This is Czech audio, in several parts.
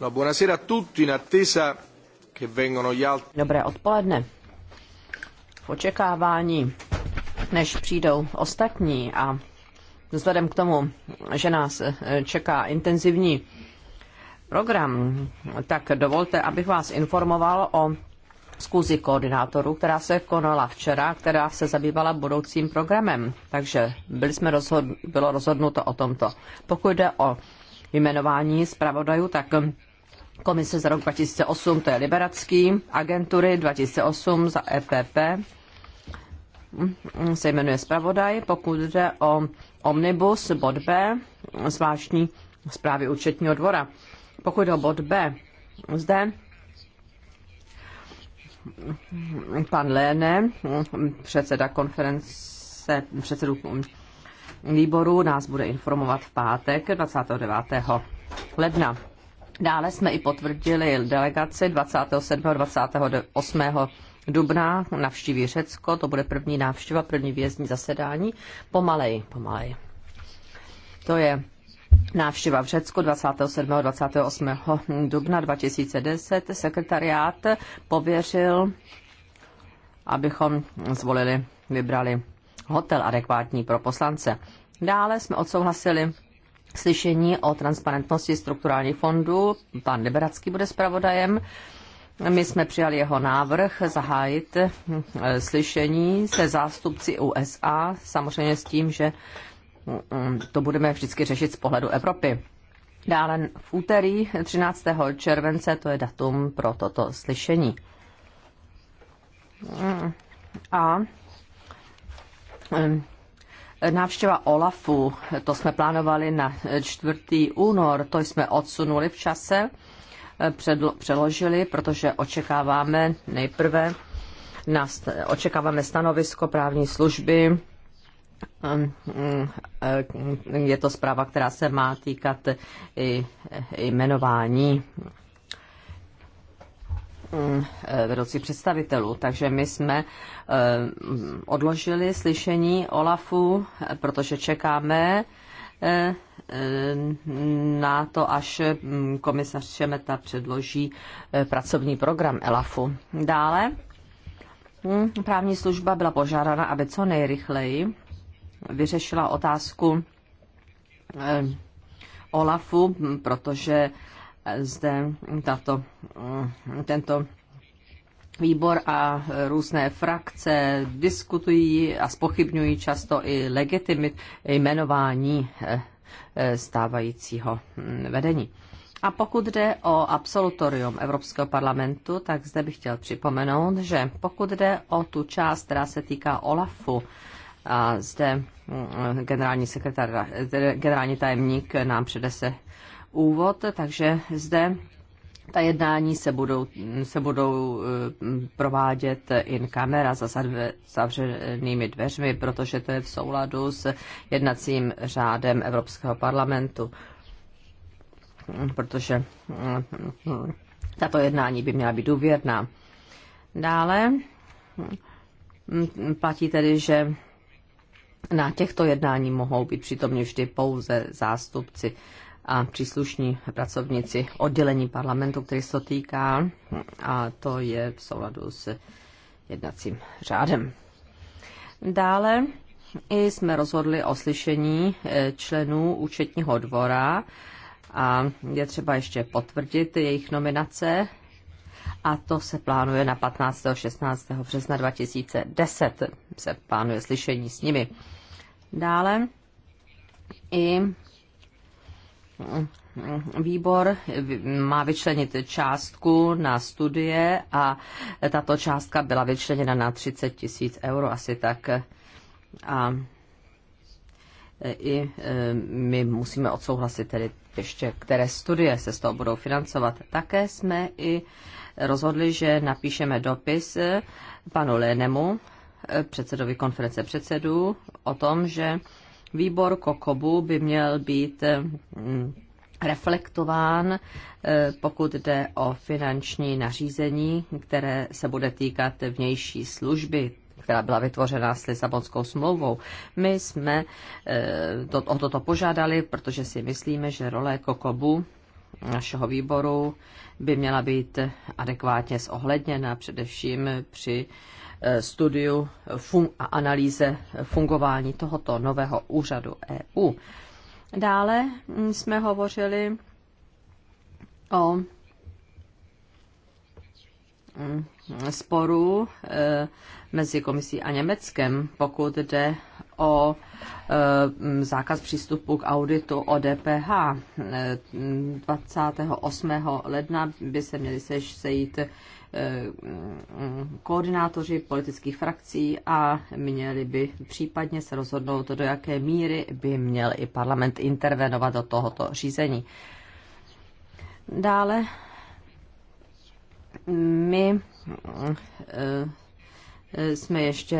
No, Dobré odpoledne. V očekávání, než přijdou ostatní a vzhledem k tomu, že nás eh, čeká intenzivní program, tak dovolte, abych vás informoval o zkuzi koordinátorů, která se konala včera, která se zabývala budoucím programem. Takže byli jsme rozhod- bylo rozhodnuto o tomto. Pokud jde o jmenování zpravodajů, tak komise za rok 2008, to je Liberacký, agentury 2008 za EPP, se jmenuje zpravodaj, pokud jde o Omnibus bod B, zvláštní zprávy účetního dvora. Pokud jde o bod B, zde pan Léne, předseda konference předsedu výboru nás bude informovat v pátek 29. ledna. Dále jsme i potvrdili delegaci 27. a 28. dubna navštíví Řecko, to bude první návštěva, první vězní zasedání. Pomalej, pomalej. To je Návštěva v Řecku 27. a 28. dubna 2010 sekretariát pověřil, abychom zvolili, vybrali hotel adekvátní pro poslance. Dále jsme odsouhlasili slyšení o transparentnosti strukturálních fondů. Pan Liberacký bude zpravodajem. My jsme přijali jeho návrh zahájit hm, e, slyšení se zástupci USA, samozřejmě s tím, že hm, to budeme vždycky řešit z pohledu Evropy. Dále v úterý 13. července, to je datum pro toto slyšení. Hm, a Ehm, návštěva OLAFu, to jsme plánovali na 4. únor, to jsme odsunuli v čase, ehm, přeložili, protože očekáváme nejprve na, očekáváme stanovisko právní služby. Ehm, je to zpráva, která se má týkat i jmenování Mm, eh, vedoucí představitelů. Takže my jsme eh, odložili slyšení Olafu, eh, protože čekáme na to, až mm, komisař Šemeta předloží pracovní program ELAFu. Dále mm, právní služba byla požádána, aby co nejrychleji vyřešila otázku Olafu, protože zde tato, tento výbor a různé frakce diskutují a spochybňují často i legitimit jmenování eh, eh, stávajícího mm, vedení. A pokud jde o absolutorium Evropského parlamentu, tak zde bych chtěl připomenout, že pokud jde o tu část, která se týká OLAFu, a zde mm, generální, sekretar, eh, generální tajemník nám předese úvod, takže zde ta jednání se budou, se budou eh, provádět in kamera za zavřenými dveřmi, protože to je v souladu s jednacím řádem Evropského parlamentu. Protože eh, tato jednání by měla být důvěrná. Dále hm, platí tedy, že na těchto jednání mohou být přítomni vždy pouze zástupci a příslušní pracovníci oddělení parlamentu, který se to týká, a to je v souladu s jednacím řádem. Dále i jsme rozhodli o slyšení e, členů účetního dvora a je třeba ještě potvrdit jejich nominace a to se plánuje na 15. 16. března 2010 se plánuje slyšení s nimi. Dále i výbor má vyčlenit částku na studie a tato částka byla vyčleněna na 30 tisíc euro asi tak. A i e, my musíme odsouhlasit tedy ještě, které studie se z toho budou financovat. Také jsme i rozhodli, že napíšeme dopis e, panu Lénemu, e, předsedovi konference předsedů, o tom, že výbor Kokobu by měl být eh, mm, reflektován, eh, pokud jde o finanční nařízení, které se bude týkat vnější služby, která byla vytvořena s Lisabonskou smlouvou. My jsme eh, to, o toto požádali, protože si myslíme, že role Kokobu našeho výboru by měla být adekvátně zohledněna, především při Eh, studiu a analýze fungování tohoto nového úřadu EU. Dále mm, jsme hovořili o mm, sporu eh, mezi komisí a Německem, pokud jde o eh, mm, zákaz přístupu k auditu o DPH. 28. ledna by se měli sejít koordinátoři politických frakcí a měli by případně se rozhodnout, do jaké míry by měl i parlament intervenovat do tohoto řízení. Dále my eh, jsme ještě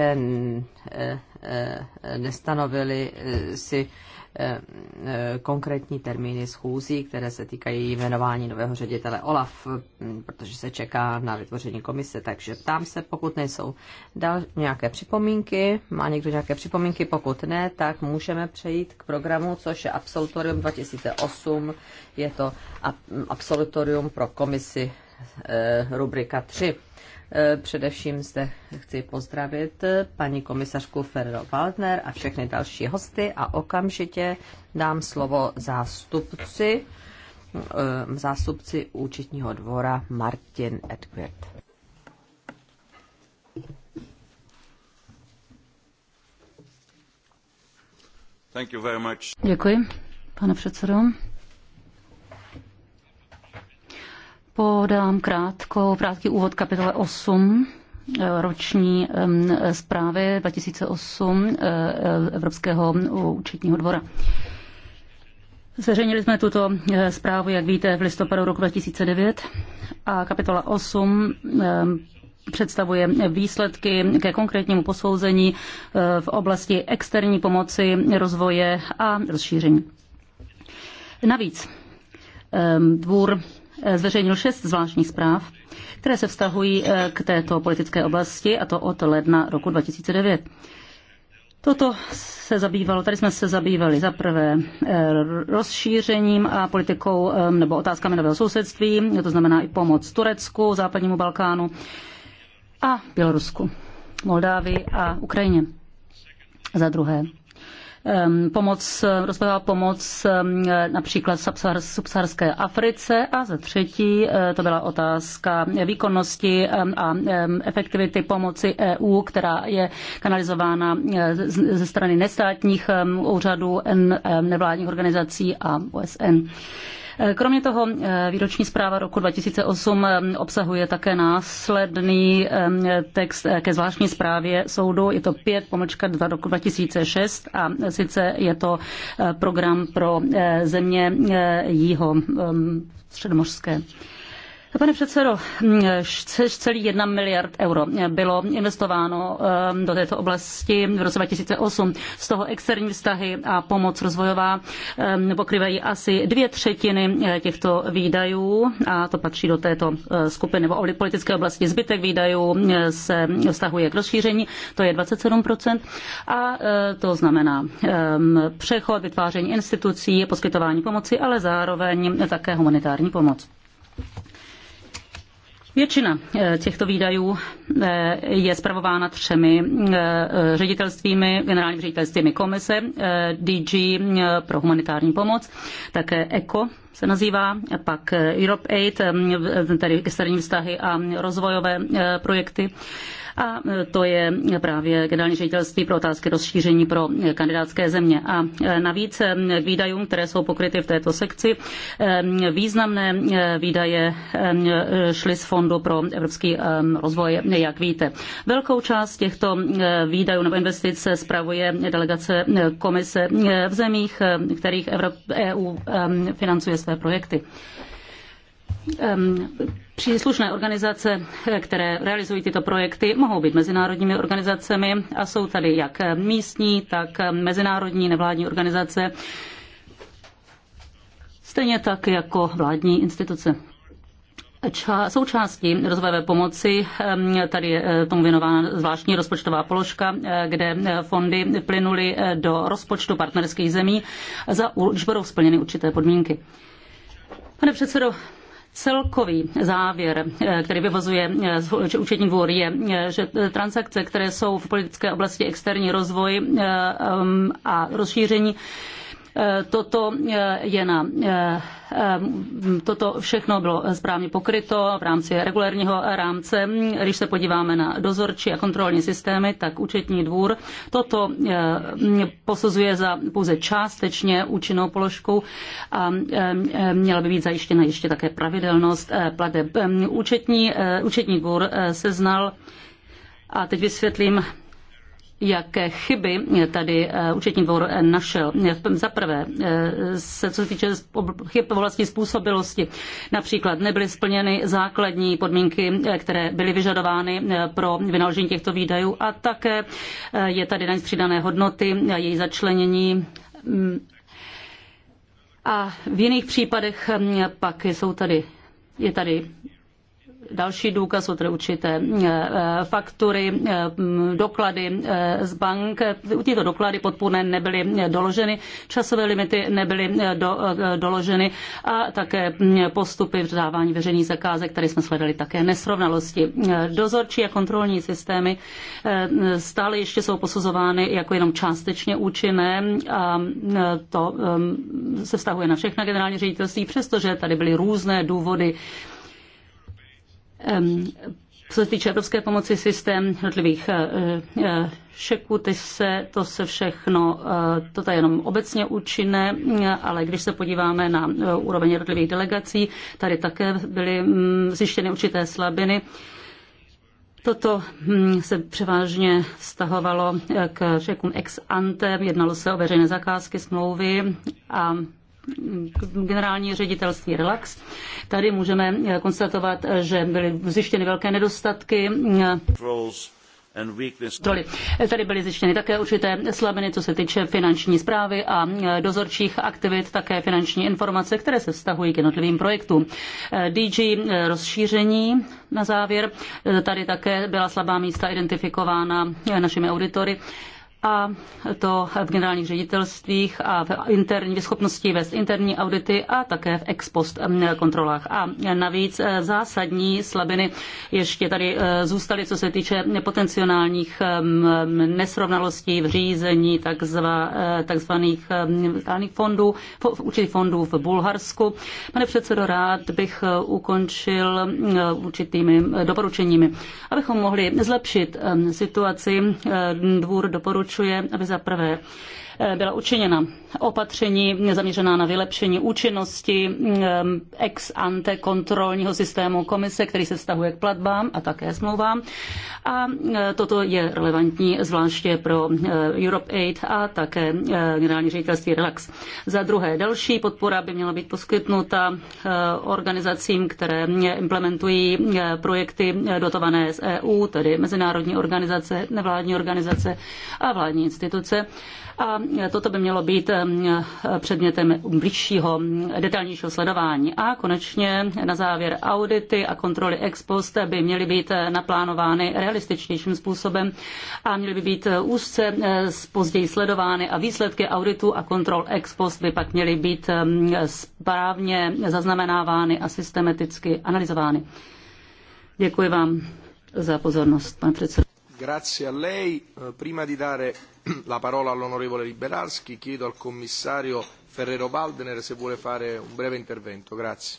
eh, eh, nestanovili si Eh, eh, konkrétní termíny schůzí, které se týkají jmenování nového ředitele OLAF, hm, protože se čeká na vytvoření komise. Takže ptám se, pokud nejsou dal nějaké připomínky, má někdo nějaké připomínky, pokud ne, tak můžeme přejít k programu, což je Absolutorium 2008. Je to absolutorium pro komisi Eh, rubrika 3. Eh, především zde chci pozdravit paní komisařku Ferro Waldner a všechny další hosty a okamžitě dám slovo zástupci, eh, zástupci účetního dvora Martin Edward. Děkuji, pane předsedo. Podám krátkou, krátký úvod kapitole 8 eh, roční zprávy 2008 eh, eh, Evropského účetního dvora. Zveřejnili jsme tuto zprávu, jak víte, v listopadu roku 2009 a kapitola 8 představuje výsledky ke konkrétnímu posouzení v oblasti externí pomoci, rozvoje a rozšíření. Navíc dvůr zveřejnil šest zvláštních zpráv, které se vztahují eh, k této politické oblasti, a to od ledna roku 2009. Toto se zabývalo, tady jsme se zabývali za prvé eh, rozšířením a politikou eh, nebo otázkami nového sousedství, to znamená i pomoc Turecku, západnímu Balkánu a Bělorusku, Moldávii a Ukrajině. Za druhé, Ehm, pomoc, eh, rozvojová pomoc ehm, například v subsaharské Africe a za třetí eh, to byla otázka výkonnosti ehm, a efektivity pomoci EU, která je kanalizována eh, ze strany nestátních úřadů, nevládních organizací a OSN. Kromě toho eh, výroční zpráva roku 2008 eh, obsahuje také následný eh, text ke zvláštní zprávě soudu. Je to 5 pomlčka 2 roku 2006 a sice je to program pro země jího středomořské. Pane předsedo, mm, celý jedna miliard euro bylo investováno ehm, do této oblasti v roce 2008. Z toho externí vztahy a pomoc rozvojová ehm, pokrývají asi dvě třetiny eh, těchto výdajů a to patří do této eh, skupiny nebo politické oblasti. Zbytek výdajů eh, se vztahuje k rozšíření, to je 27%. A to znamená ehm, přechod, vytváření institucí, poskytování pomoci, ale zároveň také humanitární pomoc. Většina eh, těchto výdajů eh, je spravována třemi eh, ředitelstvími, generálním ředitelstvími komise, DG pro humanitární pomoc, také ECO se nazývá, pak Europe Aid, tedy externí vztahy a rozvojové projekty a to je právě generální ředitelství pro otázky rozšíření pro kandidátské země. A navíc k výdajům, které jsou pokryty v této sekci, významné výdaje šly z Fondu pro evropský rozvoj, jak víte. Velkou část těchto výdajů nebo investic spravuje delegace komise v zemích, kterých EU e financuje své projekty. Příslušné organizace, které realizují tyto projekty, mohou být mezinárodními organizacemi a jsou tady jak místní, tak mezinárodní nevládní organizace, stejně tak jako vládní instituce. Ča, součástí rozvojové pomoci, tady je e, tomu věnována zvláštní rozpočtová položka, e, kde e, fondy plynuly do rozpočtu partnerských zemí, za, když budou splněny určité podmínky. Pane předsedo, Celkový závěr, eh, který vyvozuje eh, účetní dvůr, je, eh, že transakce, které jsou v politické oblasti externí rozvoj a rozšíření, Eh, toto, eh, je na, eh, toto všechno bylo správně pokryto v rámci regulérního rámce. Když se podíváme na dozorčí a kontrolní systémy, tak účetní dvůr toto posuzuje za pouze částečně účinnou položku a měla by být zajištěna ještě také pravidelnost plateb. Účetní, účetní dvůr seznal a teď vysvětlím jaké chyby tady eh, účetní dvor eh, našel. Za prvé, eh, se co se týče chyb oblasti způsobilosti, například nebyly splněny základní podmínky, které byly vyžadovány pro vynaložení těchto výdajů a také je tady daň z přidané hodnoty a její začlenění mm. a v jiných případech mm, pak jsou tady, je tady další důkaz, jsou tedy určité eh, faktury, eh, doklady eh, z bank. Tyto doklady podpůrné nebyly doloženy, časové limity nebyly do, doloženy a také mm, postupy v dávání veřejných zakázek, tady jsme sledali také nesrovnalosti. Dozorčí a kontrolní systémy stále ještě jsou posuzovány jako jenom částečně účinné a to se vztahuje na všechna generální ředitelství, přestože tady byly různé důvody co se týče evropské pomoci systém jednotlivých eh, eh, šeků, ty se, to se všechno, eh, to je jenom obecně účinné, ale když se podíváme na úroveň jednotlivých delegací, tady také byly mm, zjištěny určité slabiny. Toto hm, se převážně vztahovalo k řekům ex ante, jednalo se o veřejné zakázky, smlouvy a generální ředitelství Relax. Tady můžeme eh, konstatovat, eh, že byly zjištěny velké nedostatky. Troli. Eh, tady byly zjištěny také určité slabiny, co se týče finanční zprávy a dozorčích aktivit, také finanční informace, které se vztahují k jednotlivým projektům. DG rozšíření na závěr. Tady také byla slabá místa identifikována našimi auditory a to v generálních ředitelstvích a v interní schopnosti vést interní audity a také v ex post kontrolách. A navíc eh, zásadní slabiny ještě tady eh, zůstaly, co se týče potenciálních nesrovnalostí v řízení eh, takzvaných takzvaných fondů, určitých fondů v Bulharsku. Pane předsedo, rád bych ukončil určitými doporučeními, abychom mohli zlepšit situaci. Dvůr doporučení doporučuje, aby za eh, byla učiněna opatření zaměřená na vylepšení účinnosti ex ante kontrolního systému komise, který se vztahuje k platbám a také smlouvám. A e, toto je relevantní zvláště pro e, Europe Aid a také e, generální ředitelství Relax. Za druhé, další podpora by měla být poskytnuta organizacím, které implementují projekty dotované z EU, tedy mezinárodní organizace, nevládní organizace a vládní instituce. A toto by mělo být Eh, předmětem blížšího detailnějšího sledování. A konečně na závěr audity a kontroly ex post by měly být eh, naplánovány realističnějším způsobem a měly by být eh, úzce později sledovány a výsledky auditu a kontrol ex post by pak měly být správně zaznamenávány a systematicky analyzovány. Děkuji vám za pozornost, pane předsedo. Grazie a lei. Eh, prima di dare la parola all'onorevole Liberalski, chiedo al commissario Ferrero Waldner se vuole fare un breve intervento. Grazie.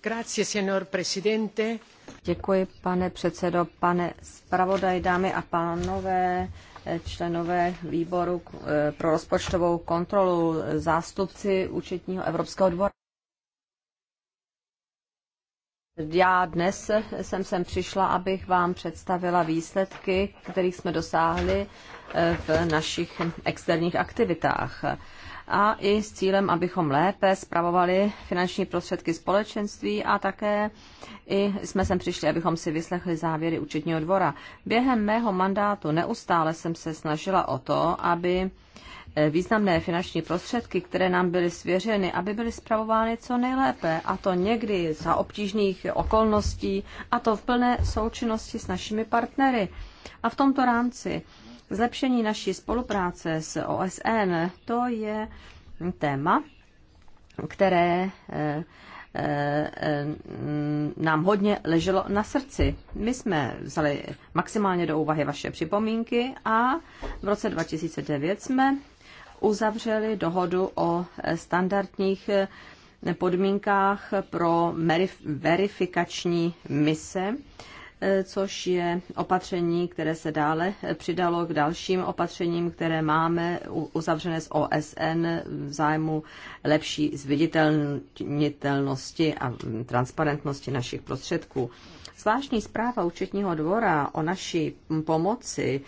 Grazie, signor Presidente. Děkuji, pane předsedo, pane zpravodaj, dámy a pánové, eh, členové výboru eh, pro rozpočtovou kontrolu, zástupci účetního Evropského dvora. Já dnes jsem sem přišla, abych vám představila výsledky, kterých jsme dosáhli eh, v našich externích aktivitách a i s cílem, abychom lépe spravovali finanční prostředky společenství a také i jsme sem přišli, abychom si vyslechli závěry účetního dvora. Během mého mandátu neustále jsem se snažila o to, aby Eh, významné finanční prostředky, které nám byly svěřeny, aby byly zpravovány co nejlépe, a to někdy za obtížných okolností, a to v plné součinnosti s našimi partnery. A v tomto rámci zlepšení naší spolupráce s OSN, to je téma, které eh, eh, nám hodně leželo na srdci. My jsme vzali maximálně do úvahy vaše připomínky a v roce 2009 jsme uzavřeli dohodu o standardních podmínkách pro verifikační mise, což je opatření, které se dále přidalo k dalším opatřením, které máme uzavřené s OSN v zájmu lepší zviditelnitelnosti a transparentnosti našich prostředků. Zvláštní zpráva účetního dvora o naší pomoci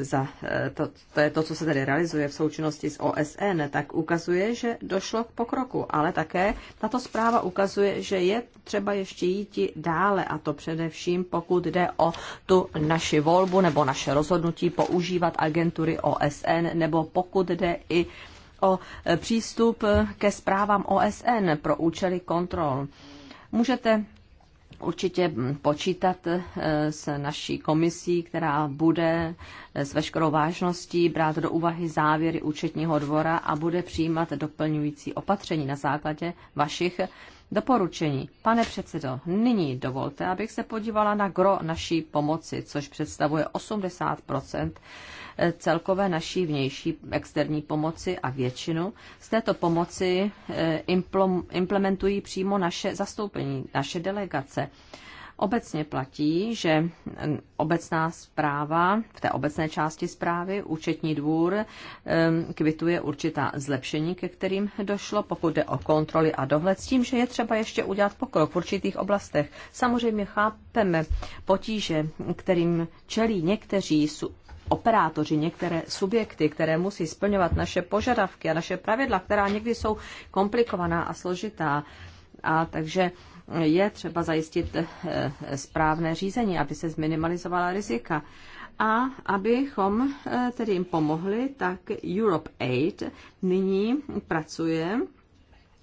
za to, to je to, co se tady realizuje v součinnosti s OSN, tak ukazuje, že došlo k pokroku, ale také tato zpráva ukazuje, že je třeba ještě jít dále a to především pokud jde o tu naši volbu nebo naše rozhodnutí používat agentury OSN nebo pokud jde i o přístup ke zprávám OSN pro účely kontrol. Můžete určitě počítat eh, s naší komisí, která bude eh, s veškerou vážností brát do úvahy závěry účetního dvora a bude přijímat doplňující opatření na základě vašich doporučení. Pane předsedo, nyní dovolte, abych se podívala na gro naší pomoci, což představuje 80 celkové naší vnější externí pomoci a většinu z této pomoci eh, implementují přímo naše zastoupení, naše delegace. Obecně platí, že mm, obecná zpráva, v té obecné části zprávy, účetní dvůr ehm, kvituje určitá zlepšení, ke kterým došlo, pokud jde o kontroly a dohled, s tím, že je třeba ještě udělat pokrok v určitých oblastech. Samozřejmě chápeme potíže, kterým čelí někteří operátoři, některé subjekty, které musí splňovat naše požadavky a naše pravidla, která někdy jsou komplikovaná a složitá. A takže je třeba zajistit eh, správné řízení, aby se zminimalizovala rizika. A abychom eh, tedy jim pomohli, tak Europe Aid nyní pracuje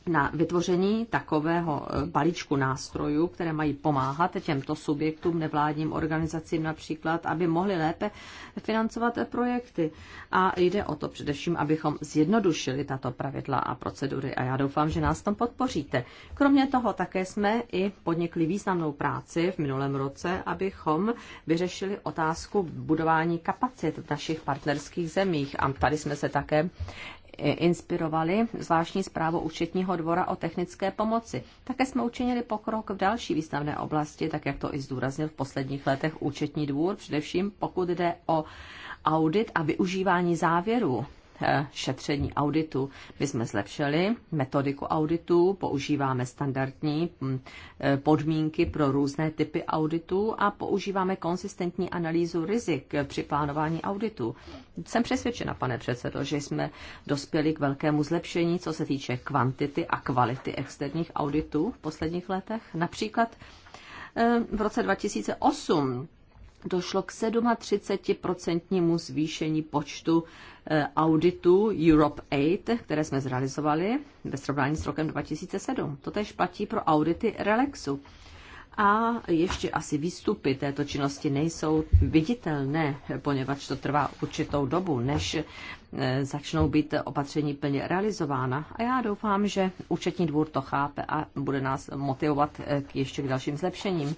na vytvoření takového e, balíčku nástrojů, které mají pomáhat těmto subjektům, nevládním organizacím například, aby mohli lépe financovat projekty. A jde o to především, abychom zjednodušili tato pravidla a procedury a já doufám, že nás tom podpoříte. Kromě toho také jsme i podnikli významnou práci v minulém roce, abychom vyřešili otázku budování kapacit v našich partnerských zemích. A tady jsme se také inspirovali zvláštní zprávu účetního dvora o technické pomoci. Také jsme učinili pokrok v další významné oblasti, tak jak to i zdůraznil v posledních letech účetní dvůr, především pokud jde o audit a využívání závěrů šetření auditu. My jsme zlepšili metodiku auditu, používáme standardní hm, eh, podmínky pro různé typy auditů a používáme konsistentní analýzu rizik při plánování auditu. Jsem přesvědčena, pane předsedo, že jsme dospěli k velkému zlepšení, co se týče kvantity a kvality externích auditů v posledních letech. Například eh, v roce 2008 došlo k 37% zvýšení počtu eh, auditů Europe 8, které jsme zrealizovali ve srovnání s rokem 2007. To tež platí pro audity Relexu. A ještě asi výstupy této činnosti nejsou viditelné, poněvadž to trvá určitou dobu, než eh, začnou být opatření plně realizována. A já doufám, že účetní dvůr to chápe a bude nás motivovat eh, k ještě k dalším zlepšením.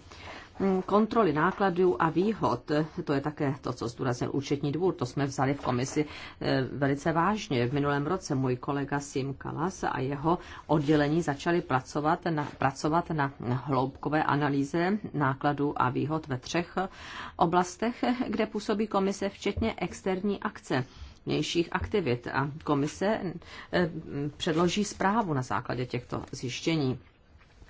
Mm, kontroly nákladů a výhod, to je také to, co zdůraznil účetní dvůr, to jsme vzali v komisi eh, velice vážně. V minulém roce můj kolega Sim Kalas a jeho oddělení začali pracovat na, pracovat na hloubkové analýze nákladů a výhod ve třech oblastech, kde působí komise, včetně externí akce vnějších aktivit a komise eh, předloží zprávu na základě těchto zjištění.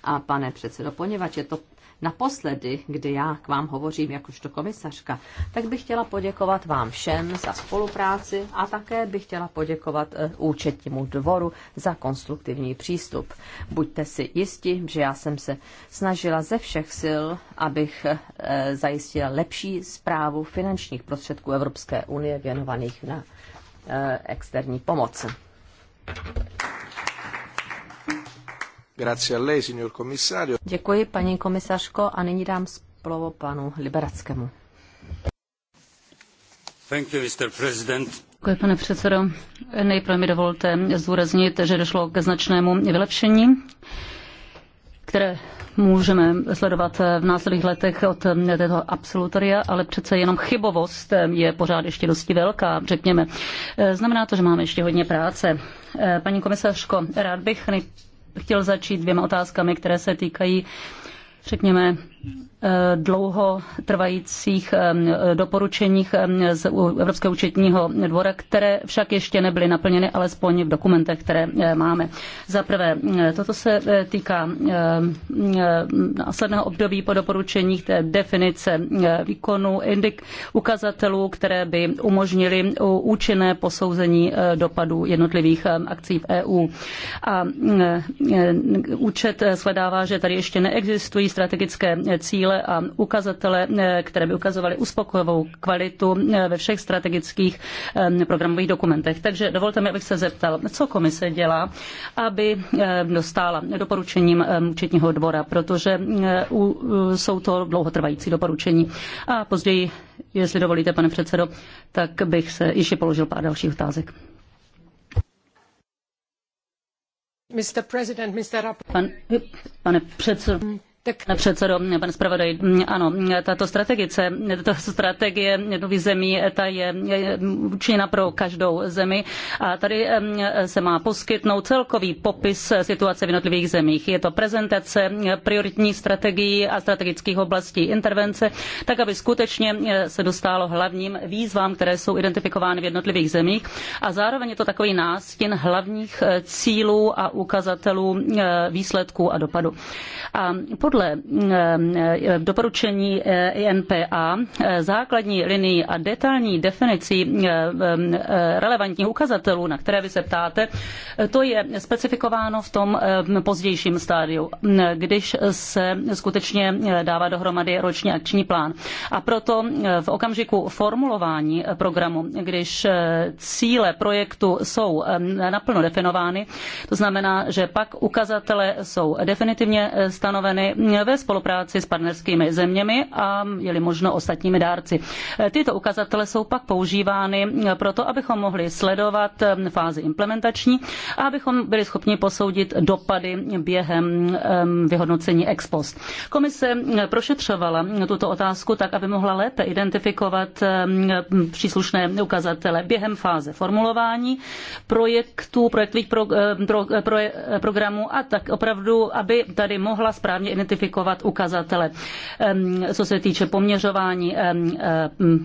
A pane předsedo, poněvadž je to naposledy, kdy já k vám hovořím jakožto komisařka, tak bych chtěla poděkovat vám všem za spolupráci a také bych chtěla poděkovat eh, účetnímu dvoru za konstruktivní přístup. Buďte si jisti, že já jsem se snažila ze všech sil, abych eh, zajistila lepší zprávu finančních prostředků Evropské unie věnovaných na eh, externí pomoc. Děkuji, paní komisařko, a nyní dám slovo panu Liberackému. Děkuji, pane předsedo. Nejprve mi dovolte zdůraznit, že došlo ke značnému vylepšení, které můžeme sledovat v následných letech od této absolutoria, ale přece jenom chybovost je pořád ještě dosti velká, řekněme. Znamená to, že máme ještě hodně práce. Paní komisařko, rád bych chtěl začít dvěma otázkami, které se týkají, řekněme, Eh, dlouho trvajících eh, doporučeních eh, z Evropského účetního dvora, které však ještě nebyly naplněny, alespoň v dokumentech, které máme. Za prvé, toto se týká následného období po doporučeních té definice výkonu indik ukazatelů, které by umožnily účinné posouzení dopadů jednotlivých akcí v EU. A účet shledává, že tady ještě neexistují strategické cíle a ukazatele, eh, které by ukazovaly uspokojivou kvalitu eh, ve všech strategických eh, programových dokumentech. Takže dovolte mi, abych se zeptal, co komise dělá, aby dostála doporučením účetního dvora, protože jsou to dlouhotrvající doporučení. A později, jestli dovolíte, pane předsedo, tak bych se ještě položil pár dalších otázek. Pan, pane předsedo. Tak... Pane předsedo, pane zpravodaj, ano, tato strategice, tato strategie nových zemí, ta je účinná pro každou zemi a tady se má poskytnout celkový popis situace v jednotlivých zemích. Je to prezentace prioritních strategií a strategických oblastí intervence, tak aby skutečně eh, se dostálo hlavním výzvám, které jsou identifikovány v jednotlivých zemích a zároveň je to takový nástin hlavních eh, cílů a ukazatelů eh, výsledků a dopadu. A podle podle eh, eh, doporučení eh, INPA základní linii a detailní definicí relevantních ukazatelů, na které vy se ptáte, to je specifikováno v tom pozdějším stádiu, mm, když se skutečně dává dohromady roční akční plán. A proto v okamžiku formulování programu, když cíle projektu jsou naplno definovány, to znamená, že pak ukazatele jsou definitivně stanoveny, ve spolupráci s partnerskými zeměmi a je-li možno ostatními dárci. Tyto ukazatele jsou pak používány proto, abychom mohli sledovat fázi implementační a abychom byli schopni posoudit dopady během vyhodnocení ex post. Komise prošetřovala tuto otázku tak, aby mohla lépe identifikovat příslušné ukazatele během fáze formulování projektů, projektových pro, pro, pro, programů a tak opravdu, aby tady mohla správně identifikovat kvantifikovat ukazatele, co se týče poměřování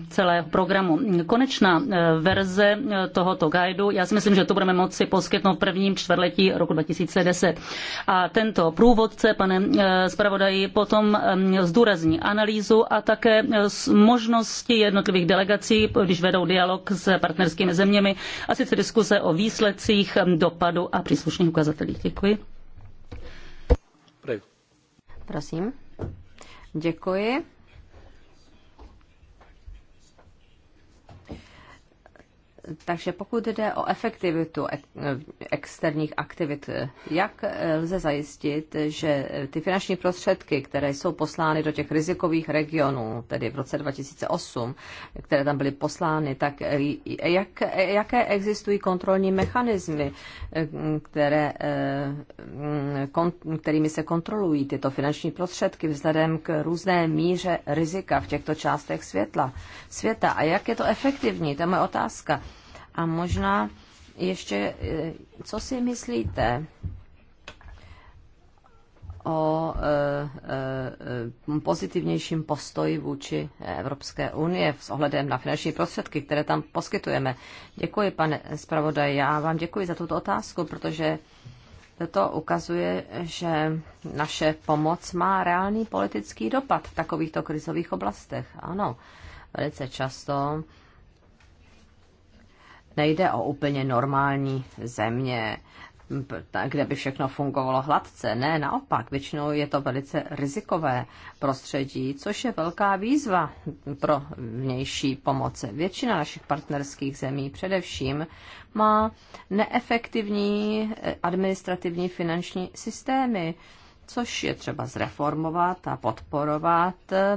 celého programu. Konečná eh, verze eh, tohoto guidu, já si myslím, že to budeme moci poskytnout v prvním čtvrtletí roku 2010. A tento průvodce, pane eh, zpravodaji, potom zdůrazní analýzu a také možnosti jednotlivých delegací, když vedou dialog s partnerskými zeměmi a sice diskuse o výsledcích dopadu a příslušných ukazatelích. Děkuji. Prosím. Děkuji. Takže pokud jde o efektivitu externích aktivit, jak lze zajistit, že ty finanční prostředky, které jsou poslány do těch rizikových regionů, tedy v roce 2008, které tam byly poslány, tak jak, jaké existují kontrolní mechanismy, které, eh, kterými se kontrolují tyto finanční prostředky vzhledem k různé míře rizika v těchto částech světla, světa. A jak je to efektivní, to je moje otázka. A možná ještě, eh, co si myslíte o e, e, pozitivnějším postoji vůči Evropské unie s ohledem na finanční prostředky, které tam poskytujeme. Děkuji, pane zpravodaj. Já vám děkuji za tuto otázku, protože to ukazuje, že naše pomoc má reálný politický dopad v takovýchto krizových oblastech. Ano, velice často nejde o úplně normální země, kde by všechno fungovalo hladce. Ne, naopak, většinou je to velice rizikové prostředí, což je velká výzva pro vnější pomoc. Většina našich partnerských zemí především má neefektivní eh, administrativní finanční systémy což je třeba zreformovat a podporovat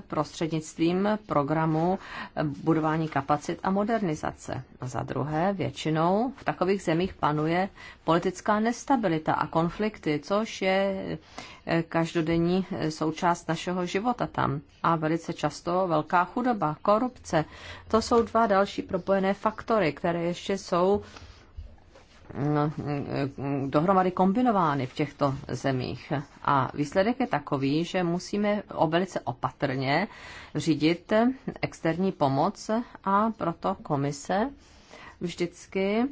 prostřednictvím programu budování kapacit a modernizace. A za druhé, většinou v takových zemích panuje politická nestabilita a konflikty, což je eh, každodenní eh, součást našeho života tam. A velice často velká chudoba, korupce. To jsou dva další propojené faktory, které ještě jsou No, mm, dohromady kombinovány v těchto zemích. A výsledek je takový, že musíme velice opatrně řídit externí pomoc a proto komise vždycky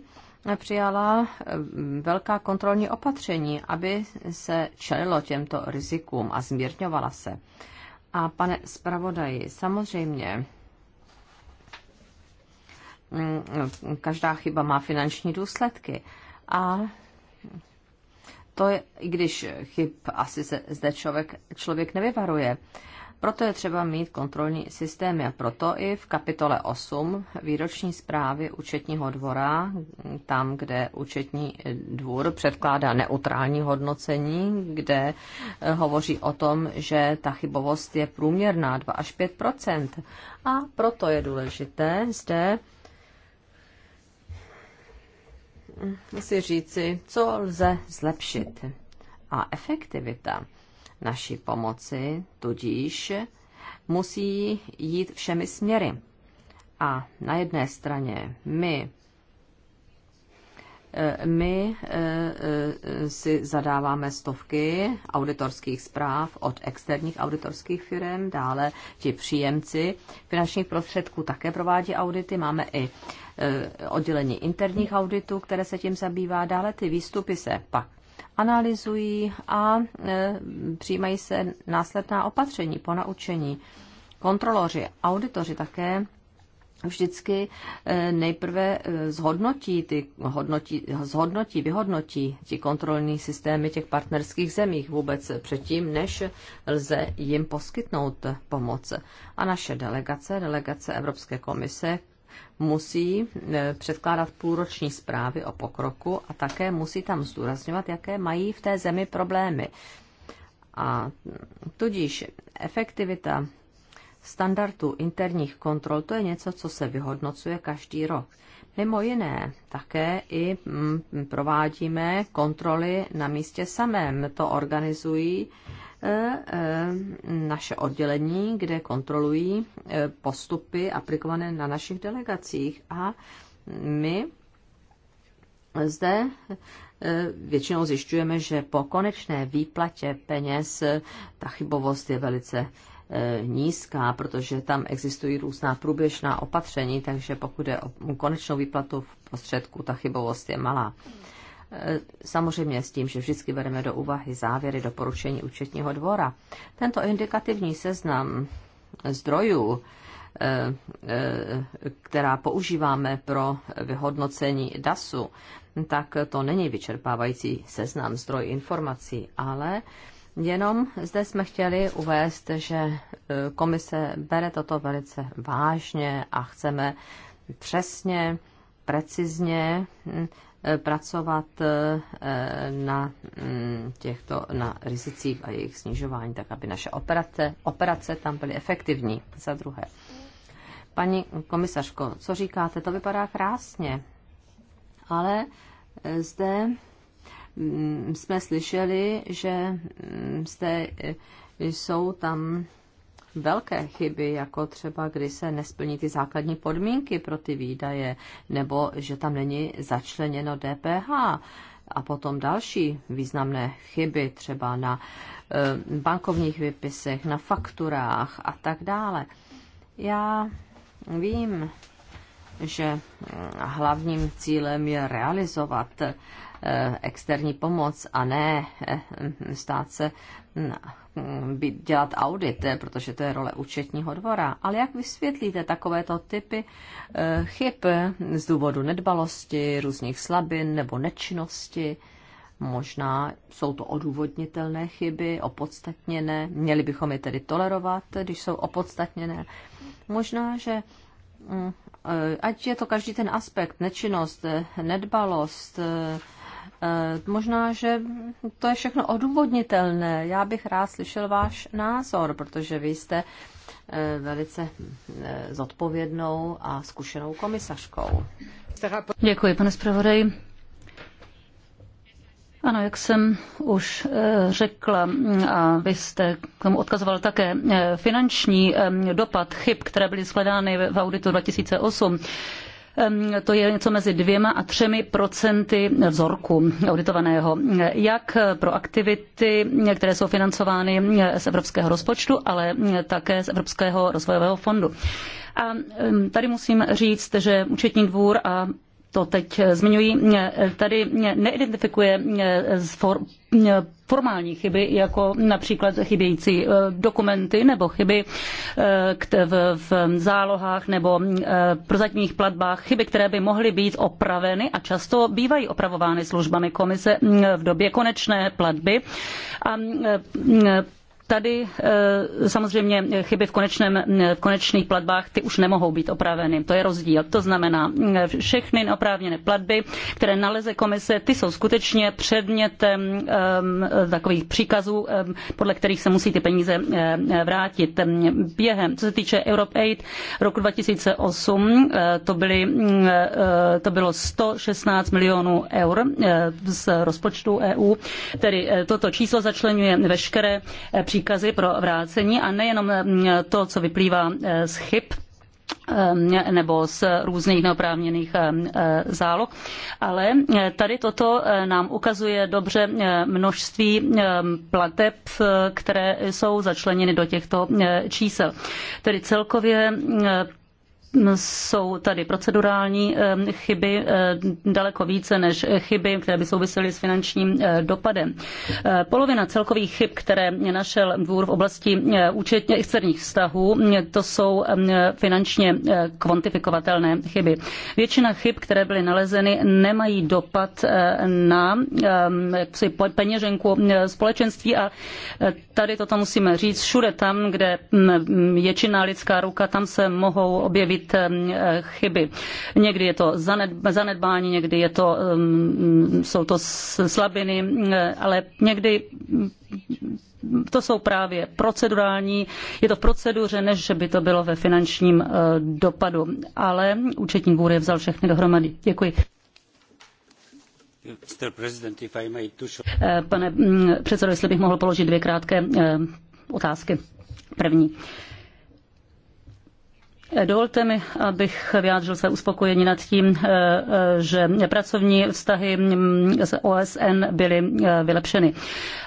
přijala mm, velká kontrolní opatření, aby se čelilo těmto rizikům a zmírňovala se. A pane zpravodaji, samozřejmě Mm, každá chyba má finanční důsledky. A to je, i když chyb asi se zde člověk, člověk nevyvaruje. Proto je třeba mít kontrolní systémy a proto i v kapitole 8 výroční zprávy účetního dvora, tam, kde účetní dvůr předkládá neutrální hodnocení, kde eh, hovoří o tom, že ta chybovost je průměrná 2 až 5 A proto je důležité zde si říci, co lze zlepšit. A efektivita naší pomoci tudíž musí jít všemi směry. A na jedné straně my my eh, eh, si zadáváme stovky auditorských zpráv od externích auditorských firm, dále ti příjemci finančních prostředků také provádí audity, máme i eh, oddělení interních auditů, které se tím zabývá, dále ty výstupy se pak analyzují a přijímají se následná opatření po naučení. Kontroloři, auditoři také vždycky eh, nejprve eh, zhodnotí, ty hodnotí, zhodnotí, vyhodnotí ti kontrolní systémy těch partnerských zemích vůbec předtím, než lze jim poskytnout pomoc. A naše delegace, delegace Evropské komise, musí eh, předkládat půlroční zprávy o pokroku a také musí tam zdůrazňovat, jaké mají v té zemi problémy. A mm, tudíž efektivita standardů interních kontrol, to je něco, co se vyhodnocuje každý rok. Mimo jiné také i mm, provádíme kontroly na místě samém. To organizují e, e, naše oddělení, kde kontrolují e, postupy aplikované na našich delegacích. A my zde většinou zjišťujeme, že po konečné výplatě peněz ta chybovost je velice Eh, nízká, protože tam existují různá průběžná opatření, takže pokud je o konečnou výplatu v prostředku, ta chybovost je malá. Eh, samozřejmě s tím, že vždycky bereme do úvahy závěry doporučení účetního dvora. Tento indikativní seznam zdrojů, eh, která používáme pro vyhodnocení DASu, tak to není vyčerpávající seznam zdroj informací, ale Jenom zde jsme chtěli uvést, že e, komise bere toto velice vážně a chceme přesně, precizně e, pracovat e, na těchto na rizicích a jejich snižování, tak aby naše operace, operace tam byly efektivní. Za druhé. Paní komisařko, co říkáte? To vypadá krásně, ale zde Mm, jsme slyšeli, že mm, jste, eh, jsou tam velké chyby, jako třeba kdy se nesplní ty základní podmínky pro ty výdaje, nebo že tam není začleněno DPH. A potom další významné chyby třeba na eh, bankovních vypisech, na fakturách a tak dále. Já vím, že mm, hlavním cílem je realizovat Eh, externí pomoc a ne eh, stát se hm, dělat audit, eh, protože to je role účetního dvora. Ale jak vysvětlíte takovéto typy chyb z důvodu nedbalosti, různých slabin nebo nečinnosti? Možná jsou to odůvodnitelné chyby, opodstatněné. Měli bychom je tedy tolerovat, když jsou opodstatněné. Možná, že hm, ať je to každý ten aspekt, nečinnost, nedbalost, Eh, možná, že to je všechno odůvodnitelné. Já bych rád slyšel váš názor, protože vy jste eh, velice eh, zodpovědnou a zkušenou komisařkou. Děkuji, pane zpravodaj. Ano, jak jsem už řekla, mm, a vy jste k tomu odkazoval také finanční dopad chyb, které byly shledány v auditu 2008, to je něco mezi dvěma a třemi procenty vzorku auditovaného, jak pro aktivity, které jsou financovány z evropského rozpočtu, ale také z Evropského rozvojového fondu. A tady musím říct, že účetní dvůr a to teď eh, zmiňují, eh, tady eh, neidentifikuje formální chyby, jako například chybějící dokumenty nebo chyby v zálohách nebo prozatních platbách, chyby, které by mohly být opraveny a často bývají opravovány službami komise mm, v době konečné platby. A mm, Tady e, samozřejmě chyby v, konečném, v konečných platbách ty už nemohou být opraveny. To je rozdíl. To znamená, všechny neoprávněné platby, které naleze komise, ty jsou skutečně předmětem e, takových příkazů, e, podle kterých se musí ty peníze vrátit. Během, co se týče Europe Aid roku 2008, to, byly, to bylo 116 milionů eur z rozpočtu EU, tedy toto číslo začlenuje veškeré příkazy příkazy pro vrácení a nejenom mm, to, co vyplývá eh, z chyb eh, nebo z různých neoprávněných eh, záloh. Ale tady toto nám ukazuje dobře množství plateb, které jsou začleněny do těchto čísel. Tedy celkově jsou tady procedurální eh, chyby eh, daleko více než chyby, které by souvisely s finančním eh, dopadem. Polovina celkových chyb, které našel dvůr v oblasti účetně externích vztahů, to jsou finančně kvantifikovatelné chyby. Většina chyb, které byly nalezeny, nemají dopad na peněženku společenství a tady toto musíme říct. Všude tam, kde mm, je činná lidská ruka, tam se mohou objevit být ehm, eh, chyby. Někdy je to zanedbání, někdy je to, ehm, jsou to slabiny, eh, ale někdy mm, to jsou právě procedurální, je to v proceduře, než že by to bylo ve finančním eh, dopadu. Ale účetní dvůr je vzal všechny dohromady. Děkuji. Pane mm, předsedo, jestli bych mohl položit dvě krátké otázky. První. Dovolte mi, abych vyjádřil své uspokojení nad tím, eh, eh, že pracovní vztahy z mm, OSN byly eh, vylepšeny.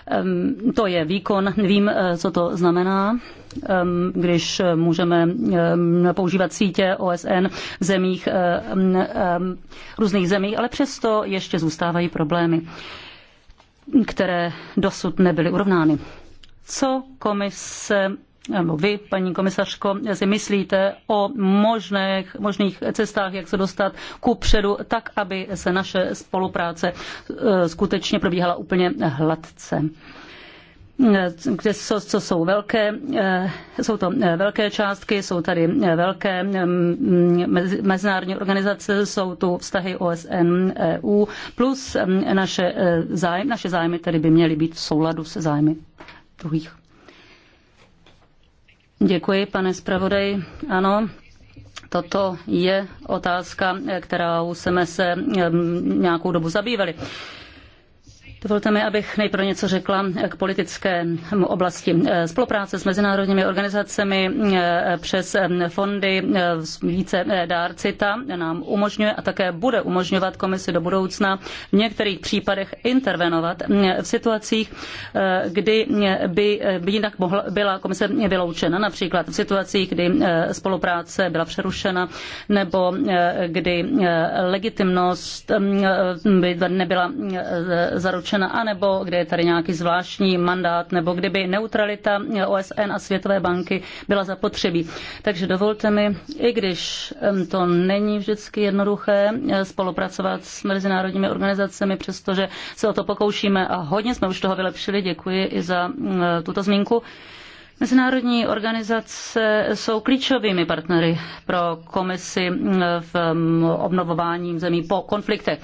Ehm, to je výkon, vím, co to znamená ehm, když můžeme ehm, používat sítě OSN v zemích, různých zemí, ale přesto ještě zůstávají problémy, které dosud nebyly urovnány. Co komise nebo vy, paní komisařko, si myslíte o možných, možných cestách, jak se dostat ku předu, tak, aby se naše spolupráce eh, skutečně probíhala úplně hladce eh, kde co, co jsou velké, eh, jsou to velké částky, jsou tady velké mm, mm, mezinárodní organizace, jsou tu vztahy OSN, EU, plus mm, naše zájmy, naše zájmy tedy by měly být v souladu se zájmy druhých. Děkuji, pane zpravodaj. Ano, toto je otázka, kterou jsme se nějakou dobu zabývali. Dovolte mi, abych nejprve něco řekla k politické oblasti. Spolupráce s mezinárodními organizacemi eh, přes eh, fondy eh, více dárci ta nám umožňuje a také bude umožňovat komisi do budoucna v některých případech intervenovat v situacích, kdy by jinak mohla, byla komise vyloučena, například v situacích, kdy spolupráce byla přerušena nebo kdy legitimnost mm, by nebyla zaručena dokončena, anebo kde je tady nějaký zvláštní mandát, nebo kdyby neutralita OSN a Světové banky byla zapotřebí. Takže dovolte mi, i když to není vždycky jednoduché eh, spolupracovat s mezinárodními organizacemi, přestože se o to pokoušíme a hodně jsme už toho vylepšili, děkuji i za mm, eh, tuto zmínku. Mezinárodní organizace jsou klíčovými partnery pro komisi mm, v mm, obnovování zemí po konfliktech.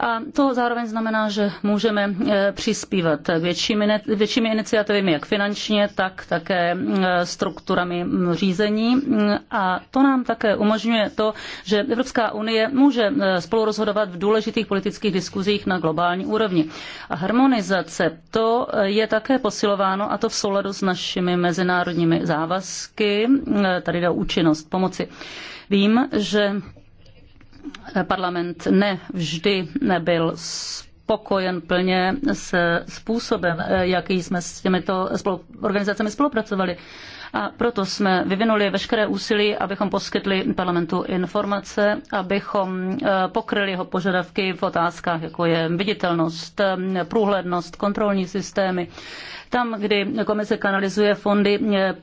A to zároveň znamená, že můžeme e, přispívat většími, většími iniciativami, jak finančně, tak také e, strukturami řízení. A to nám také umožňuje to, že Evropská unie může e, spolurozhodovat v důležitých politických diskuzích na globální úrovni. A harmonizace, to je také posilováno a to v souladu s našimi mezinárodními závazky. Tady jde o účinnost pomoci. Vím, že parlament ne vždy nebyl spokojen plně s způsobem, jaký jsme s těmito organizacemi spolupracovali. A proto jsme vyvinuli veškeré úsilí, abychom poskytli parlamentu informace, abychom eh, pokryli jeho požadavky v otázkách, jako je viditelnost, eh, průhlednost, kontrolní systémy tam, kdy komise kanalizuje fondy eh,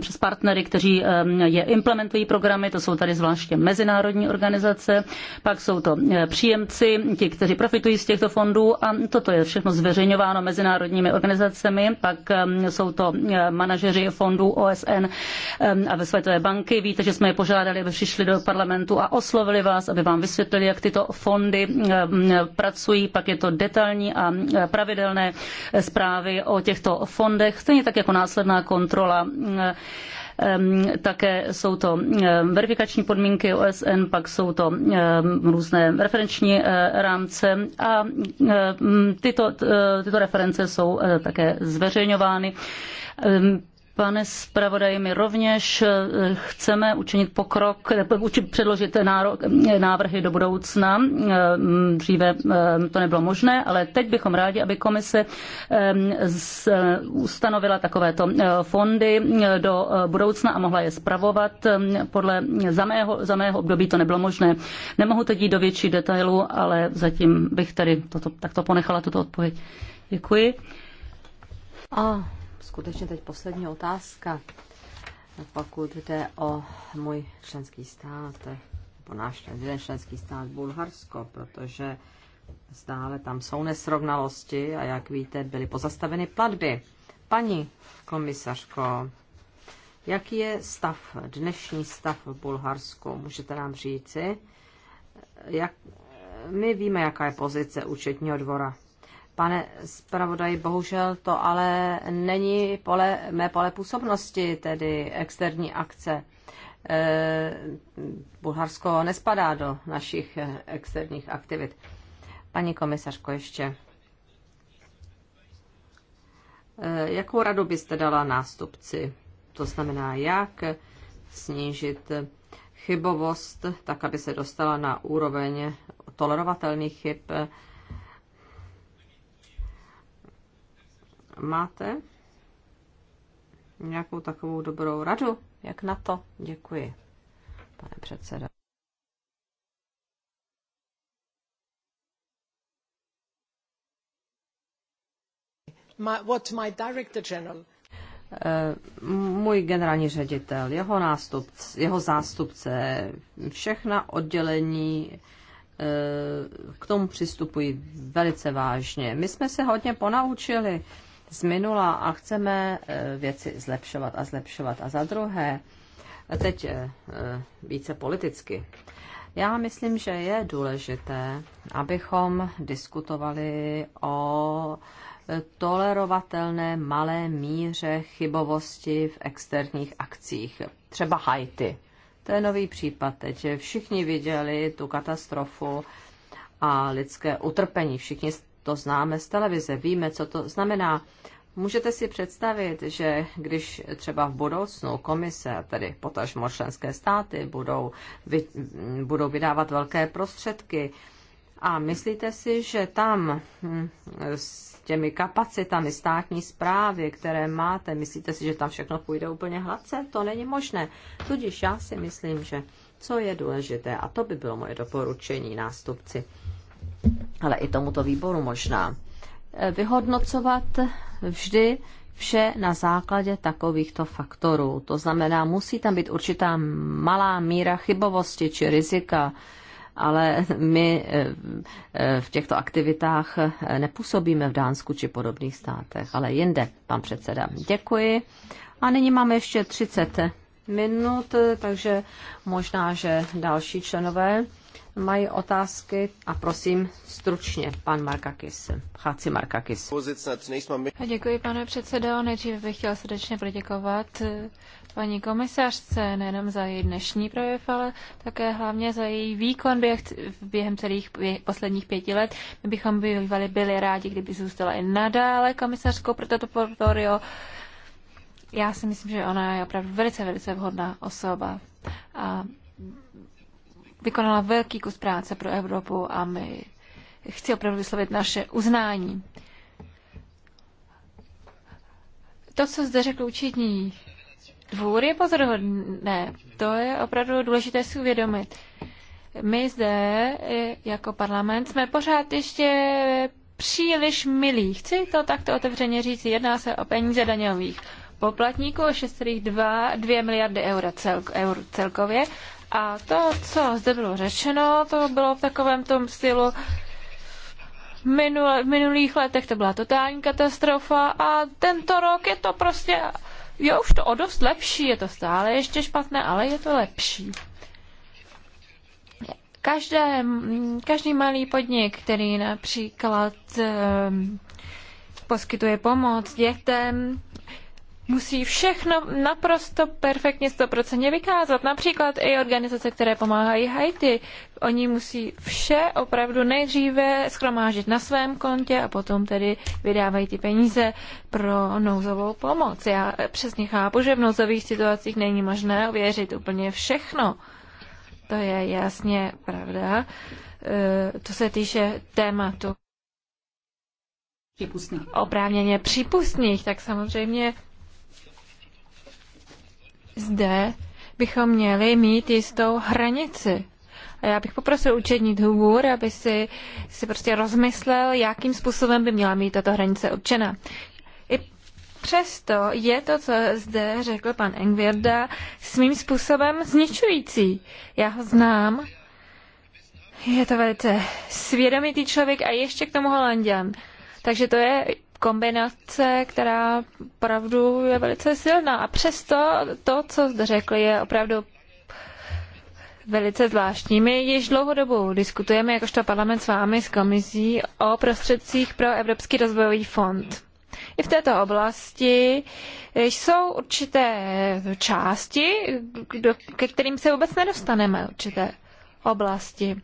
přes partnery, kteří eh, je implementují programy, to jsou tady zvláště mezinárodní organizace, pak jsou to eh, příjemci, ti, kteří profitují z těchto fondů a toto je všechno zveřejňováno mezinárodními organizacemi, pak jsou to manažeři fondů OSN a ve Světové banky. Víte, že jsme je požádali, aby přišli do parlamentu a oslovili vás, aby vám vysvětlili, jak tyto fondy pracují, pak je to detailní a pravidelné zprávy o těchto fondech, stejně tak jako následná kontrola ehm, také jsou to ehm, verifikační podmínky OSN, pak jsou to ehm, různé referenční eh, rámce a tyto, eh, tyto reference jsou eh, také zveřejňovány. Pane zpravodaji, my rovněž eh, chceme učinit pokrok, eh, předložit návrhy do budoucna. Eh, mm, dříve to nebylo možné, ale teď bychom rádi, aby komise ustanovila takovéto fondy do budoucna a mohla je spravovat. Podle za mého, za mého období to nebylo možné. Nemohu teď jít do větší detailu, ale zatím bych tady toto, takto ponechala tuto odpověď. Děkuji. A skutečně teď poslední otázka, pokud jde o můj členský stát, nebo náš jeden členský stát Bulharsko, protože stále tam jsou nesrovnalosti a jak víte, byly pozastaveny platby. Paní komisařko, jaký je stav, dnešní stav v Bulharsku? Můžete nám říci? Jak, my víme, jaká je pozice účetního dvora Pane zpravodaji, bohužel to ale není pole, mé pole působnosti, tedy externí akce. E, Bulharsko nespadá do našich externích aktivit. Paní komisařko, ještě. E, jakou radu byste dala nástupci? To znamená, jak snížit chybovost, tak aby se dostala na úroveň tolerovatelných chyb Máte nějakou takovou dobrou radu? Jak na to? Děkuji, pane předseda. My, what my director general eh, můj generální ředitel, jeho, nástupce, jeho zástupce, všechna oddělení eh, k tomu přistupují velice vážně. My jsme se hodně ponaučili z minula a chceme eh, věci zlepšovat a zlepšovat. A za druhé, teď eh, eh, více politicky. Já myslím, že je důležité, abychom diskutovali o tolerovatelné malé míře chybovosti v externích akcích. Třeba Haiti. To je nový případ teď. Všichni viděli tu katastrofu a lidské utrpení. Všichni to známe z televize, víme, co to znamená. Můžete si představit, že když třeba v budoucnu komise, tedy potažmo členské státy, budou, vy, budou vydávat velké prostředky, a myslíte si, že tam hm, s těmi kapacitami státní zprávy, které máte, myslíte si, že tam všechno půjde úplně hladce? To není možné. Tudíž já si myslím, že co je důležité, a to by bylo moje doporučení nástupci, ale i tomuto výboru možná, e, vyhodnocovat vždy vše na základě takovýchto faktorů. To znamená, musí tam být určitá malá míra chybovosti či rizika, ale my e, e, v těchto aktivitách nepůsobíme v Dánsku či podobných státech, ale jinde, pan předseda. Děkuji. A nyní máme ještě 30 minut, takže možná, že další členové mají otázky a prosím stručně pan Markakis, Cháci Markakis. Děkuji, pane předsedo. Nejdříve bych chtěla srdečně poděkovat eh, paní komisařce nejenom za její dnešní projev, ale také hlavně za její výkon během celých posledních pěti let. My bychom bývali byli rádi, kdyby zůstala i nadále komisařkou pro toto portfolio. Já si myslím, že ona je opravdu velice, velice vhodná osoba. A vykonala velký kus práce pro Evropu a my chci opravdu vyslovit naše uznání. To, co zde řekl učitní dvůr, je pozorhodné. To je opravdu důležité si uvědomit. My zde eh, jako parlament jsme pořád ještě příliš milí. Chci to takto otevřeně říct. Jedná se o peníze daňových poplatníků o 6,2 miliardy euro, celk, eur celkově a to, co zde bylo řečeno, to bylo v takovém tom stylu, v minulých letech to byla totální katastrofa a tento rok je to prostě, je už to o dost lepší, je to stále ještě špatné, ale je to lepší. Každé, každý malý podnik, který například ehm, poskytuje pomoc dětem, musí všechno naprosto perfektně, stoprocentně vykázat. Například i organizace, které pomáhají Haiti. Oni musí vše opravdu nejdříve schromážit na svém kontě a potom tedy vydávají ty peníze pro nouzovou pomoc. Já přesně chápu, že v nouzových situacích není možné ověřit úplně všechno. To je jasně pravda. E, to se týče tématu. Připustných. Oprávněně přípustných, tak samozřejmě zde bychom měli mít jistou hranici. A já bych poprosil učení dvůr, aby si, si prostě rozmyslel, jakým způsobem by měla mít tato hranice určena. I přesto je to, co zde řekl pan Engvirda, svým způsobem zničující. Já ho znám. Je to velice svědomitý člověk a ještě k tomu holandian. Takže to je kombinace, která opravdu je velice silná. A přesto to, co zde řekli, je opravdu velice zvláštní. My již dlouhodobu diskutujeme jakožto parlament s vámi, s komisí, o prostředcích pro Evropský rozvojový fond. I v této oblasti jsou určité části, ke kterým se vůbec nedostaneme, určité oblasti.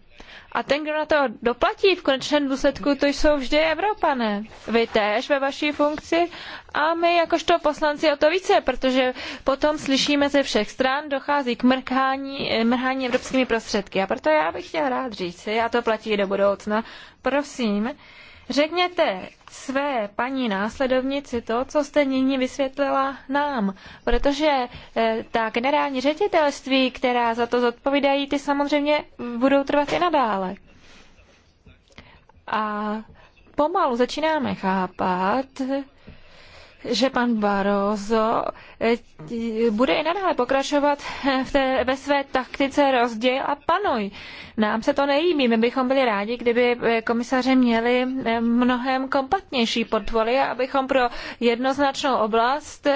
A ten, kdo na to doplatí v konečném důsledku, to jsou vždy Evropané. Vy též ve vaší funkci a my jakožto poslanci o to více, protože potom slyšíme ze všech stran, dochází k mrkání, mrhání evropskými prostředky. A proto já bych chtěla rád říci, a to platí do budoucna, prosím, Řekněte své paní následovnici to, co jste nyní vysvětlila nám, protože eh, ta generální ředitelství, která za to zodpovídají, ty samozřejmě budou trvat i nadále. A pomalu začínáme chápat, že pan Barroso eh, bude i nadále pokračovat v té, ve své taktice rozděl a panuj. Nám se to nelíbí. My bychom byli rádi, kdyby eh, komisaři měli eh, mnohem kompaktnější portfolio, abychom pro jednoznačnou oblast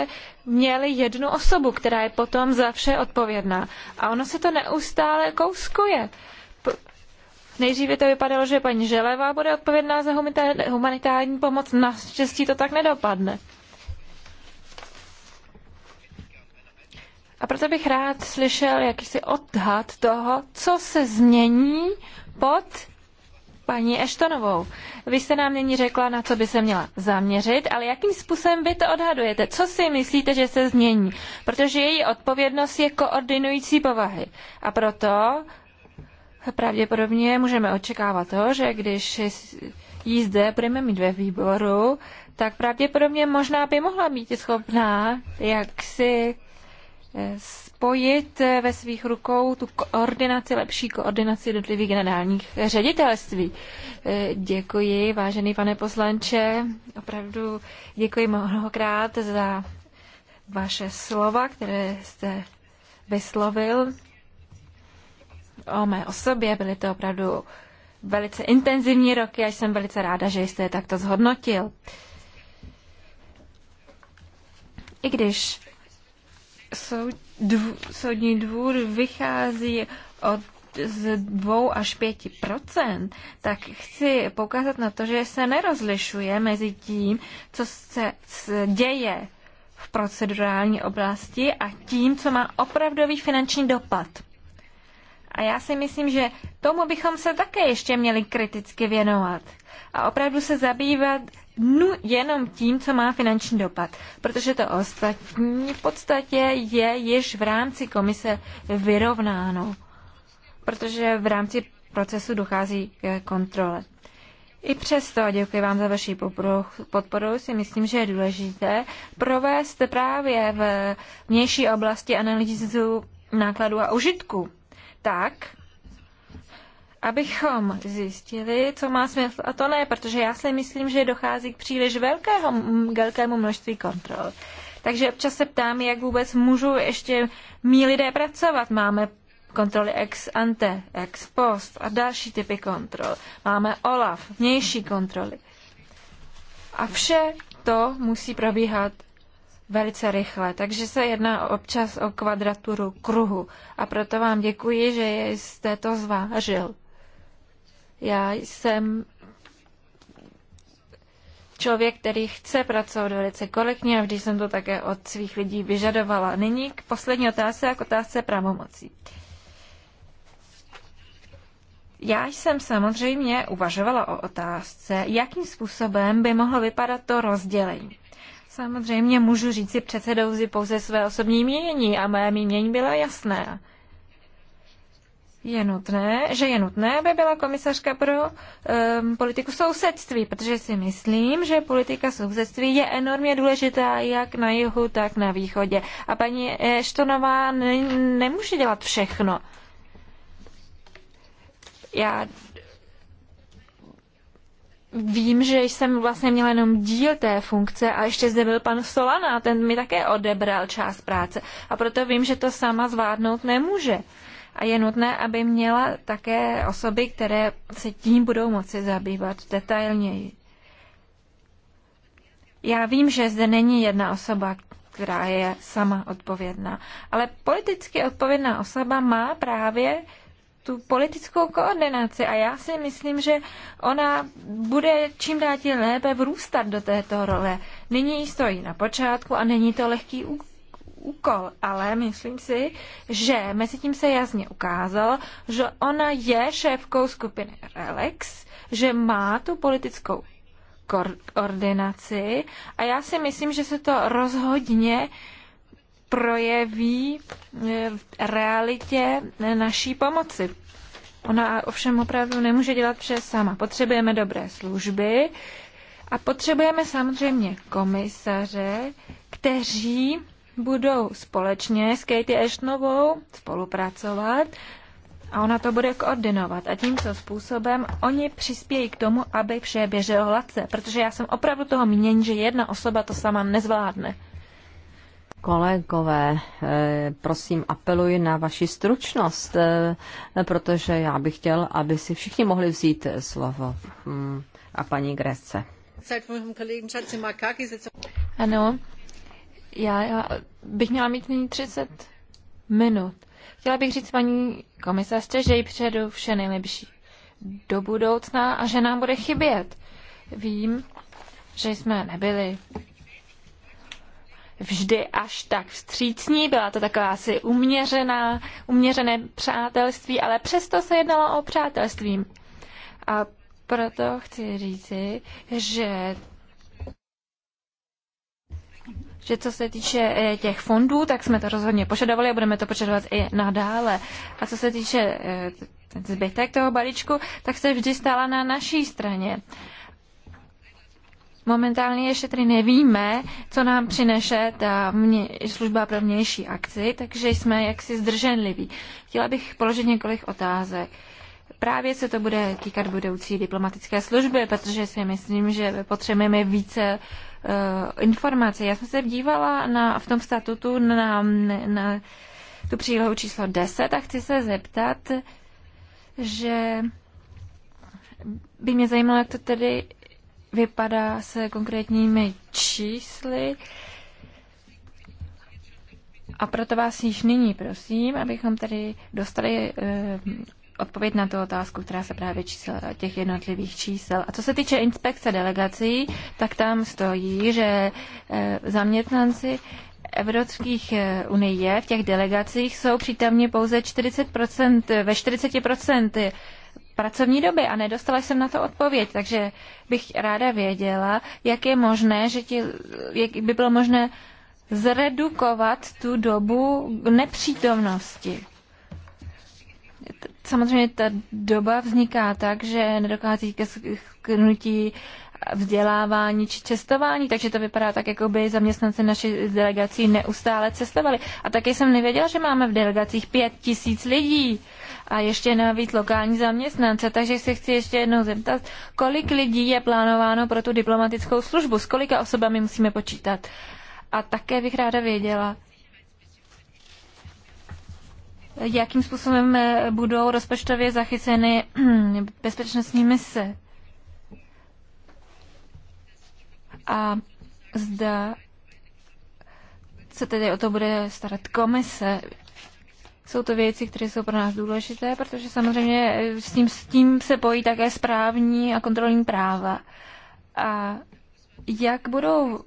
měli jednu osobu, která je potom za vše odpovědná. A ono se to neustále kouskuje. Nejdříve to vypadalo, že paní Želeva bude odpovědná za humanitární pomoc, naštěstí to tak nedopadne. A proto bych rád slyšel jakýsi odhad toho, co se změní pod paní Eštonovou. Vy jste nám nyní řekla, na co by se měla zaměřit, ale jakým způsobem vy to odhadujete? Co si myslíte, že se změní? Protože její odpovědnost je koordinující povahy. A proto pravděpodobně můžeme očekávat to, že když jí zde budeme mít ve výboru, tak pravděpodobně možná by mohla být schopná jak si spojit eh, ve svých rukou tu koordinaci, lepší koordinaci jednotlivých generálních ředitelství. Eh, děkuji, vážený pane poslanče, opravdu děkuji mnohokrát za vaše slova, které jste vyslovil o mé osobě. Byly to opravdu velice intenzivní roky a jsem velice ráda, že jste je takto zhodnotil. I když soud, dv, soudní dvůr vychází od z 2 až 5 tak chci poukázat na to, že se nerozlišuje mezi tím, co se děje v procedurální oblasti a tím, co má opravdový finanční dopad. A já si myslím, že tomu bychom se také ještě měli kriticky věnovat a opravdu se zabývat nu, jenom tím, co má finanční dopad, protože to ostatní v podstatě je již v rámci komise vyrovnáno, protože v rámci procesu dochází k kontrole. I přesto, a děkuji vám za vaši podporu, si myslím, že je důležité provést právě v vnější oblasti analýzu nákladů a užitku tak, abychom zjistili, co má smysl a to ne, protože já si myslím, že dochází k příliš velkého, velkému množství kontrol. Takže občas se ptám, jak vůbec můžou ještě mý lidé pracovat. Máme kontroly ex ante, ex post a další typy kontrol. Máme OLAF, vnější kontroly. A vše to musí probíhat velice rychle, takže se jedná občas o kvadraturu kruhu. A proto vám děkuji, že jste to zvážil. Já jsem člověk, který chce pracovat velice korektně a vždy jsem to také od svých lidí vyžadovala. Nyní k poslední otázce a k otázce pravomocí. Já jsem samozřejmě uvažovala o otázce, jakým způsobem by mohlo vypadat to rozdělení. Samozřejmě můžu říct si předsedouzi pouze své osobní mínění a mé mínění bylo jasné je nutné, že je nutné, aby byla komisařka pro um, politiku sousedství, protože si myslím, že politika sousedství je enormně důležitá jak na jihu, tak na východě. A paní Štonová ne, nemůže dělat všechno. Já vím, že jsem vlastně měla jenom díl té funkce a ještě zde byl pan Solana, ten mi také odebral část práce. A proto vím, že to sama zvládnout nemůže a je nutné, aby měla také osoby, které se tím budou moci zabývat detailněji. Já vím, že zde není jedna osoba, která je sama odpovědná, ale politicky odpovědná osoba má právě tu politickou koordinaci a já si myslím, že ona bude čím dál tím lépe vrůstat do této role. Nyní stojí na počátku a není to lehký úkol úkol, ale myslím si, že mezi tím se jasně ukázalo, že ona je šéfkou skupiny Relex, že má tu politickou koordinaci a já si myslím, že se to rozhodně projeví e, v realitě naší pomoci. Ona ovšem opravdu nemůže dělat vše sama. Potřebujeme dobré služby a potřebujeme samozřejmě komisaře, kteří budou společně s Katie Ashtonovou spolupracovat a ona to bude koordinovat. A tímto způsobem oni přispějí k tomu, aby vše běželo hladce, protože já jsem opravdu toho mínění, že jedna osoba to sama nezvládne. Kolegové, eh, prosím, apeluji na vaši stručnost, eh, protože já bych chtěl, aby si všichni mohli vzít eh, slovo. Hmm. A paní Grece. Ano, já, já bych měla mít nyní 30 minut. Chtěla bych říct paní komisařce, že jí předu vše nejlepší do budoucna a že nám bude chybět. Vím, že jsme nebyli vždy až tak vstřícní, byla to taková asi uměřená, uměřené přátelství, ale přesto se jednalo o přátelství. A proto chci říci, že že co se týče eh, těch fondů, tak jsme to rozhodně požadovali a budeme to požadovat i nadále. A co se týče eh, zbytek toho balíčku, tak se vždy stála na naší straně. Momentálně ještě tedy nevíme, co nám přinese ta mě, služba pro vnější akci, takže jsme jaksi zdrženliví. Chtěla bych položit několik otázek. Právě se to bude týkat budoucí diplomatické služby, protože si myslím, že potřebujeme více Eh, informace. Já jsem se dívala na, v tom statutu na, na tu přílohu číslo 10 a chci se zeptat, že by mě zajímalo, jak to tedy vypadá se konkrétními čísly. A proto vás již nyní prosím, abychom tady dostali eh, odpověď na tu otázku, která se právě čísel, těch jednotlivých čísel. A co se týče inspekce delegací, tak tam stojí, že eh, zaměstnanci Evropských eh, unie v těch delegacích jsou přítomně pouze 40%, ve 40% pracovní doby a nedostala jsem na to odpověď, takže bych ráda věděla, jak je možné, že ti, jak by bylo možné zredukovat tu dobu nepřítomnosti samozřejmě ta doba vzniká tak, že nedochází ke sknutí vzdělávání či cestování, takže to vypadá tak, jako by zaměstnanci naší delegací neustále cestovali. A taky jsem nevěděla, že máme v delegacích pět tisíc lidí a ještě navíc lokální zaměstnance, takže se chci ještě jednou zeptat, kolik lidí je plánováno pro tu diplomatickou službu, s kolika osobami musíme počítat. A také bych ráda věděla, jakým způsobem eh, budou rozpočtově zachyceny mm, bezpečnostní mise. A zda se tedy o to bude starat komise. Jsou to věci, které jsou pro nás důležité, protože samozřejmě eh, s tím, s tím se pojí také správní a kontrolní práva. A jak budou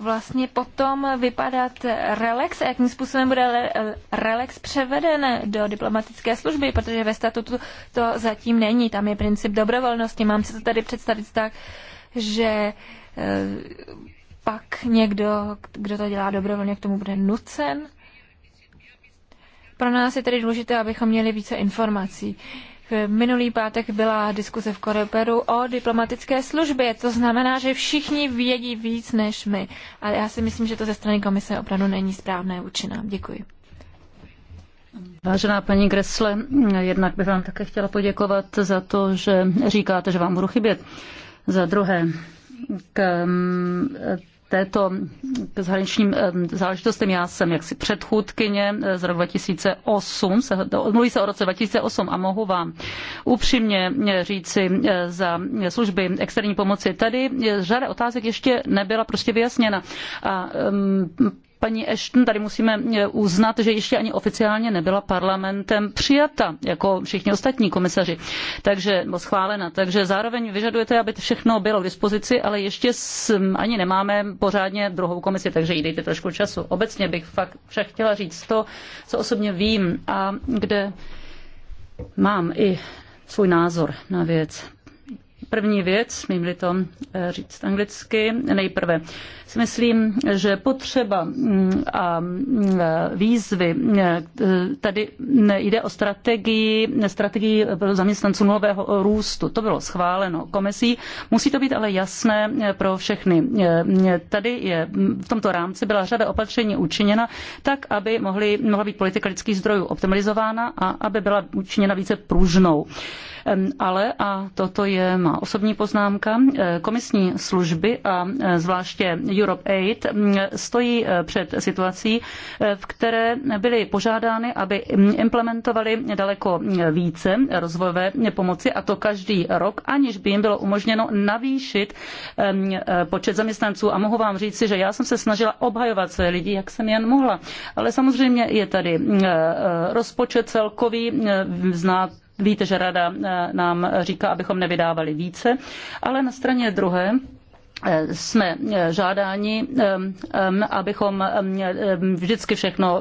vlastně potom vypadat relax a jakým způsobem bude relax převeden do diplomatické služby, protože ve statutu to zatím není. Tam je princip dobrovolnosti. Mám se to tady představit tak, že eh, pak někdo, kdo to dělá dobrovolně, k tomu bude nucen. Pro nás je tedy důležité, abychom měli více informací. Minulý pátek byla diskuse v Koreperu o diplomatické službě. To znamená, že všichni vědí víc než my. Ale já si myslím, že to ze strany komise opravdu není správné účinná. Děkuji. Vážená paní Gresle, jednak bych vám také chtěla poděkovat za to, že říkáte, že vám budu chybět. Za druhé, k této k zahraničním záležitostem. Já jsem jaksi předchůdkyně eh, z roku 2008, mluví se o roce 2008 a mohu vám upřímně eh, říci eh, za služby externí pomoci. Tady řada otázek ještě nebyla prostě vyjasněna. A paní Ashton, tady musíme eh, uznat, že ještě ani oficiálně nebyla parlamentem přijata, jako všichni ostatní komisaři, takže nebo schválena. Takže zároveň vyžadujete, aby všechno bylo k dispozici, ale ještě s, ani nemáme pořádně druhou komisi, takže jí dejte trošku času. Obecně bych fakt však chtěla říct to, co osobně vím a kde mám i svůj názor na věc. První věc, mím-li to eh, říct anglicky, nejprve si myslím, že potřeba mm, a mm, výzvy, mm, tady jde o strategii, strategii zaměstnanců nového růstu. To bylo schváleno komisí. Musí to být ale jasné pro všechny. Tady je, v tomto rámci byla řada opatření učiněna tak, aby mohly, mohla být politika lidských zdrojů optimalizována a aby byla učiněna více pružnou. Ale, a toto je má osobní poznámka, eh, komisní služby a eh, zvláště Europe Aid mm, stojí eh, před situací, eh, v které byly požádány, aby mm, implementovali daleko mm, více rozvojové pomoci a to každý rok, aniž by jim bylo umožněno navýšit eh, počet zaměstnanců. A mohu vám říci, že já jsem se snažila obhajovat své lidi, jak jsem jen mohla. Ale samozřejmě je tady rozpočet celkový, zná Víte, že rada nám říká, abychom nevydávali více, ale na straně druhé Eh, jsme eh, žádáni, eh, abychom vždycky všechno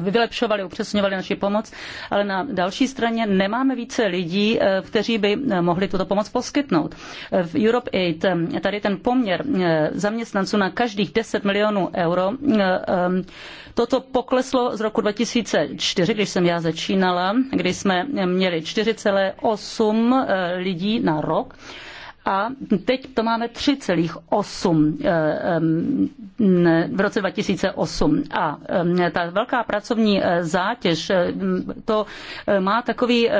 vylepšovali, upřesňovali naši pomoc, ale na další straně nemáme více lidí, kteří by mohli tuto pomoc poskytnout. V Europe Aid tady ten poměr zaměstnanců na každých 10 milionů euro, toto pokleslo z roku 2004, když jsem já začínala, kdy jsme měli 4,8 lidí na rok a teď to máme 3,8 eh, v roce 2008. A ta velká pracovní eh, zátěž, eh, to má takový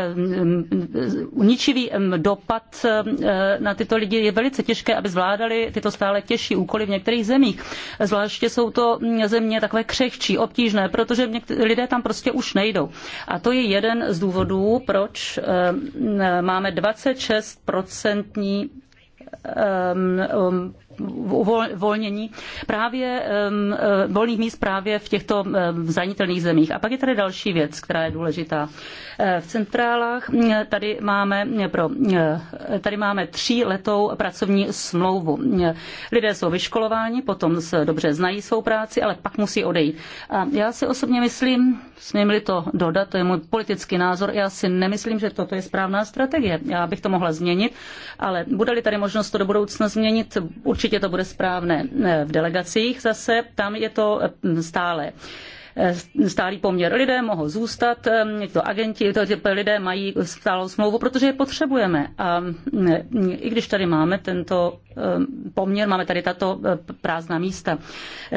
ničivý dopad na tyto lidi. Je velice těžké, aby zvládali tyto stále těžší úkoly v některých zemích. Zvláště jsou to mm, země takové křehčí, obtížné, protože lidé tam prostě už nejdou. A to je jeden z důvodů, proč máme 26% Um, um, uvolnění právě um, uh, volných míst právě v těchto zranitelných zemích. A pak je tady další věc, která je důležitá. Uh, v centrálách uh, tady máme, pro, tady máme tří letou pracovní smlouvu. Lidé jsou vyškolováni, potom dobře znají svou práci, ale pak musí odejít. A já si osobně myslím, Smím-li to dodat, to je můj politický názor, já si nemyslím, že toto je správná strategie. Já bych to mohla změnit, ale bude-li tady možnost to do budoucna změnit, určitě to bude správné. E, v delegacích zase, tam je to e, stále e, stálý poměr. Lidé mohou zůstat, to agenti, to, lidé mají stálou smlouvu, protože je potřebujeme. A i když tady máme tento poměr, máme tady tato prázdná místa.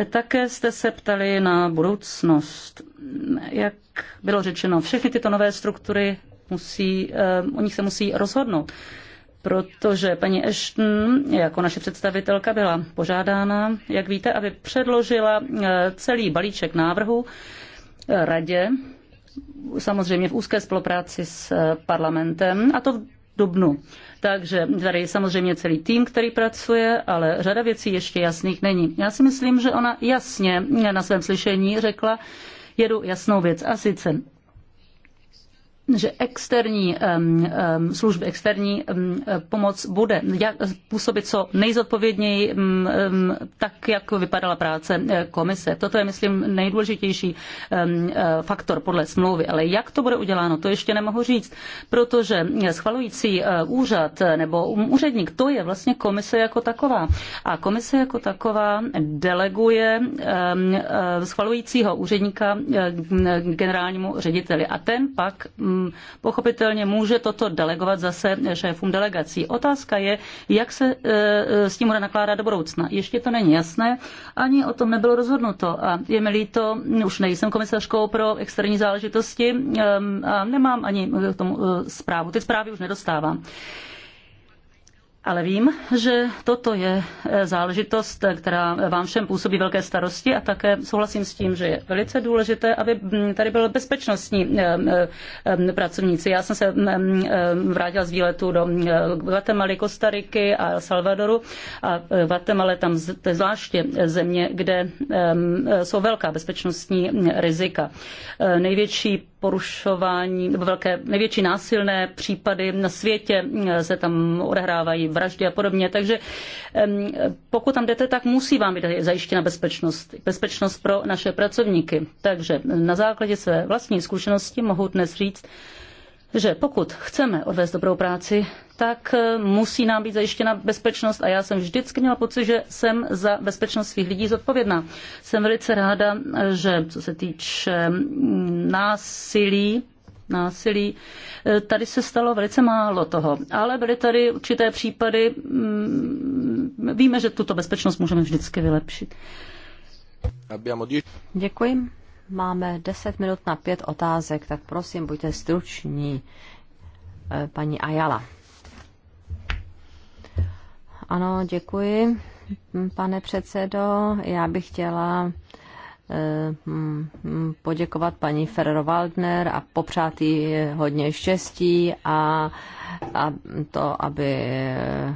Také jste se ptali na budoucnost jak bylo řečeno, všechny tyto nové struktury musí, eh, o nich se musí rozhodnout, protože paní Ashton jako naše představitelka byla požádána, jak víte, aby předložila eh, celý balíček návrhu eh, radě, samozřejmě v úzké spolupráci s parlamentem, a to v dubnu. Takže tady je samozřejmě celý tým, který pracuje, ale řada věcí ještě jasných není. Já si myslím, že ona jasně na svém slyšení řekla, jednu jasnou věc a sice že externí služby, externí pomoc bude jak, působit co nejzodpovědněji, tak jak vypadala práce eh, komise. Toto je, myslím, nejdůležitější eh, faktor podle smlouvy. Ale jak to bude uděláno, to ještě nemohu říct, protože schvalující eh, úřad nebo um, úředník, to je vlastně komise jako taková. A komise jako taková deleguje schvalujícího úředníka generálnímu řediteli. A ten pak mm, pochopitelně může toto delegovat zase šéfům delegací. Otázka je, jak se e, e, s tím bude nakládat do budoucna. Ještě to není jasné, ani o tom nebylo rozhodnuto. A je mi líto, už nejsem komisařkou pro externí záležitosti e, a nemám ani k tomu zprávu. Ty zprávy už nedostávám. Ale vím, že toto je e, záležitost, e, která vám všem působí velké starosti a také souhlasím s tím, že je velice důležité, aby tady byl bezpečnostní e, pracovníci. Já jsem se vrátila z výletu do Guatemaly, Kostariky a Salvadoru a Guatemala tam je zvláště země, kde jsou velká bezpečnostní rizika. Největší porušování, nebo velké, největší násilné případy na světě mm, se tam odehrávají, vraždy a podobně. Takže pokud tam jdete, tak musí vám být zajištěna bezpečnost. Bezpečnost pro naše pracovníky. Takže na základě své vlastní zkušenosti mohu dnes říct, že pokud chceme odvést dobrou práci, tak eh, musí nám být zajištěna bezpečnost a já jsem vždycky měla pocit, že jsem za bezpečnost svých lidí zodpovědná. Jsem velice ráda, eh, že co se týče mm, násilí, násilí. Eh, tady se stalo velice málo toho, ale byly tady určité případy. Mm, víme, že tuto bezpečnost můžeme vždycky vylepšit. Děkuji. Máme 10 minut na pět otázek, tak prosím, buďte struční, eh, paní Ajala. Ano, děkuji, pane předsedo. Já bych chtěla eh, poděkovat paní Ferrovaldner a popřát jí hodně štěstí a, a to, aby eh,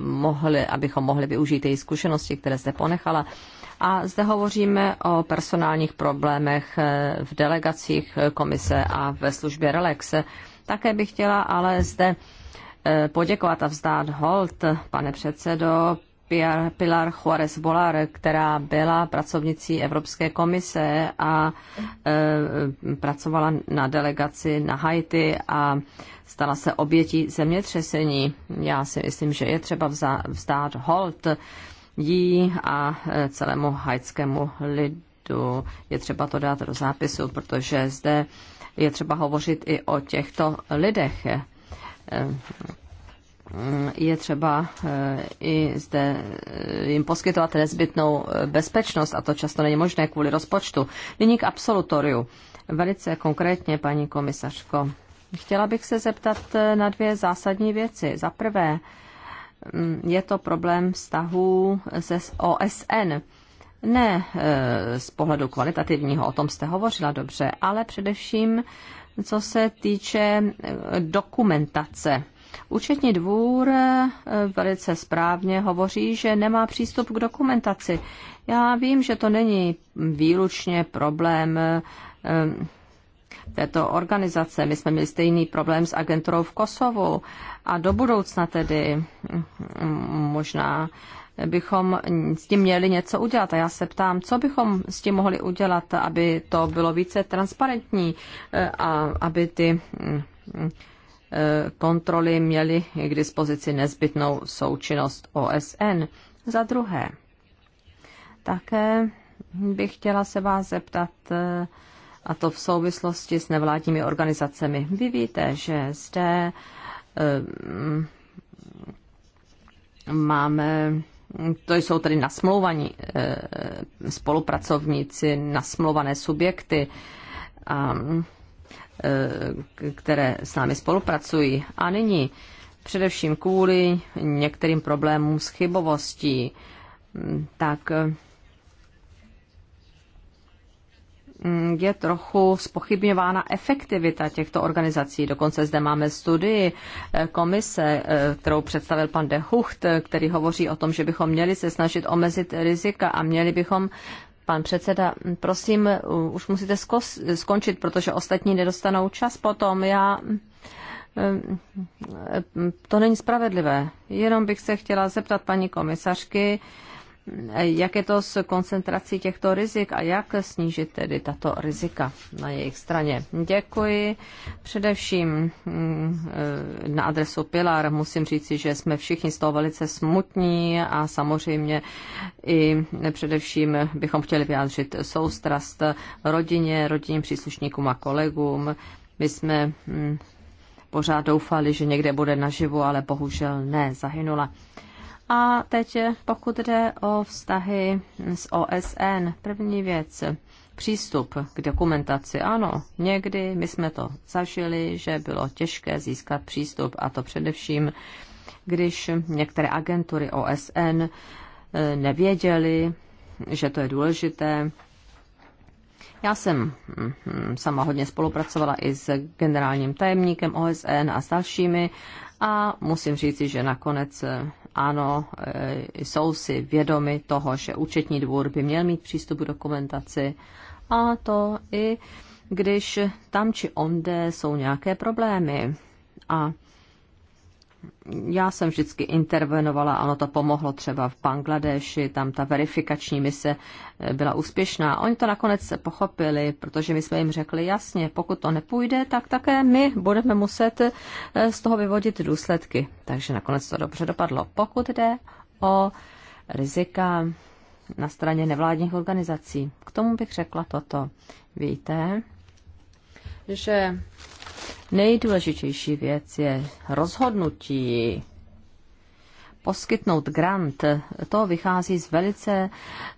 mohli, abychom mohli využít její zkušenosti, které zde ponechala. A zde hovoříme o personálních problémech eh, v delegacích eh, komise a ve službě Relax. Také bych chtěla ale zde eh, poděkovat a vzdát hold, pane předsedo, Pilar Juarez Bolar, která byla pracovnicí Evropské komise a e, pracovala na delegaci na Haiti a stala se obětí zemětřesení. Já si myslím, že je třeba vzdát hold jí a e, celému hajskému lidu. Je třeba to dát do zápisu, protože zde je třeba hovořit i o těchto lidech. E, e, je třeba i zde jim poskytovat nezbytnou bezpečnost a to často není možné kvůli rozpočtu. Nyní k absolutoriu. Velice konkrétně, paní komisařko, chtěla bych se zeptat na dvě zásadní věci. Za prvé, je to problém vztahu se OSN. Ne e, z pohledu kvalitativního, o tom jste hovořila dobře, ale především co se týče e, dokumentace. Účetní dvůr e, velice správně hovoří, že nemá přístup k dokumentaci. Já vím, že to není výlučně problém této organizace. My jsme měli stejný problém s agenturou v Kosovu a do budoucna tedy mm, možná bychom s tím měli něco udělat. A já se ptám, co bychom s tím mohli udělat, aby to bylo více transparentní e, a aby ty mm, mm, e, kontroly měly k dispozici nezbytnou součinnost OSN. Za druhé, také bych chtěla se vás zeptat e, a to v souvislosti s nevládními organizacemi. Vy víte, že zde ehm, máme, to jsou tedy nasmlouvaní ehm, spolupracovníci, nasmlouvané subjekty, ehm, které s námi spolupracují. A nyní především kvůli některým problémům s chybovostí, tak Mm, je trochu spochybňována efektivita těchto organizací. Dokonce zde máme studii eh, komise, eh, kterou představil pan De Hucht, eh, který hovoří o tom, že bychom měli se snažit omezit rizika a měli bychom Pan předseda, mm, prosím, už musíte skončit, protože ostatní nedostanou čas potom. Já mm, to není spravedlivé. Jenom bych se chtěla zeptat paní komisařky, jak je to s koncentrací těchto rizik a jak snížit tedy tato rizika na jejich straně. Děkuji. Především mm, e, na adresu Pilar musím říci, že jsme všichni z toho velice smutní a samozřejmě i především bychom chtěli vyjádřit soustrast rodině, rodinným příslušníkům a kolegům. My jsme mm, pořád doufali, že někde bude naživu, ale bohužel ne, zahynula. A teď, pokud jde o vztahy s OSN, první věc, přístup k dokumentaci. Ano, někdy my jsme to zažili, že bylo těžké získat přístup, a to především, když některé agentury OSN e, nevěděly, že to je důležité. Já jsem mm, sama hodně spolupracovala i s generálním tajemníkem OSN a s dalšími a musím říci, že nakonec ano, eh, jsou si vědomi toho, že účetní dvůr by měl mít přístup k dokumentaci a to i když tam či onde jsou nějaké problémy. A já jsem vždycky intervenovala, ano, to pomohlo třeba v Bangladeši, tam ta verifikační mise eh, byla úspěšná. Oni to nakonec pochopili, protože my jsme jim řekli jasně, pokud to nepůjde, tak také my budeme muset eh, z toho vyvodit důsledky. Takže nakonec to dobře dopadlo. Pokud jde o rizika na straně nevládních organizací, k tomu bych řekla toto. Víte, že Nejdůležitější věc je rozhodnutí poskytnout grant. To vychází z velice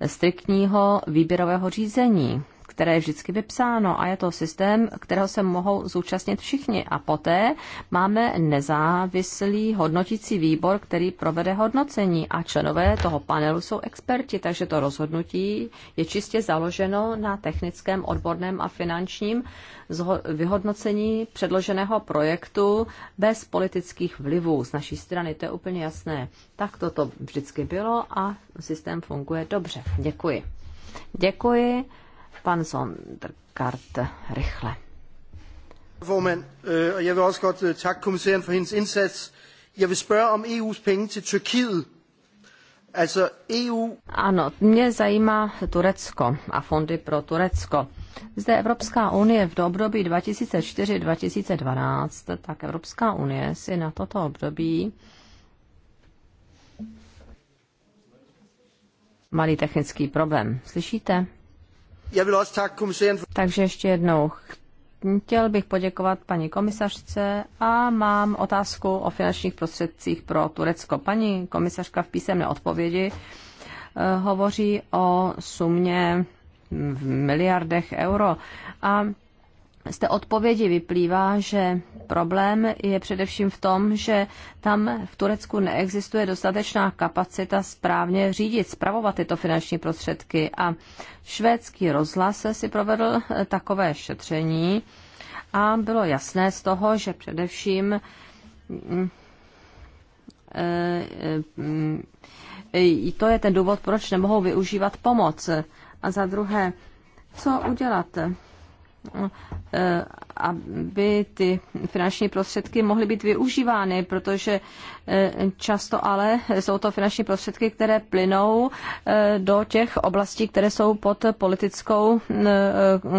striktního výběrového řízení které je vždycky vypsáno a je to systém, kterého se mohou zúčastnit všichni. A poté máme nezávislý hodnotící výbor, který provede hodnocení a členové toho panelu jsou experti, takže to rozhodnutí je čistě založeno na technickém, odborném a finančním vyhodnocení předloženého projektu bez politických vlivů z naší strany. To je úplně jasné. Tak toto vždycky bylo a systém funguje dobře. Děkuji. Děkuji. Pan Sondergaard, rychle. Formand, øh, jeg vil også godt øh, takke kommissæren for hendes indsats. Jeg vil spørge om EU's penge til Tyrkiet. Altså EU... Ano, mě zajímá Turecko a fondy pro Turecko. Zde Evropská unie v období 2004-2012, tak Evropská unie si na toto období malý technický problém. Slyšíte? Takže ještě jednou. Chtěl bych poděkovat paní komisařce a mám otázku o finančních prostředcích pro Turecko. Paní komisařka v písemné odpovědi eh, hovoří o sumě v miliardech euro a z té odpovědi vyplývá, že problém je především v tom, že tam v Turecku neexistuje dostatečná kapacita správně řídit, spravovat tyto finanční prostředky. A švédský rozhlas si provedl eh, takové šetření a bylo jasné z toho, že především mm, eh, eh, mm, to je ten důvod, proč nemohou využívat pomoc. A za druhé, co udělat? Eh, aby ty finanční prostředky mohly být využívány, protože eh, často ale jsou to finanční prostředky, které plynou eh, do těch oblastí, které jsou pod politickou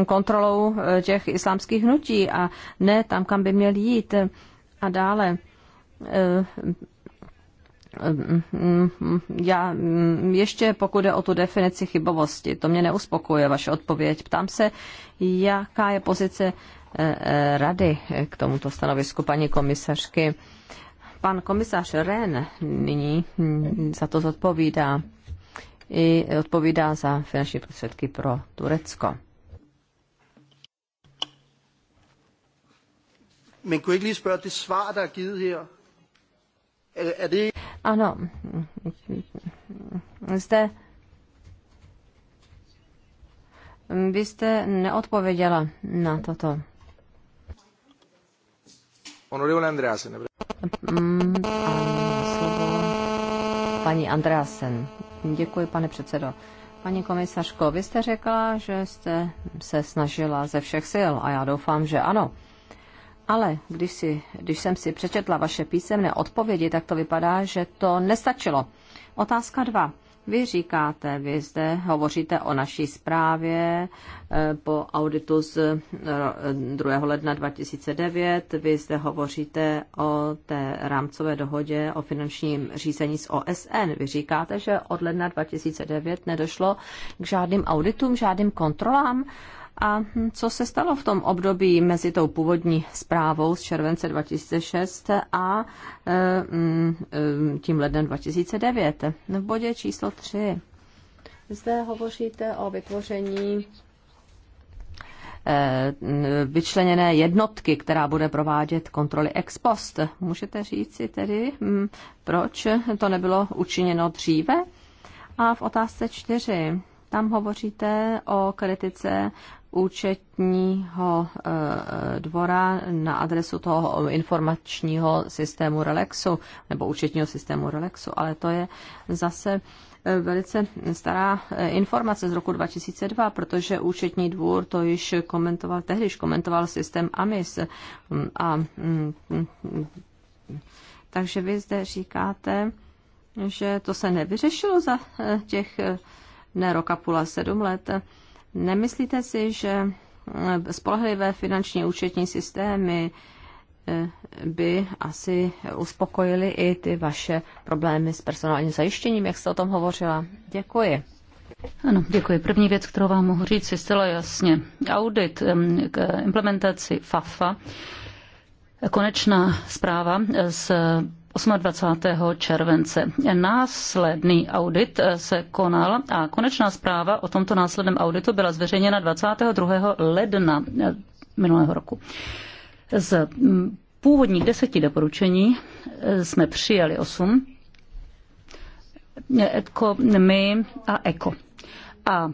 kontrolou těch islámských hnutí a ne tam, kam by měl jít. A dále já mm, ještě pokud jde o tu definici chybovosti, to mě neuspokojuje vaše odpověď. Ptám se, jaká je pozice eh, eh, rady k tomuto stanovisku paní komisařky. Pan komisař Ren nyní hm, za to zodpovídá i odpovídá za finanční prostředky pro Turecko. Men kunne ikke lige spørge, det svar, der er givet her, ano, jste, vy jste neodpověděla na toto. Honorable Andreasen. Mm, paní Andreasen. Děkuji, pane předsedo. Paní komisařko, vy jste řekla, že jste se snažila ze všech sil a já doufám, že ano. Ale když, si, když jsem si přečetla vaše písemné odpovědi, tak to vypadá, že to nestačilo. Otázka dva. Vy říkáte, vy zde hovoříte o naší zprávě eh, po auditu z 2. Eh, ledna 2009, vy zde hovoříte o té rámcové dohodě o finančním řízení s OSN. Vy říkáte, že od ledna 2009 nedošlo k žádným auditům, žádným kontrolám a co se stalo v tom období mezi tou původní zprávou z července 2006 a e, mm, e, tím lednem 2009? V bodě číslo 3. Zde hovoříte o vytvoření e, vyčleněné jednotky, která bude provádět kontroly ex post. Můžete říci tedy, mm, proč to nebylo učiněno dříve? A v otázce čtyři. Tam hovoříte o kritice účetního eh, dvora na adresu toho informačního systému Relexu nebo účetního systému Relexu, ale to je zase eh, velice stará eh, informace z roku 2002, protože účetní dvůr to již komentoval, tehdyž komentoval systém AMIS a mm, mm, mm, takže vy zde říkáte, že to se nevyřešilo za těch ne roka půl a sedm let. Nemyslíte si, že eh, spolehlivé finanční účetní systémy eh, by asi uspokojily i ty vaše problémy s personálním zajištěním, jak jste o tom hovořila. Děkuji. Ano, děkuji. První věc, kterou vám mohu říct, je zcela jasně. Audit k implementaci FAFA, konečná zpráva z eh, 28. července. Následný audit eh, se konal a konečná zpráva o tomto následném auditu byla zveřejněna 22. ledna eh, minulého roku. Z mm, původních deseti doporučení eh, jsme přijali osm, ETCO, MY a EKO. A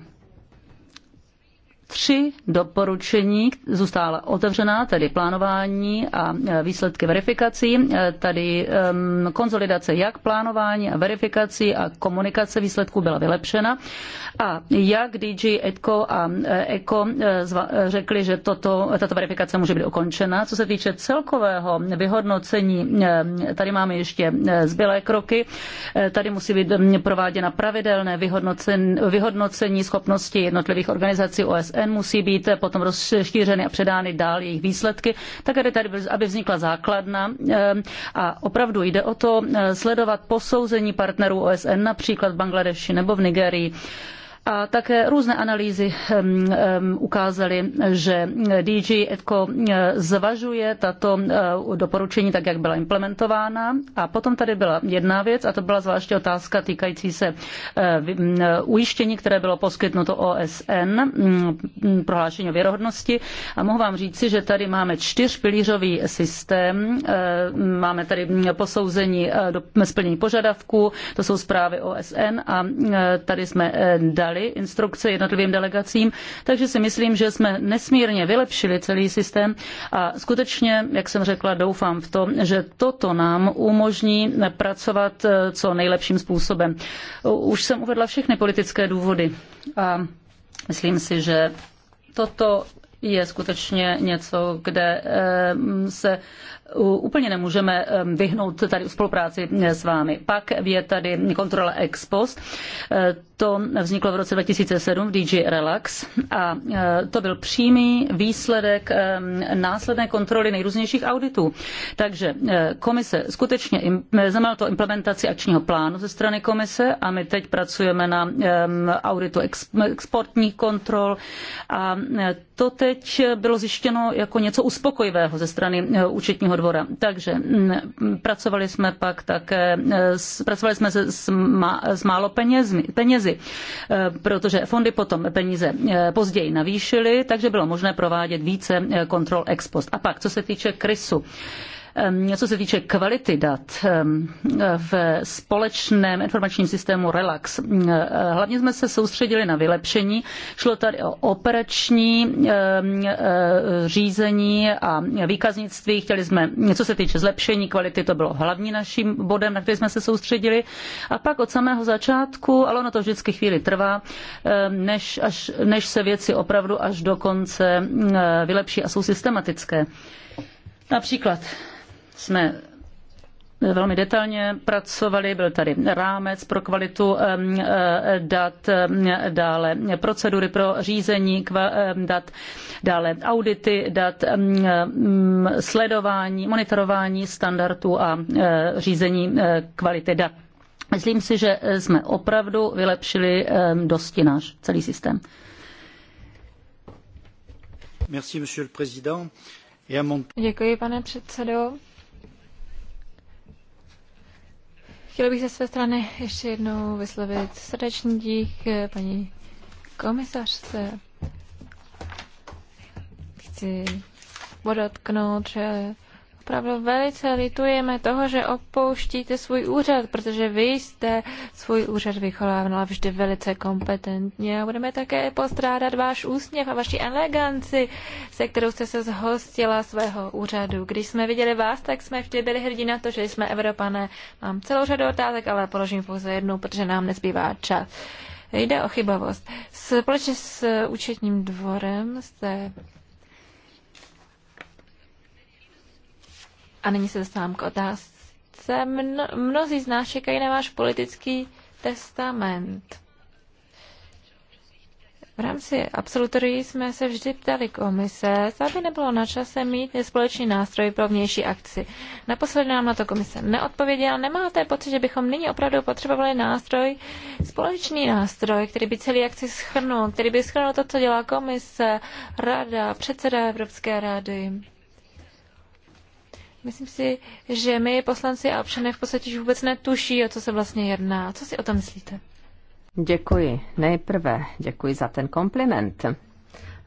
tři doporučení zůstala otevřená, tedy plánování a e, výsledky verifikací, e, tady konzolidace jak plánování a verifikací a komunikace výsledků byla vylepšena a jak DG ETCO a e, ECO řekli, že toto, tato verifikace může být ukončena. Co se týče celkového vyhodnocení, tady máme ještě zbylé kroky, tady musí být prováděna pravidelné vyhodnocení, vyhodnocení schopnosti jednotlivých organizací OSN OSN musí být potom rozšířeny a předány dál jejich výsledky, tak aby tady aby vznikla základna. Eh, a opravdu jde o to eh, sledovat posouzení partnerů OSN například v Bangladeši nebo v Nigerii a také různé analýzy ukázaly, že DG ETCO zvažuje tato eh, doporučení tak, jak byla implementována. A potom tady byla jedna věc, a to byla zvláště otázka týkající se eh, ujištění, které bylo poskytnuto OSN, prohlášení o věrohodnosti. A mohu vám říci, že tady máme čtyřpilířový systém. Eh, máme tady posouzení splnění požadavků, to jsou zprávy OSN a tady jsme dali dali instrukce jednotlivým delegacím, takže si myslím, že jsme nesmírně vylepšili celý systém a skutečně, jak jsem řekla, doufám v to, že toto nám umožní pracovat eh, co nejlepším způsobem. Už jsem uvedla všechny politické důvody a myslím si, že toto je skutečně něco, kde eh, se úplně nemůžeme vyhnout tady spolupráci eh, s vámi. Pak je tady kontrola ex post. Eh, to vzniklo v roce 2007 v DG Relax a eh, to byl přímý výsledek následné kontroly nejrůznějších auditů. Takže komise skutečně znamenalo to implementaci akčního plánu ze strany komise a my teď pracujeme na auditu exportních kontrol a to teď bylo zjištěno jako něco uspokojivého ze strany účetního dvora. Takže mm, pracovali jsme pak také, eh, pracovali jsme se s, má, s málo penězmi, penězi, eh, protože fondy potom peníze eh, později navýšily, takže bylo možné provádět více kontrol ex post. A pak, co se týče krysu, Ehm, co se týče kvality dat ehm, v společném informačním systému RELAX. Ehm, hlavně jsme se soustředili na vylepšení. Šlo tady o operační eh, řízení a výkaznictví. Chtěli jsme, co se týče zlepšení kvality, to bylo hlavní naším bodem, na který jsme se soustředili. A pak od samého začátku, ale ono to vždycky chvíli trvá, než, až, než se věci opravdu až do konce vylepší a jsou systematické. Například jsme eh, velmi detailně pracovali, byl tady rámec pro kvalitu eh, eh, dat, dále procedury pro řízení dat, dále audity dat, mm, sledování, monitorování standardů a řízení kvality dat. Myslím si, že jsme opravdu vylepšili dosti náš celý systém. Děkuji, pane předsedo. Chtěla bych ze své strany ještě jednou vyslovit srdečný dík eh, paní komisařce. Chci podotknout, že opravdu velice litujeme toho, že opouštíte svůj úřad, protože vy jste svůj úřad vychovávala vždy velice kompetentně a budeme také postrádat váš úsměv a vaši eleganci, se kterou jste se zhostila svého úřadu. Když jsme viděli vás, tak jsme vždy byli hrdí na to, že jsme Evropané. Mám celou řadu otázek, ale položím pouze jednu, protože nám nezbývá čas. Jde o chybavost. Společně s účetním dvorem jste A nyní se dostávám k otázce. Mno, mnozí z nás čekají na váš politický testament. V rámci absolutorii jsme se vždy ptali komise, zda by nebylo na čase mít společný nástroj pro vnější akci. Naposledy nám na to komise neodpověděla. Nemáte pocit, že bychom nyní opravdu potřebovali nástroj, společný nástroj, který by celý akci schrnul, který by schrnul to, co dělá komise, rada, předseda Evropské rady? Myslím si, že my poslanci a občané v podstatě vůbec netuší, o co se vlastně jedná. Co si o tom myslíte? Děkuji. Nejprve děkuji za ten kompliment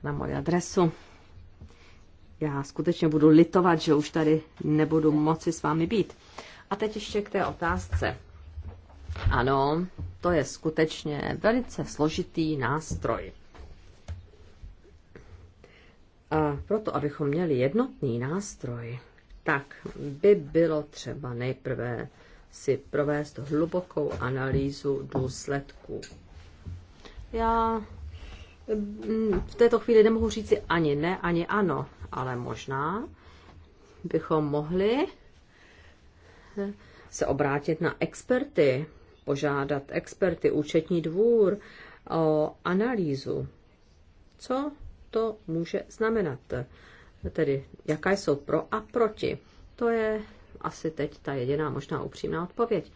na moji adresu. Já skutečně budu litovat, že už tady nebudu moci s vámi být. A teď ještě k té otázce. Ano, to je skutečně velice složitý nástroj. A proto, abychom měli jednotný nástroj, tak by bylo třeba nejprve si provést hlubokou analýzu důsledků. Já mm, v této chvíli nemohu říci ani ne, ani ano, ale možná bychom mohli se obrátit na experty, požádat experty, účetní dvůr o analýzu. Co to může znamenat? tedy jaká jsou pro a proti. To je asi teď ta jediná možná upřímná odpověď.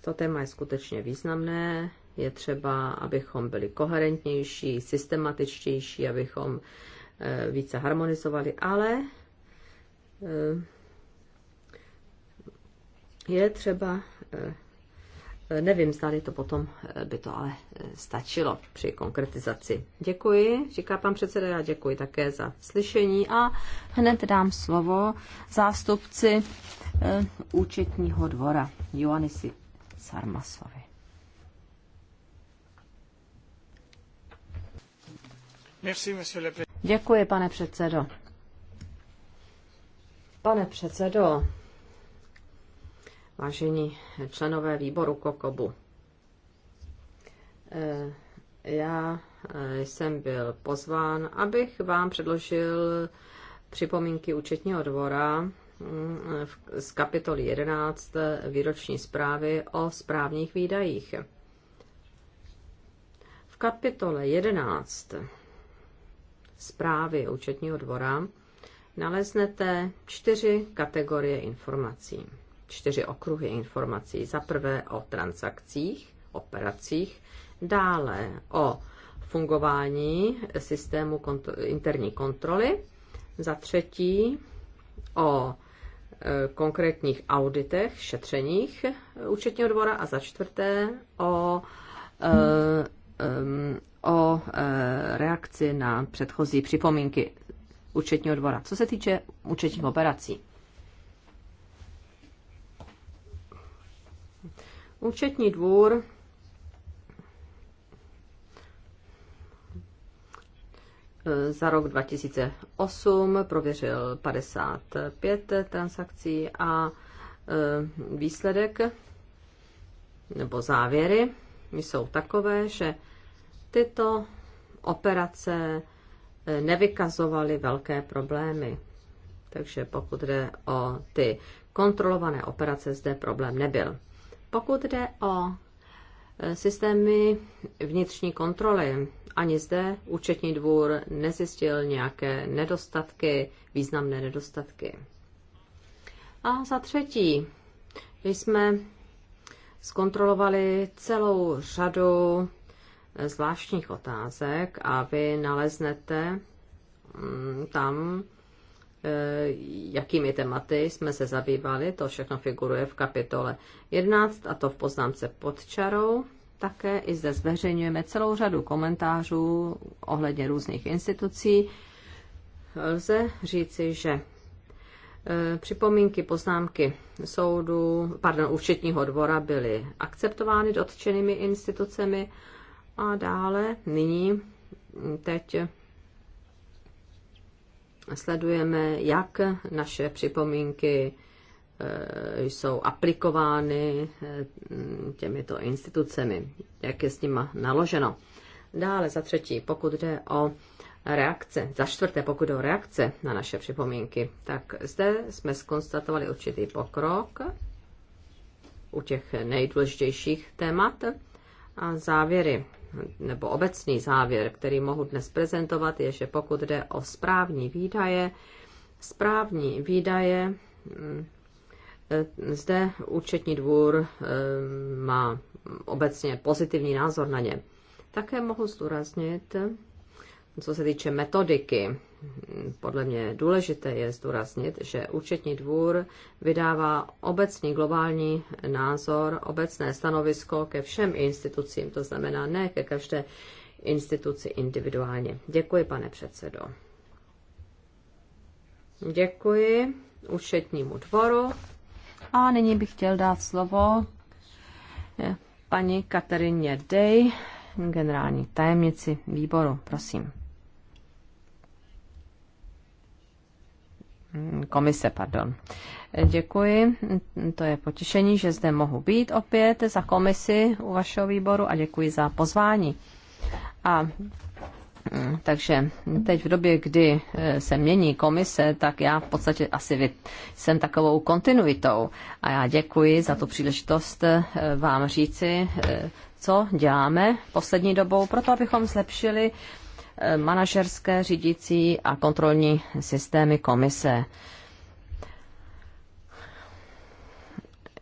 To téma je skutečně významné. Je třeba, abychom byli koherentnější, systematičtější, abychom eh, více harmonizovali, ale eh, je třeba eh, Nevím, zda to potom eh, by to ale eh, stačilo při konkretizaci. Děkuji, říká pan předseda, já děkuji také za slyšení a hned dám slovo zástupci eh, účetního dvora Joanisi Sarmasovi. Děkuji, pane předsedo. Pane předsedo, vážení členové výboru Kokobu. Eh, já eh, jsem byl pozván, abych vám předložil připomínky účetního dvora mm, z kapitoly 11 eh, výroční zprávy o správních výdajích. V kapitole 11 zprávy účetního dvora naleznete čtyři kategorie informací čtyři okruhy informací. Za prvé o transakcích, operacích, dále o fungování systému kont- interní kontroly, za třetí o e, konkrétních auditech, šetřeních e, účetního dvora a za čtvrté o, e, o reakci na předchozí připomínky účetního dvora, co se týče účetních operací. Účetní dvůr za rok 2008 prověřil 55 transakcí a e, výsledek nebo závěry jsou takové, že tyto operace e, nevykazovaly velké problémy. Takže pokud jde o ty kontrolované operace, zde problém nebyl. Pokud jde o e, systémy vnitřní kontroly, ani zde účetní dvůr nezjistil nějaké nedostatky, významné nedostatky. A za třetí jsme zkontrolovali celou řadu e, zvláštních otázek a vy naleznete mm, tam jakými tématy jsme se zabývali, to všechno figuruje v kapitole 11 a to v poznámce pod čarou. Také i zde zveřejňujeme celou řadu komentářů ohledně různých institucí. Lze říci, že e, připomínky, poznámky soudu, pardon, účetního dvora byly akceptovány dotčenými institucemi a dále nyní teď sledujeme, jak naše připomínky eh, jsou aplikovány eh, těmito institucemi, jak je s nima naloženo. Dále za třetí, pokud jde o reakce, za čtvrté, pokud jde o reakce na naše připomínky, tak zde jsme skonstatovali určitý pokrok u těch nejdůležitějších témat a závěry nebo obecný závěr, který mohu dnes prezentovat, je, že pokud jde o správní výdaje, správní výdaje, mm, e, zde účetní dvůr e, má obecně pozitivní názor na ně. Také mohu zdůraznit, co se týče metodiky, podle mě důležité je zdůraznit, že účetní dvůr vydává obecný globální názor, obecné stanovisko ke všem institucím, to znamená ne ke každé instituci individuálně. Děkuji, pane předsedo. Děkuji účetnímu dvoru. A nyní bych chtěl dát slovo eh, paní Katarině Dej, generální tajemnici výboru. Prosím. komise, pardon. Děkuji, to je potěšení, že zde mohu být opět za komisi u vašeho výboru a děkuji za pozvání. A mm, takže teď v době, kdy e, se mění komise, tak já v podstatě asi jsem takovou kontinuitou. A já děkuji za tu příležitost e, vám říci, e, co děláme poslední dobou, proto abychom zlepšili manažerské, řídící a kontrolní systémy komise.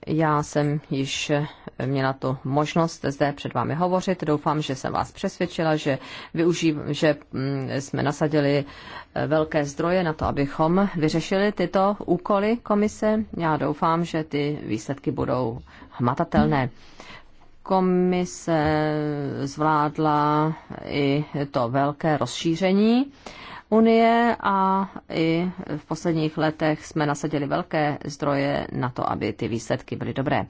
Já jsem již měla tu možnost zde před vámi hovořit. Doufám, že jsem vás přesvědčila, že, využív, že mm, jsme nasadili eh, velké zdroje na to, abychom vyřešili tyto úkoly komise. Já doufám, že ty výsledky budou hmatatelné komise zvládla i to velké rozšíření Unie a i v posledních letech jsme nasadili velké zdroje na to, aby ty výsledky byly dobré.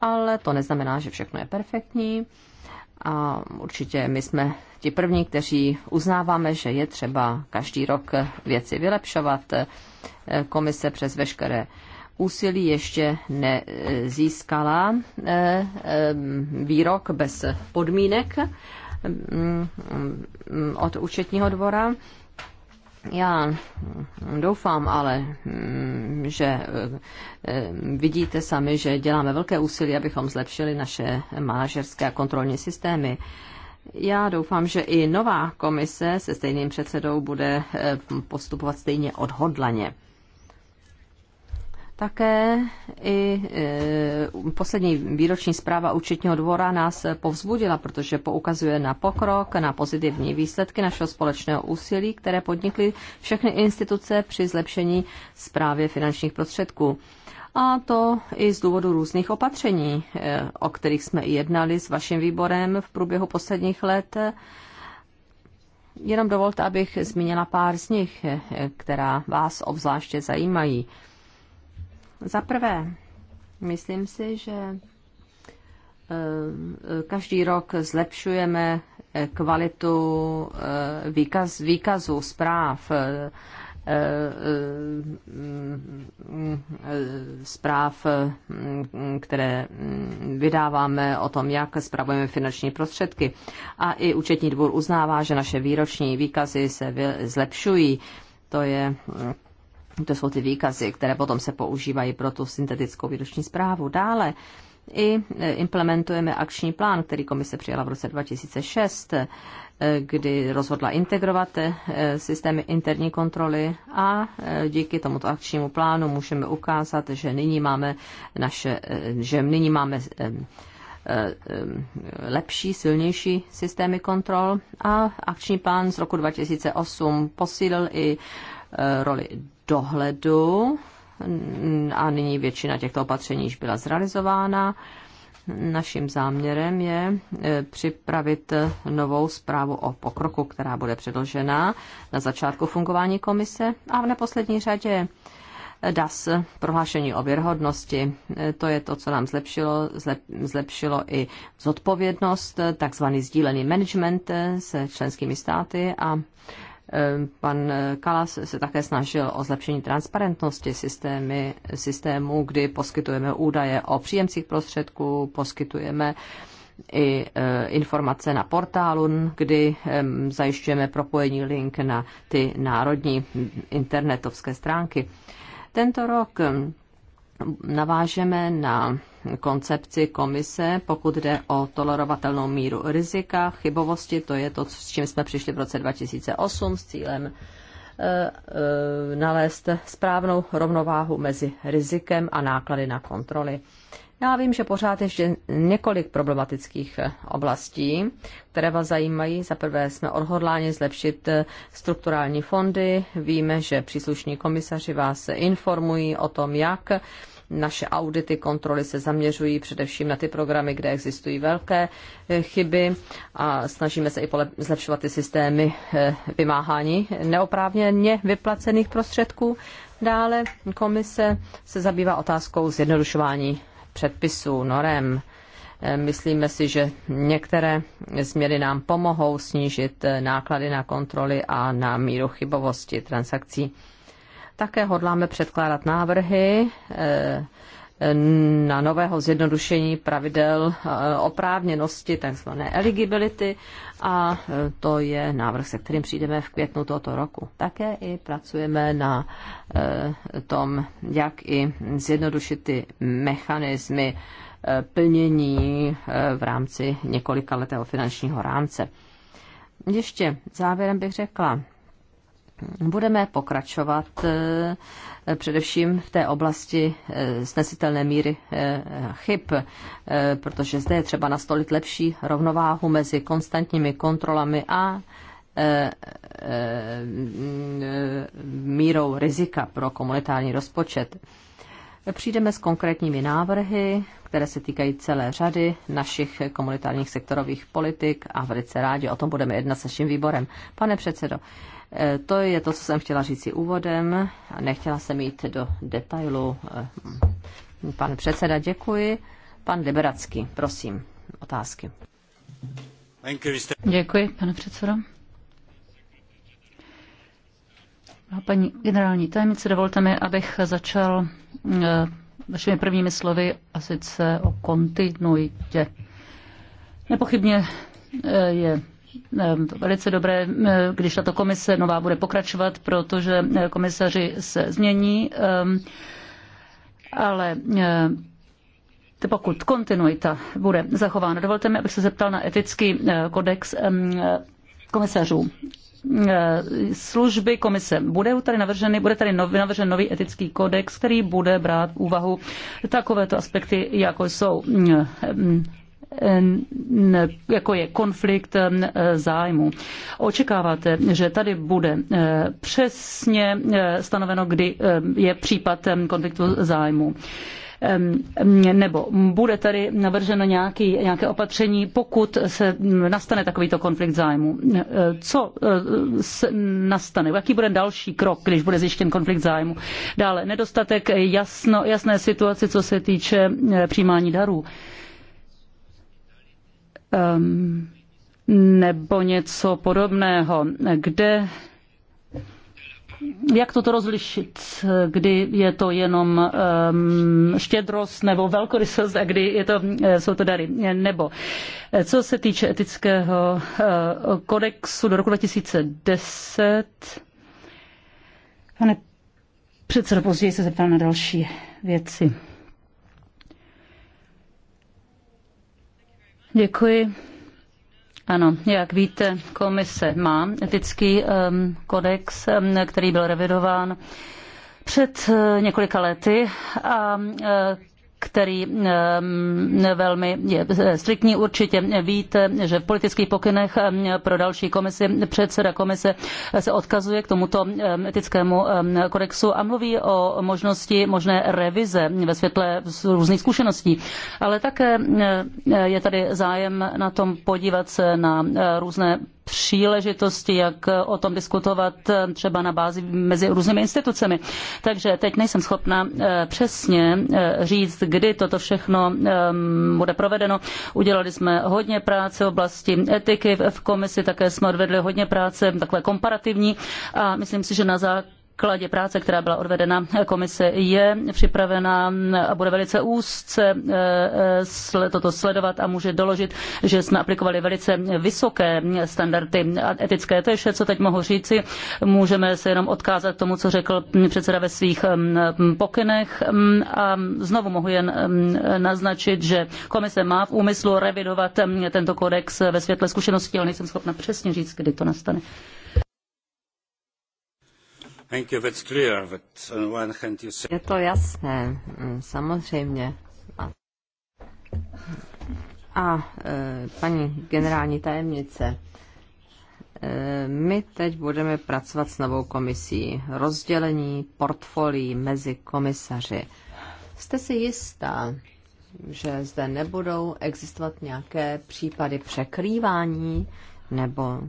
Ale to neznamená, že všechno je perfektní. A určitě my jsme ti první, kteří uznáváme, že je třeba každý rok věci vylepšovat. Komise přes veškeré úsilí ještě nezískala eh, eh, výrok bez podmínek mm, mm, od účetního dvora. Já doufám ale, mm, že eh, vidíte sami, že děláme velké úsilí, abychom zlepšili naše manažerské a kontrolní systémy. Já doufám, že i nová komise se stejným předsedou bude postupovat stejně odhodlaně. Také i e, poslední výroční zpráva účetního dvora nás povzbudila, protože poukazuje na pokrok, na pozitivní výsledky našeho společného úsilí, které podnikly všechny instituce při zlepšení zprávy finančních prostředků. A to i z důvodu různých opatření, e, o kterých jsme jednali s vaším výborem v průběhu posledních let. Jenom dovolte, abych zmínila pár z nich, e, která vás obzvláště zajímají. Za prvé, myslím si, že eh, každý rok zlepšujeme eh, kvalitu eh, výkaz, výkazu zpráv, zpráv, mm, které vydáváme o tom, jak spravujeme finanční prostředky. A i účetní dvůr uznává, že naše výroční výkazy se zlepšují. To je mm, to jsou ty výkazy, které potom se používají pro tu syntetickou výroční zprávu. Dále i e, implementujeme akční plán, který komise přijala v roce 2006, e, kdy rozhodla integrovat e, systémy interní kontroly a díky tomuto akčnímu plánu můžeme ukázat, že nyní máme, naše, že nyní máme lepší, silnější systémy kontrol a akční plán z roku 2008 posílil i roli dohledu a nyní většina těchto opatření již byla zrealizována. Naším záměrem je e, připravit novou zprávu o pokroku, která bude předložena na začátku fungování komise a v neposlední řadě DAS, prohlášení o věrhodnosti. E, to je to, co nám zlepšilo, zlep, zlepšilo i zodpovědnost, e, takzvaný sdílený management se členskými státy a Ehm, pan Kalas se také snažil o zlepšení transparentnosti systémy, systému, kdy poskytujeme údaje o příjemcích prostředků, poskytujeme i eh, informace na portálu, kdy ehm, zajišťujeme propojení link na ty národní internetovské stránky. Tento rok ehm, navážeme na koncepci komise, pokud jde o tolerovatelnou míru rizika, chybovosti, to je to, s čím jsme přišli v roce 2008 s cílem eh, eh, nalézt správnou rovnováhu mezi rizikem a náklady na kontroly. Já vím, že pořád ještě několik problematických eh, oblastí, které vás zajímají. Za prvé jsme odhodláni zlepšit eh, strukturální fondy. Víme, že příslušní komisaři vás informují o tom, jak naše audity, kontroly se zaměřují především na ty programy, kde existují velké eh, chyby a snažíme se i zlepšovat ty systémy vymáhání neoprávněně vyplacených prostředků. Dále komise se zabývá otázkou zjednodušování předpisů, norem. Eh, myslíme si, že některé změny nám pomohou snížit eh, náklady na kontroly a na míru chybovosti transakcí. Také hodláme předkládat návrhy eh, na nového zjednodušení pravidel eh, oprávněnosti, tzv. eligibility a eh, to je návrh, se kterým přijdeme v květnu tohoto roku. Také i pracujeme na eh, tom, jak i zjednodušit ty mechanismy plnění v rámci několika letého finančního rámce. Ještě závěrem bych řekla, Budeme pokračovat eh, především v té oblasti snesitelné eh, míry eh, chyb, protože zde je třeba nastolit lepší rovnováhu mezi konstantními kontrolami a mírou rizika pro komunitární rozpočet. Přijdeme s konkrétními návrhy, které se týkají celé řady našich komunitárních sektorových politik a velice rádi o tom budeme jednat s naším výborem. Pane předsedo, Eh, to je to, co jsem chtěla říct si úvodem. Nechtěla jsem jít do detailu. Eh, pan předseda, děkuji. Pan Liberacký, prosím, otázky. Děkuji, pane předsedo. No, paní generální tajemnice, dovolte mi, abych začal eh, vašimi prvními slovy a sice o kontinuitě. Nepochybně je Ehm, velice dobré, ehm, když tato komise nová bude pokračovat, protože eh, komisaři se změní, ehm, ale eh, pokud kontinuita bude zachována. Dovolte mi, abych se zeptal na etický eh, kodex komisařů. Služby komise. Bude tady, navržený, bude tady nov, navržen nový etický kodex, který bude brát v úvahu takovéto aspekty, jako jsou jako je konflikt zájmu. Očekáváte, že tady bude e, přesně e, stanoveno, kdy e, je případ konfliktu zájmu nebo bude tady navrženo nějaké, nějaké opatření, pokud se nastane takovýto konflikt zájmu. Co se nastane? Jaký bude další krok, když bude zjištěn konflikt zájmu? Dále nedostatek jasno, jasné situace, co se týče přijímání darů nebo něco podobného, kde jak toto rozlišit, kdy je to jenom um, štědrost nebo velkorysost a kdy je to, eh, jsou to dary? Nebo eh, co se týče etického uh, kodexu do roku 2010, pane předsedo, později se zeptám na další věci. Děkuji. Ano, jak víte, komise má etický um, kodex, který byl revidován před eh, několika lety a eh, který ehm, velmi je striktní. Určitě víte, že v politických pokynech ehm, pro další komisi předseda komise se odkazuje k tomuto ehm, etickému kodexu a mluví o možnosti možné revize ve světle různých zkušeností. Ale také je tady zájem na tom podívat se na různé příležitosti, jak o tom diskutovat eh, třeba na bázi mezi různými institucemi. Takže teď nejsem schopna eh, přesně eh, říct, kdy toto všechno ehm, bude provedeno. Udělali jsme hodně práce v oblasti etiky v komisi, také jsme odvedli hodně práce, takové komparativní a myslím si, že na základě základě práce, která byla odvedena komise, je připravena a bude velice úzce eh, toto sledovat a může doložit, že jsme aplikovali velice vysoké standardy etické. To je vše, co teď mohu říci. Můžeme se jenom odkázat tomu, co řekl předseda ve svých mm, mm, pokynech mm, a znovu mohu jen naznačit, že komise má v úmyslu revidovat tento kodex ve světle zkušeností, ale nejsem schopna přesně říct, kdy to nastane. Uh, Je to jasné, mm, samozřejmě. A, a e, paní generální tajemnice, e, my teď budeme pracovat s novou komisí. Rozdělení portfolií mezi komisaři. Jste si jistá, že zde nebudou existovat nějaké případy překrývání nebo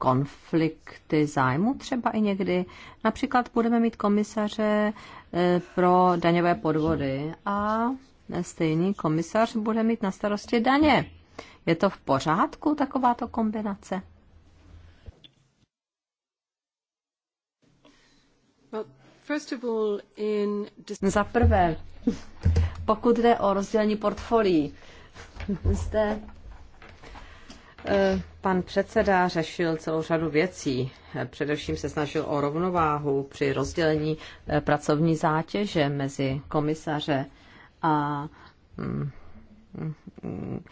konflikty zájmu třeba i někdy. Například budeme mít komisaře eh, pro daňové podvody a stejný komisař bude mít na starosti daně. Je to v pořádku takováto kombinace? Za prvé, pokud jde o rozdělení portfolií, zde Eh, pan předseda řešil celou řadu věcí. Eh, především se snažil o rovnováhu při rozdělení eh, pracovní zátěže mezi komisaře a mm, mm,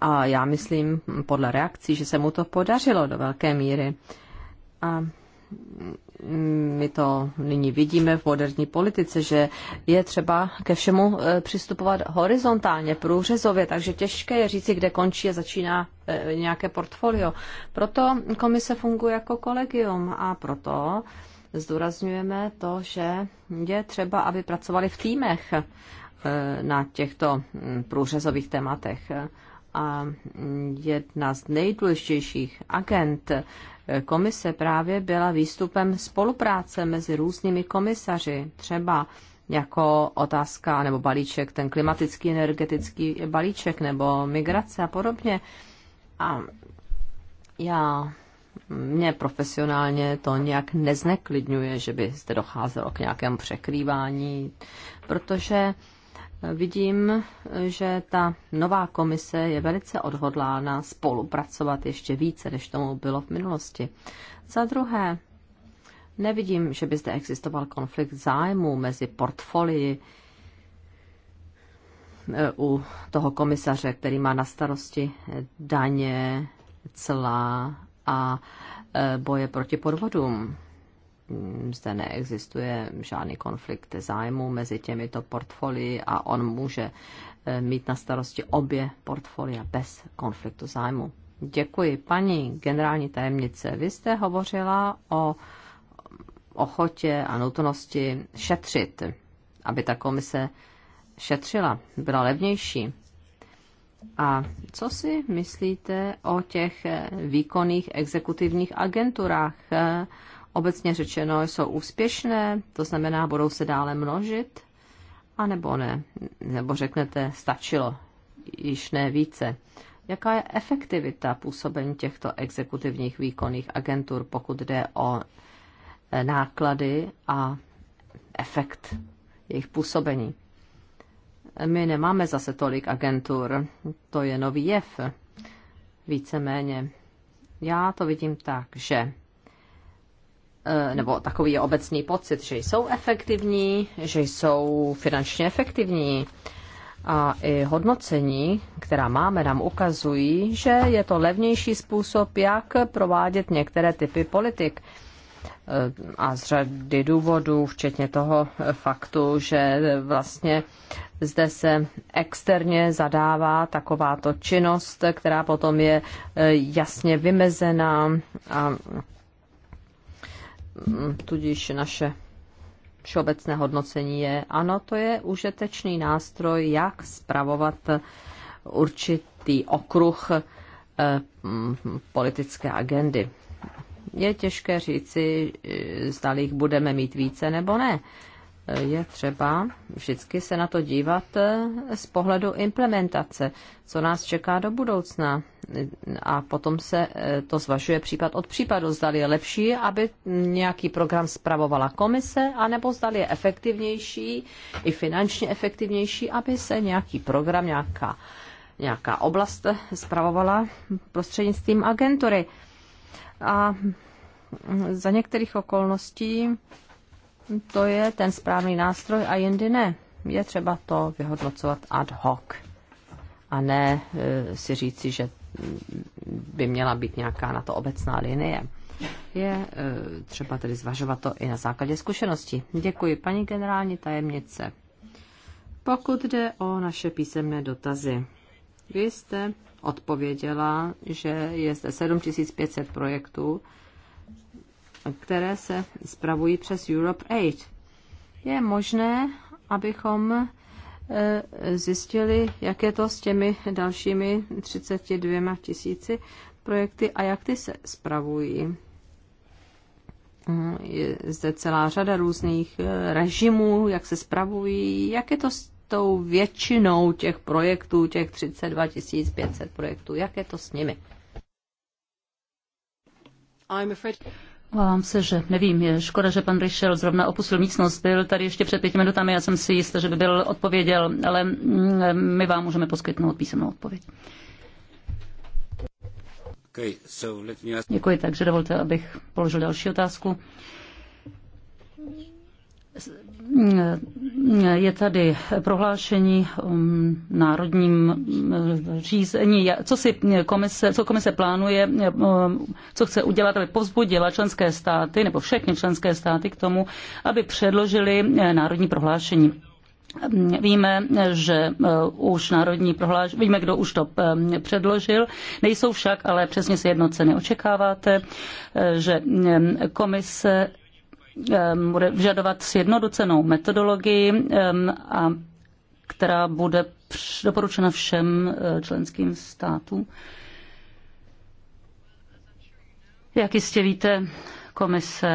a já myslím podle reakcí, že se mu to podařilo do velké míry. A my to nyní vidíme v moderní politice, že je třeba ke všemu e, přistupovat horizontálně, průřezově, takže těžké je říci, kde končí a začíná e, nějaké portfolio. Proto komise funguje jako kolegium a proto zdůrazňujeme to, že je třeba, aby pracovali v týmech e, na těchto průřezových tématech. A jedna z nejdůležitějších agent komise právě byla výstupem spolupráce mezi různými komisaři, třeba jako otázka nebo balíček, ten klimatický energetický balíček nebo migrace a podobně. A já mě profesionálně to nějak nezneklidňuje, že by zde docházelo k nějakému překrývání, protože vidím, že ta nová komise je velice odhodlána spolupracovat ještě více, než tomu bylo v minulosti. Za druhé, nevidím, že by zde existoval konflikt zájmů mezi portfolii eh, u toho komisaře, který má na starosti daně, cla a eh, boje proti podvodům. Mm, zde neexistuje žádný konflikt zájmu mezi těmito portfolii a on může eh, mít na starosti obě portfolia bez konfliktu zájmu. Děkuji. Paní generální tajemnice, vy jste hovořila o ochotě a nutnosti šetřit, aby ta komise šetřila, byla levnější. A co si myslíte o těch eh, výkonných exekutivních agenturách, eh, obecně řečeno jsou úspěšné, to znamená, budou se dále množit, anebo ne, nebo řeknete, stačilo, již ne více. Jaká je efektivita působení těchto exekutivních výkonných agentur, pokud jde o eh, náklady a efekt jejich působení? My nemáme zase tolik agentur, to je nový jev. Víceméně já to vidím tak, že Eh, nebo takový je obecný pocit, že jsou efektivní, že jsou finančně efektivní. A i hodnocení, která máme, nám ukazují, že je to levnější způsob, jak provádět některé typy politik. Eh, a z řady důvodů, včetně toho faktu, že vlastně zde se externě zadává takováto činnost, která potom je eh, jasně vymezená a Mm, tudíž naše všeobecné hodnocení je, ano, to je užitečný nástroj, jak spravovat určitý okruh eh, mm, politické agendy. Je těžké říci, eh, zda jich budeme mít více nebo ne je třeba vždycky se na to dívat eh, z pohledu implementace, co nás čeká do budoucna. A potom se eh, to zvažuje případ od případu. Zdali je lepší, aby nějaký program spravovala komise, anebo zdali je efektivnější, i finančně efektivnější, aby se nějaký program, nějaká, nějaká oblast spravovala prostřednictvím agentury. A za některých okolností to je ten správný nástroj a jindy ne. Je třeba to vyhodnocovat ad hoc a ne e, si říci, že by měla být nějaká na to obecná linie. Je e, třeba tedy zvažovat to i na základě zkušeností. Děkuji, paní generální tajemnice. Pokud jde o naše písemné dotazy, vy jste odpověděla, že je zde 7500 projektů, které se spravují přes Europe Aid. Je možné, abychom e, zjistili, jak je to s těmi dalšími 32 tisíci projekty a jak ty se spravují. E, je zde celá řada různých e, režimů, jak se spravují, jak je to s tou většinou těch projektů, těch 32 500 projektů, jak je to s nimi. I'm afraid... Obávám se, že nevím, je škoda, že pan Ryšel zrovna opustil místnost, byl tady ještě před pěti minutami, já jsem si jistá, že by byl odpověděl, ale mm, eh, my vám můžeme poskytnout písemnou odpověď. Okay, so ask... Děkuji, takže dovolte, abych položil další otázku je tady prohlášení o um, národním um, řízení. Co, si komise, co komise plánuje, um, co chce udělat, aby povzbudila členské státy nebo všechny členské státy k tomu, aby předložili eh, národní prohlášení. Víme, že eh, už národní prohlášení, víme, kdo už to eh, předložil, nejsou však ale přesně se jednoceny. Očekáváte, že komise Ehm, bude vyžadovat sjednoducenou metodologii, ehm, a která bude doporučena všem eh, členským státům. Jak jistě víte, komise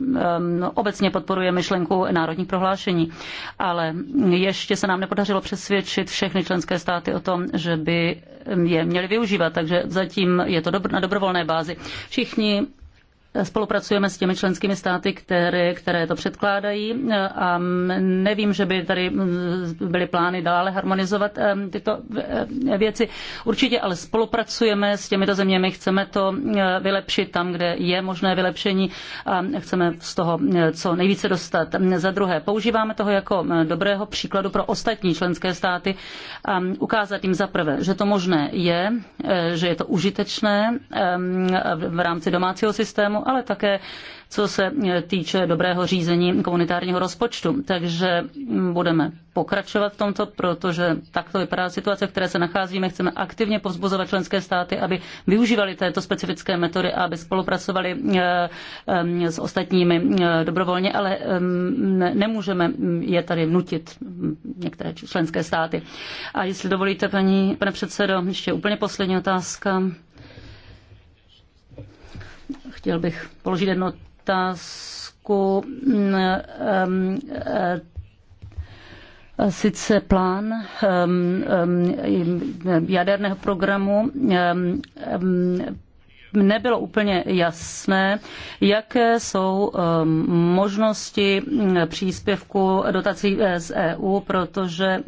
ehm, no, obecně podporuje myšlenku národních prohlášení, ale ještě se nám nepodařilo přesvědčit všechny členské státy o tom, že by je měli využívat, takže zatím je to na dobrovolné bázi. Všichni Spolupracujeme s těmi členskými státy, které, které to předkládají a nevím, že by tady mm, byly plány dále harmonizovat tyto eh, věci. Určitě ale spolupracujeme s těmito zeměmi, chceme to eh, vylepšit tam, kde je možné vylepšení a chceme z toho eh, co nejvíce dostat. Za druhé, používáme toho jako dobrého příkladu pro ostatní členské státy a ukázat jim zaprvé, že to možné je, že je to užitečné v rámci domácího systému ale také co se týče dobrého řízení komunitárního rozpočtu. Takže budeme pokračovat v tomto, protože takto vypadá situace, v které se nacházíme. Chceme aktivně povzbuzovat členské státy, aby využívali této specifické metody a aby spolupracovali eh, eh, s ostatními eh, dobrovolně, ale nemůžeme je tady nutit hm, některé členské státy. A jestli dovolíte, paní, pane předsedo, ještě úplně poslední otázka. Chtěl bych položit jednu otázku. Mm, sice plán jaderného programu nebylo úplně jasné, jaké jsou možnosti mm, příspěvku dotací z EU, protože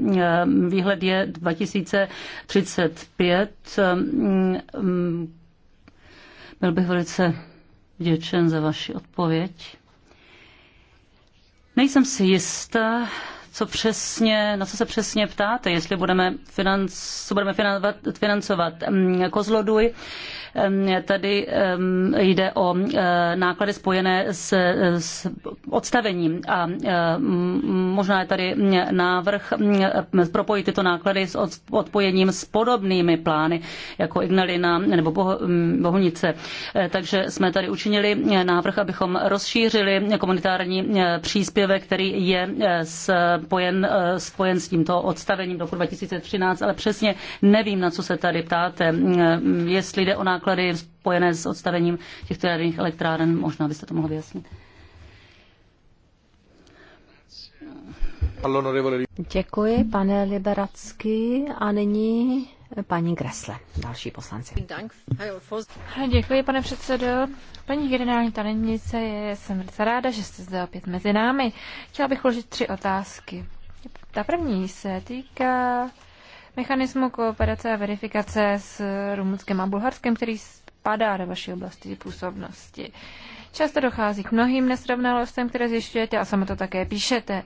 výhled je 2035. Byl bych velice děčen za vaši odpověď. Nejsem si jistá, co přesně, na co se přesně ptáte, jestli budeme, financ, budeme financovat, financovat mm, Kozloduj. Mm, tady mm, jde o náklady spojené s, s odstavením a možná je tady návrh propojit tyto náklady s odpojením s podobnými plány, jako Ignalina nebo Bohunice. Eh, takže jsme tady učinili návrh, abychom rozšířili komunitární příspěvek, který je z eh, spojen, eh, spojen s tímto odstavením do roku 2013, ale přesně nevím, na co se tady ptáte. Mm, eh, jestli jde o náklady spojené s odstavením těchto jaderných elektráren, možná byste to mohl vyjasnit. Děkuji, pane Liberacký. A nyní Paní Gresle, další poslanci. Děkuji, pane předsedo. Paní generální tajemnice, jsem velice ráda, že jste zde opět mezi námi. Chtěla bych položit tři otázky. Ta první se týká mechanismu kooperace a verifikace s Rumunskem a Bulharskem, který spadá do vaší oblasti působnosti. Často dochází k mnohým nesrovnalostem, které zjišťujete a sama to také píšete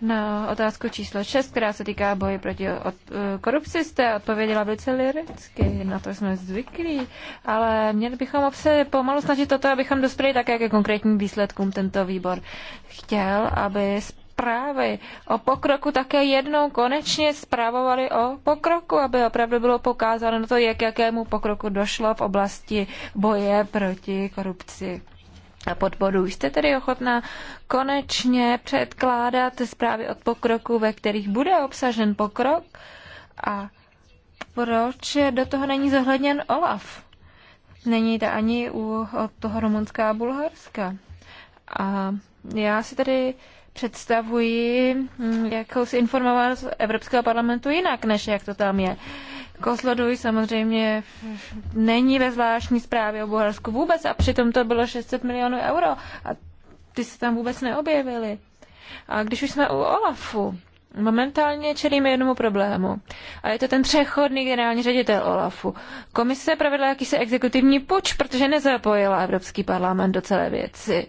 na otázku číslo 6, která se týká boje proti od, eh, korupci, jste odpověděla velice liricky, na to jsme zvyklí, ale měli bychom se pomalu snažit o to, abychom dospěli také ke konkrétním výsledkům tento výbor. Chtěl, aby zprávy o pokroku také jednou konečně zprávovali o pokroku, aby opravdu bylo pokázáno to, jak jakému pokroku došlo v oblasti boje proti korupci a podboru. Jste tedy ochotná konečně předkládat zprávy od pokroku, ve kterých bude obsažen pokrok? A proč do toho není zohledněn OLAF? Není to ani u, od toho Rumunská a Bulharska. A já si tedy představuji mm, jakousi informovanost Evropského parlamentu jinak, než jak to tam je. Uh, Kosloduj samozřejmě není ve zvláštní zprávě o Bulharsku vůbec a přitom to bylo 600 milionů euro a ty se tam vůbec neobjevili. A když už jsme u Olafu, Momentálně čelíme jednomu problému. A je to ten přechodný generální ředitel Olafu. Komise provedla jakýsi exekutivní puč, protože nezapojila Evropský parlament do celé věci.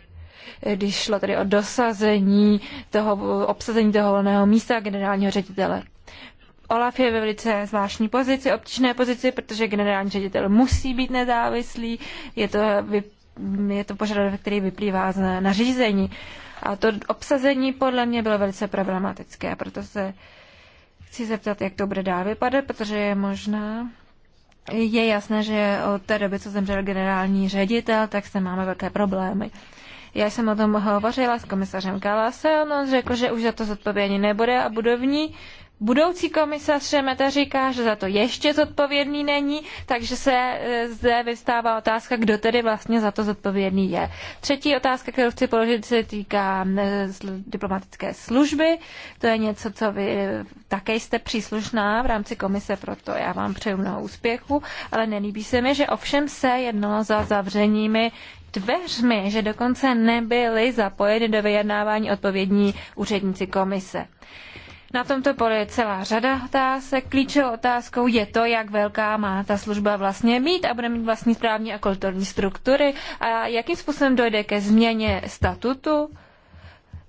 Když šlo tedy o dosazení toho, obsazení toho volného místa generálního ředitele. Olaf je ve velice zvláštní pozici, obtížné pozici, protože generální ředitel musí být nezávislý, je to, je to požadavek, který vyplývá z nařízení. A to obsazení podle mě bylo velice problematické, proto se chci zeptat, jak to bude dál vypadat, protože je možná, je jasné, že od té doby, co zemřel generální ředitel, tak se máme velké problémy. Já jsem o tom hovořila s komisařem Kalasem, on řekl, že už za to zodpovědní nebude a budovní budoucí komisař Šemeta říká, že za to ještě zodpovědný není, takže se e, zde vystává otázka, kdo tedy vlastně za to zodpovědný je. Třetí otázka, kterou chci položit, se týká e, diplomatické služby. To je něco, co vy e, také jste příslušná v rámci komise, proto já vám přeju mnoho úspěchu, ale nelíbí se mi, že ovšem se jednalo za zavřenými dveřmi, že dokonce nebyli zapojeni do vyjednávání odpovědní úředníci komise. Na tomto poli je celá řada otázek. Klíčovou otázkou je to, jak velká má ta služba vlastně mít a bude mít vlastní správní a kulturní struktury a jakým způsobem dojde ke změně statutu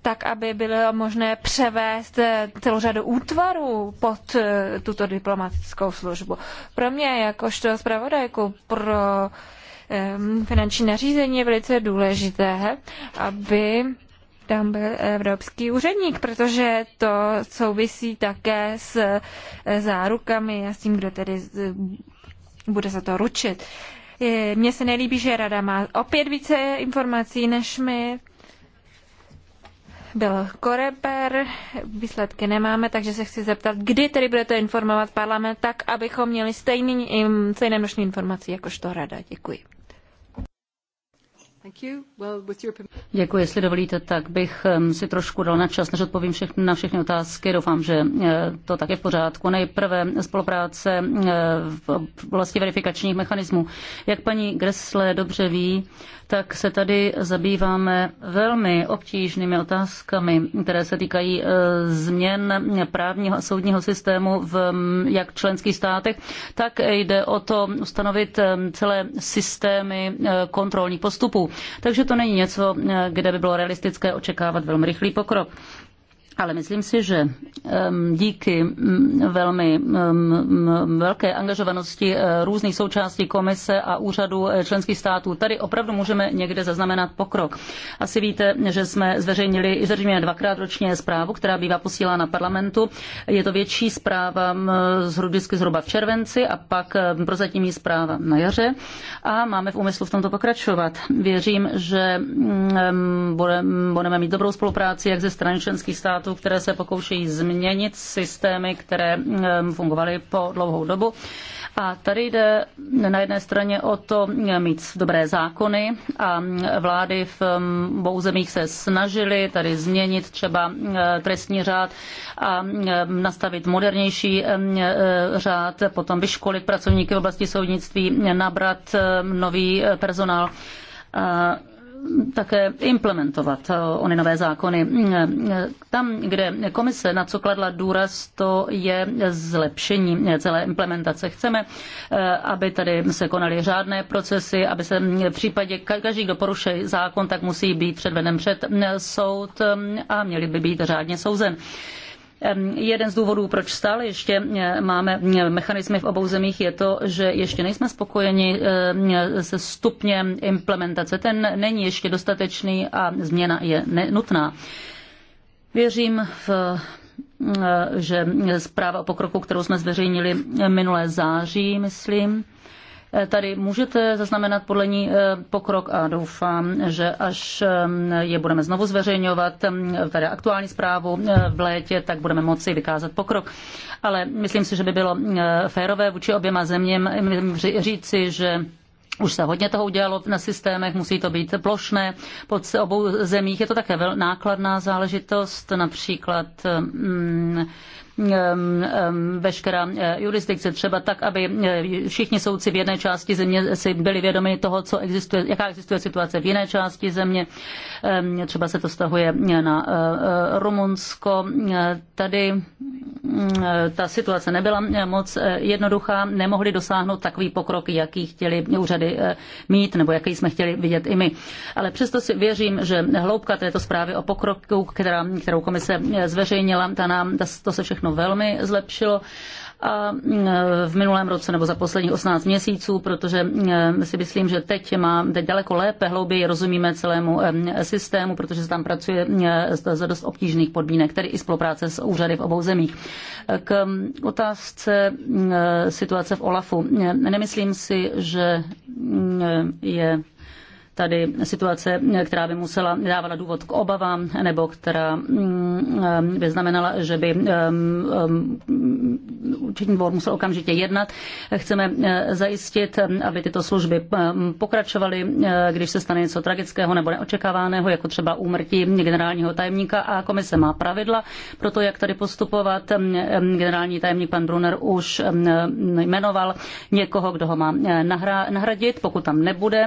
tak, aby bylo možné převést eh, celou řadu útvarů pod eh, tuto diplomatickou službu. Pro mě, jakožto zpravodajku pro eh, finanční nařízení, je velice důležité, aby tam byl evropský úředník, protože to souvisí také s eh, zárukami a s tím, kdo tedy bude za to ručit. Eh, mně se nelíbí, že rada má opět více informací než my. Byl koreper, výsledky nemáme, takže se chci zeptat, kdy tedy budete informovat parlament tak, abychom měli stejný, stejné množství informací, jakožto rada. Děkuji. Děkuji, jestli dovolíte, tak bych um, si trošku dal na čas, než odpovím všechny, na všechny otázky. Doufám, že uh, to tak je v pořádku. Nejprve spolupráce uh, v oblasti verifikačních mechanismů. Jak paní Gressle dobře ví, tak se tady zabýváme velmi obtížnými otázkami, které se týkají e, změn právního a soudního systému v jak členských státech, tak jde o to ustanovit e, celé systémy e, kontrolních postupů. Takže to není něco, kde by bylo realistické očekávat velmi rychlý pokrok. Ale myslím si, že díky velmi velké angažovanosti e, různých součástí komise a úřadu e, členských států tady opravdu můžeme někde zaznamenat pokrok. Asi víte, že jsme zveřejnili, zřejmě dvakrát ročně zprávu, která bývá posílána parlamentu. Je to větší zpráva vždycky zhruba v červenci a pak prozatímní zpráva na jaře. A máme v úmyslu v tomto pokračovat. Věřím, že budeme mít dobrou spolupráci jak ze strany členských států, států, které se pokoušejí změnit systémy, které fungovaly po dlouhou dobu. A tady jde na jedné straně o to mít dobré zákony a vlády v obou zemích se snažily tady změnit třeba trestní řád a nastavit modernější e, řád, potom vyškolit pracovníky v oblasti soudnictví, nabrat nový e, personál také implementovat eh, ony nové zákony. Tam, kde komise na co kladla důraz, to je zlepšení celé implementace. Chceme, eh, aby tady se konaly řádné procesy, aby se mm, v případě každý, kdo poruší zákon, tak musí být předveden před mm, soud mm, a měli by být řádně souzen. Ehm, jeden z důvodů, proč stále ještě eh, máme eh, mechanismy v obou zemích, je to, že ještě nejsme spokojeni eh, se stupněm implementace. Ten není ještě dostatečný a změna je nutná. Věřím v že zpráva o pokroku, kterou jsme zveřejnili minulé září, myslím, Tady můžete zaznamenat podle ní eh, pokrok a doufám, že až eh, je budeme znovu zveřejňovat, eh, tady aktuální zprávu v létě, tak budeme moci vykázat pokrok. Ale myslím si, že by bylo férové vůči oběma zeměm říci, že už se hodně toho udělalo na systémech, musí to být plošné. Po obou zemích je to také nákladná záležitost, například mm, Ehm, ehm, veškerá eh, jurisdikce, třeba tak, aby eh, všichni soudci v jedné části země si byli vědomi toho, co existuje, jaká existuje situace v jiné části země. Ehm, třeba se to stahuje eh, na Rumunsko. Tady mm, ta situace nebyla moc jednoduchá, nemohli dosáhnout takový pokrok, jaký chtěli úřady mít, nebo jaký jsme chtěli vidět i my. Ale přesto si věřím, že hloubka této zprávy o pokroku, která, kterou komise zveřejnila, ta nám, to se všechno všechno velmi zlepšilo a mm, v minulém roce nebo za posledních 18 měsíců, protože mm, si myslím, že teď má teď daleko lépe, hlouběji rozumíme celému mm, systému, protože se tam pracuje za dost obtížných podmínek, tedy i spolupráce s úřady v obou zemích. K otázce situace v OLAFu. Nemyslím si, že je tady situace, která by musela dávala důvod k obavám, nebo která mm, mm, by znamenala, že by určitý mm, dvor musel okamžitě jednat. Chceme eh, zajistit, aby tyto služby eh, pokračovaly, eh, když se stane něco tragického nebo neočekávaného, jako třeba úmrtí generálního tajemníka a komise má pravidla pro to, jak tady postupovat. Generální tajemník pan Brunner už jmenoval někoho, kdo ho má nahradit, pokud tam nebude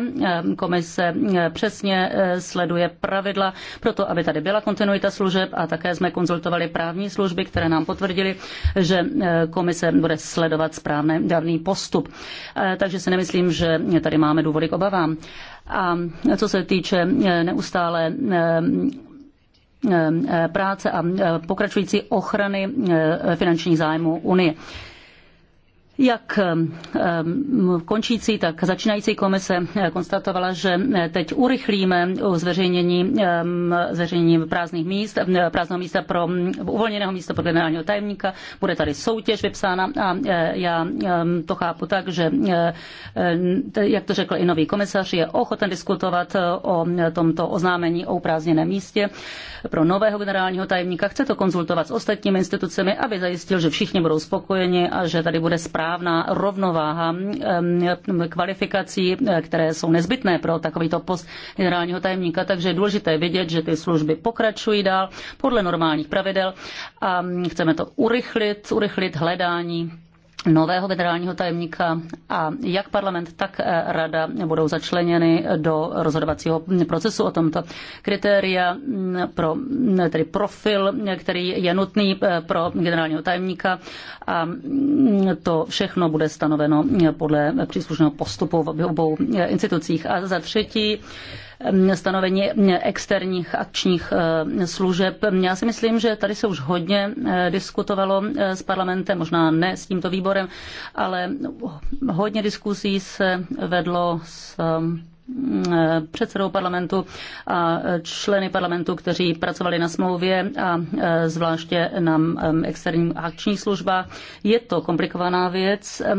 komise komise eh, přesně eh, sleduje pravidla pro to, aby tady byla kontinuita služeb a také jsme konzultovali právní služby, které nám potvrdili, že eh, komise bude sledovat správný dávný postup. Takže si nemyslím, že tady máme důvody k obavám. A co se týče neustále práce a pokračující ochrany finančních zájmů Unie. Jak ehm, ehm, končící, tak začínající komise eh, konstatovala, že eh, teď urychlíme eh, zveřejnění, ehm, zveřejnění prázdných míst, prázdného místa pro mm, uvolněného místa pro generálního tajemníka. Bude tady soutěž vypsána a já to chápu tak, že, jak to řekl i nový komisař, je ochoten diskutovat o tomto oznámení o uprázdněném místě pro nového generálního tajemníka. Chce to konzultovat s ostatními institucemi, aby zajistil, že všichni budou spokojeni a že tady bude správně správná rovnováha kvalifikací, e, které jsou nezbytné pro takovýto post generálního tajemníka, takže je důležité vědět, že ty služby pokračují dál podle normálních pravidel a chceme to urychlit, urychlit hledání nového generálního tajemníka a jak parlament, tak eh, rada budou začleněny do rozhodovacího procesu o tomto. Kritéria mm, pro mm, tedy profil, který je nutný eh, pro generálního tajemníka a mm, to všechno bude stanoveno eh, podle příslušného postupu v obou institucích. A za třetí, stanovení externích akčních eh, služeb. Já si myslím, že tady se už hodně eh, diskutovalo eh, s parlamentem, možná ne s tímto výborem, ale hodně diskusí se vedlo s Eh, předsedou parlamentu a členy parlamentu, kteří pracovali na smlouvě a eh, zvláště na externím akčních službách. Je to komplikovaná věc, eh,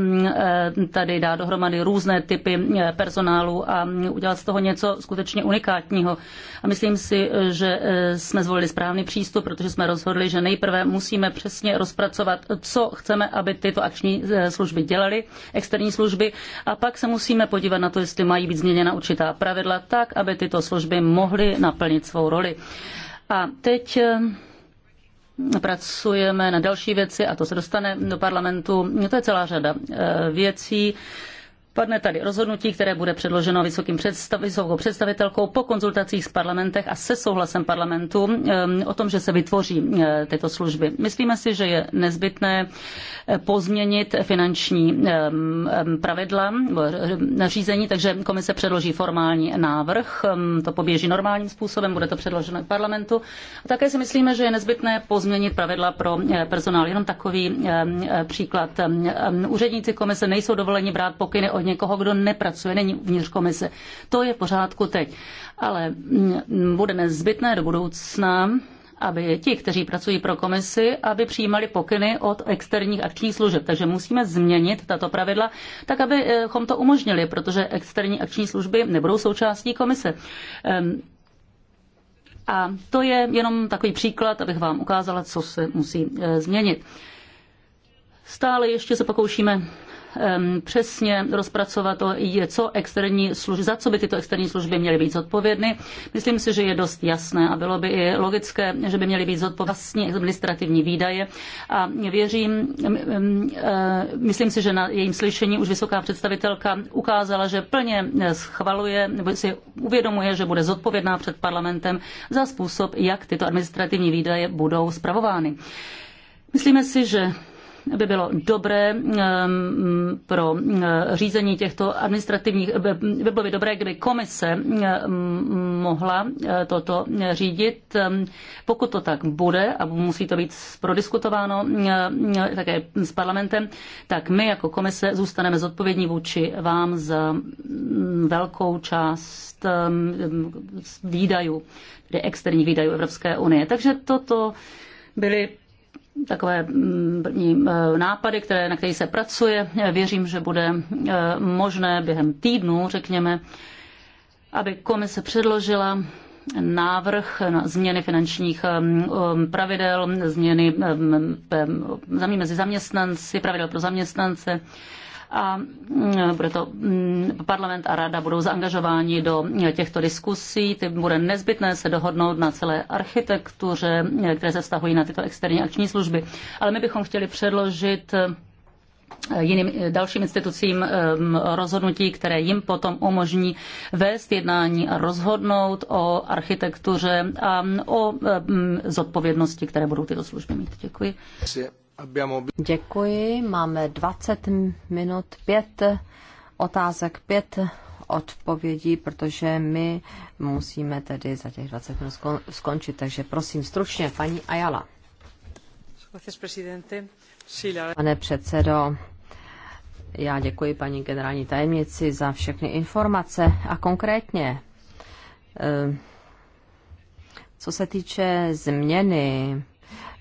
tady dá dohromady různé typy personálu a mm, udělat z toho něco skutečně unikátního. A myslím si, že jsme zvolili správný přístup, protože jsme rozhodli, že nejprve musíme přesně rozpracovat, co chceme, aby tyto akční služby dělaly, externí služby, a pak se musíme podívat na to, jestli mají být změněna určitá pravidla tak, aby tyto služby mohly naplnit svou roli. A teď eh, pracujeme na další věci a to se dostane do parlamentu. To je celá řada eh, věcí Padne tady rozhodnutí, které bude předloženo vysokým představ, vysokou představitelkou po konzultacích s parlamentech a se souhlasem parlamentu um, o tom, že se vytvoří uh, tyto služby. Myslíme si, že je nezbytné uh, pozměnit finanční um, um, pravidla uh, nařízení, takže komise předloží formální návrh, to poběží normálním způsobem, bude to předloženo parlamentu. A také si myslíme, že je nezbytné pozměnit pravidla pro personál. Jenom takový příklad. Úředníci komise nejsou dovoleni brát pokyny o od někoho, kdo nepracuje, není uvnitř komise. To je v pořádku teď. Ale mm, bude nezbytné do budoucna aby ti, kteří pracují pro komisi, aby přijímali pokyny od externích akčních služeb. Takže musíme změnit tato pravidla, tak abychom eh, to umožnili, protože externí akční služby nebudou součástí komise. Ehm, a to je jenom takový příklad, abych vám ukázala, co se musí eh, změnit. Stále ještě se pokoušíme Um, přesně rozpracovat to, je, co externí služby, za co by tyto externí služby měly být zodpovědny. Myslím si, že je dost jasné a bylo by i logické, že by měly být zodpovědní administrativní výdaje. A věřím, um, um, uh, myslím si, že na jejím slyšení už vysoká představitelka ukázala, že plně schvaluje nebo si uvědomuje, že bude zodpovědná před parlamentem za způsob, jak tyto administrativní výdaje budou spravovány. Myslíme si, že by bylo dobré pro řízení těchto administrativních, by bylo by dobré, kdyby komise mohla e, toto řídit. Pokud to tak bude, a musí to být prodiskutováno také s parlamentem, tak my jako komise zůstaneme zodpovědní vůči vám za velkou část výdajů, tedy externích výdajů Evropské unie. Takže toto byly takové mm, první eh, nápady, které, na které se pracuje. Věřím, že bude eh, možné během týdnu, řekněme, aby komise předložila návrh na změny finančních ehm, ehm, pravidel, změny ehm, mezi zaměstnanci, pravidel pro zaměstnance a bude mm, to mm, parlament a rada budou zaangažováni do těchto diskusí. Ty bude nezbytné se dohodnout na celé architektuře, které se vztahují na tyto externí akční služby. Ale my bychom chtěli předložit eh, jiným eh, dalším institucím eh, rozhodnutí, které jim potom umožní vést jednání a rozhodnout o architektuře a mm, o zodpovědnosti, které budou tyto služby mít. Děkuji. Děkuji, máme 20 minut, pět otázek, pět odpovědí, protože my musíme tedy za těch 20 minut skončit. Takže prosím stručně, paní Ayala. Pane předsedo, já děkuji paní generální tajemnici za všechny informace a konkrétně, eh, co se týče změny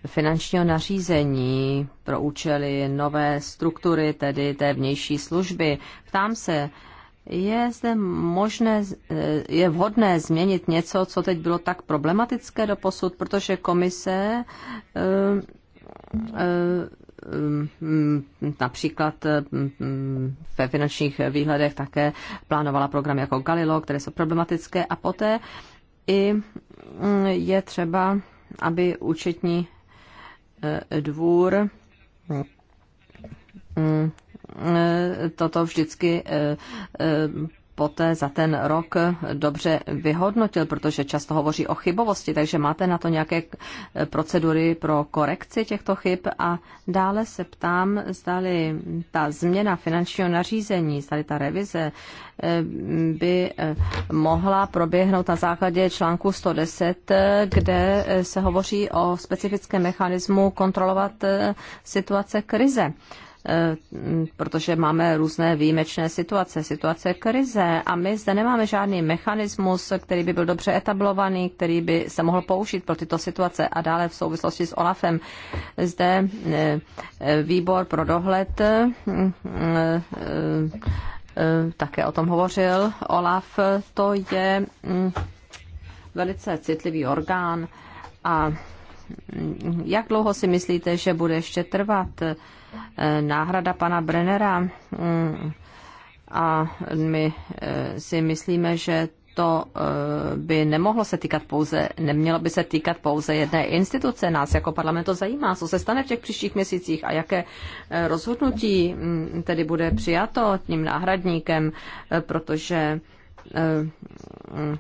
finančního nařízení pro účely nové struktury, tedy té vnější služby. Ptám se, je zde možné, eh, je vhodné změnit něco, co teď bylo tak problematické do posud, protože komise eh, eh, například ve finančních výhledech také plánovala programy jako Galileo, které jsou problematické a poté i mm, je třeba, aby účetní Eh, dvůr mm, eh, toto vždycky eh, poté za ten rok dobře vyhodnotil, protože často hovoří o chybovosti, takže máte na to nějaké procedury pro korekci těchto chyb a dále se ptám, zdali ta změna finančního nařízení, zdali ta revize eh, by eh, mohla proběhnout na základě článku 110, eh, kde se hovoří o specifickém mechanismu kontrolovat situace krize. Eh, protože máme různé výjimečné situace, situace krize a my zde nemáme žádný mechanismus, který by byl dobře etablovaný, který by se mohl použít pro tyto situace a dále v souvislosti s OLAFem. Zde eh, eh, výbor pro dohled také o tom hovořil. OLAF to je hm, velice citlivý orgán a hm, jak dlouho si myslíte, že bude ještě trvat Eh, náhrada pana Brennera. Mm. A my eh, si myslíme, že to eh, by nemohlo se týkat pouze, nemělo by se týkat pouze jedné instituce. Nás jako parlament to zajímá, co se stane v těch příštích měsících a jaké rozhodnutí mm, tedy bude přijato tím náhradníkem, protože mm,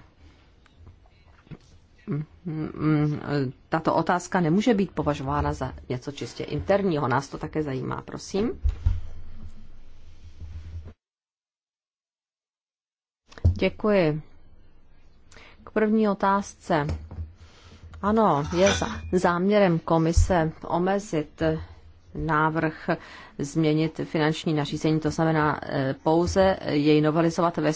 tato otázka nemůže být považována za něco čistě interního. Nás to také zajímá, prosím. Děkuji. K první otázce. Ano, je záměrem komise omezit návrh změnit finanční nařízení, to znamená e, pouze jej novelizovat ve, e,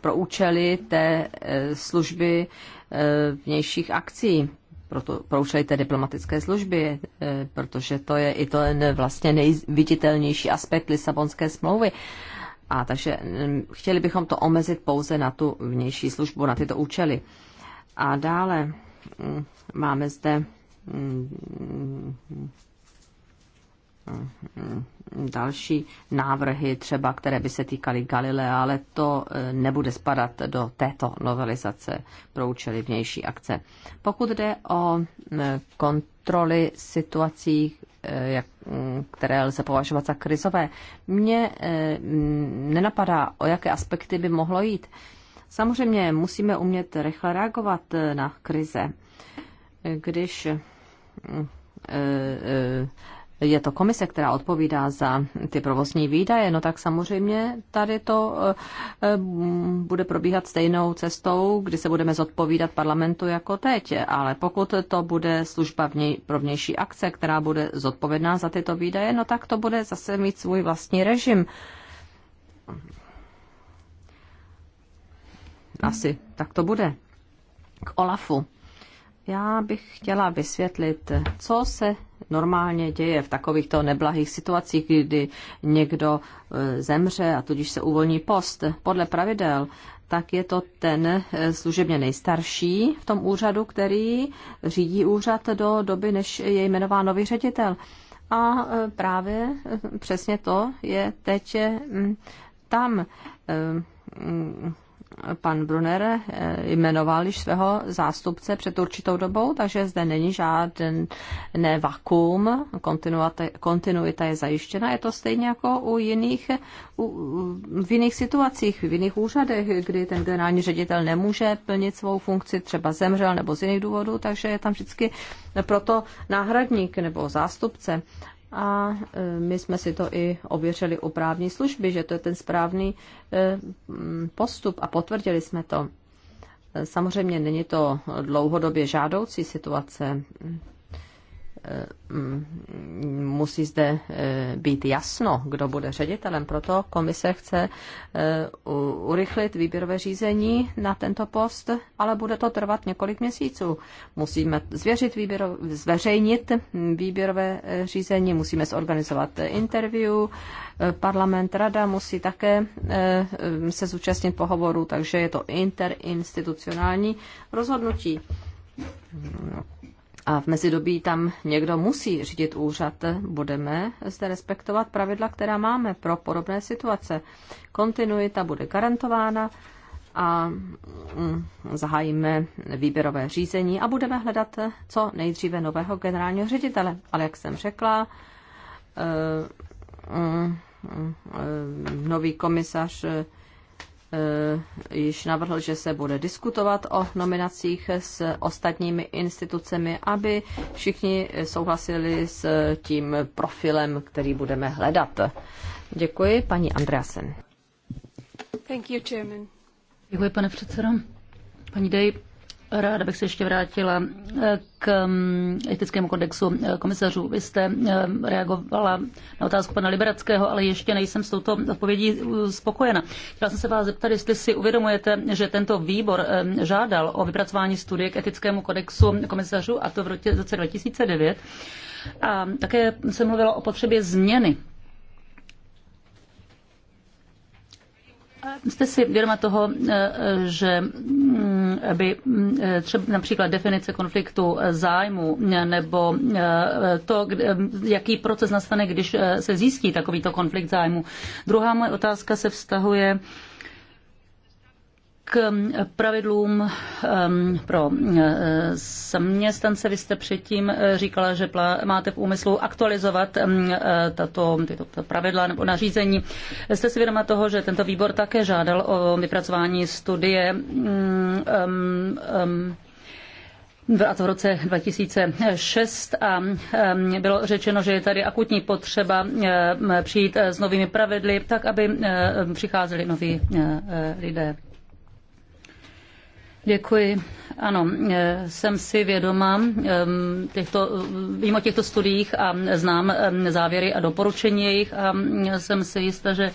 pro účely té e, služby vnějších akcí proto pro účely té diplomatické služby, eh, protože to je i ten vlastně nejviditelnější aspekt Lisabonské smlouvy. A takže mm, chtěli bychom to omezit pouze na tu vnější službu, na tyto účely. A dále mm, máme zde mm, Eh, další návrhy třeba, které by se týkaly Galilea, ale to eh, nebude spadat do této novelizace pro účely vnější akce. Pokud jde o eh, kontroly situací, mm, které lze považovat za krizové, mě nenapadá, o jaké aspekty by mohlo jít. Samozřejmě musíme umět rychle reagovat na krize. Když mm, je to komise, která odpovídá za ty provozní výdaje, no tak samozřejmě tady to eh, eh, bude probíhat stejnou cestou, kdy se budeme zodpovídat parlamentu jako teď. Ale pokud to bude služba vněj, pro vnější akce, která bude zodpovědná za tyto výdaje, no tak to bude zase mít svůj vlastní režim. Asi tak to bude. K Olafu. Já bych chtěla vysvětlit, co se normálně děje v takovýchto neblahých situacích, kdy někdo e, zemře a tudíž se uvolní post podle pravidel, tak je to ten e, služebně nejstarší v tom úřadu, který řídí úřad do doby, než je jmenován nový ředitel. A e, právě přesně to je teď tam pan Brunner eh, jmenoval již svého zástupce před určitou dobou, takže zde není žádné vakuum, kontinuita je zajištěna. Je to stejně jako u jiných, u, v jiných situacích, v jiných úřadech, kdy ten generální ředitel nemůže plnit svou funkci, třeba zemřel nebo z jiných důvodů, takže je tam vždycky proto náhradník nebo zástupce a e, my jsme si to i ověřili u právní služby, že to je ten správný e, postup a potvrdili jsme to. E, samozřejmě není to dlouhodobě žádoucí situace, Eh, mm, musí zde eh, být jasno, kdo bude ředitelem. Proto komise chce eh, urychlit výběrové řízení na tento post, ale bude to trvat několik měsíců. Musíme zvěřit výběro, zveřejnit výběrové řízení, musíme zorganizovat interview, parlament, rada musí také se zúčastnit pohovoru, takže je to interinstitucionální rozhodnutí a v mezidobí tam někdo musí řídit úřad, budeme zde respektovat pravidla, která máme pro podobné situace. Kontinuita bude garantována a mm, zahájíme výběrové řízení a budeme hledat co nejdříve nového generálního ředitele. Ale jak jsem řekla, eh, mm, mm, eh, nový komisař Eh, již navrhl, že se bude diskutovat o nominacích s ostatními institucemi, aby všichni souhlasili s tím profilem, který budeme hledat. Děkuji, paní Andreasen. Thank you, chairman. Děkuji, pane předsedo. Paní Dej, Ráda bych se ještě vrátila eh, k mm, etickému kodexu eh, komisařů. Vy jste eh, reagovala na otázku pana Liberackého, ale ještě nejsem s touto odpovědí spokojena. Chtěla jsem se vás zeptat, jestli si uvědomujete, že tento výbor žádal o vypracování studie k etickému kodexu komisařů, a to v roce 2009. A také se mluvilo o potřebě změny Jste si vědoma toho, eh, že mm, by mm, třeba například definice konfliktu zájmu nebo eh, to, jaký proces nastane, když eh, se zjistí takovýto konflikt zájmu. Druhá moje otázka se vztahuje k um, pravidlům um, pro uh, zaměstnance. Vy jste předtím uh, říkala, že máte v úmyslu aktualizovat um, uh, tato, tyto pravidla nebo nařízení. Jste si vědoma toho, že tento výbor také žádal o vypracování studie mm, a to v roce 2006 a bylo řečeno, že je tady akutní potřeba přijít s novými pravidly, tak aby přicházeli noví lidé Děkuji. Ano, eh, jsem si vědoma eh, těchto, eh, vím o těchto studiích a znám závěry a doporučení jejich a mm, jsem si jistá, že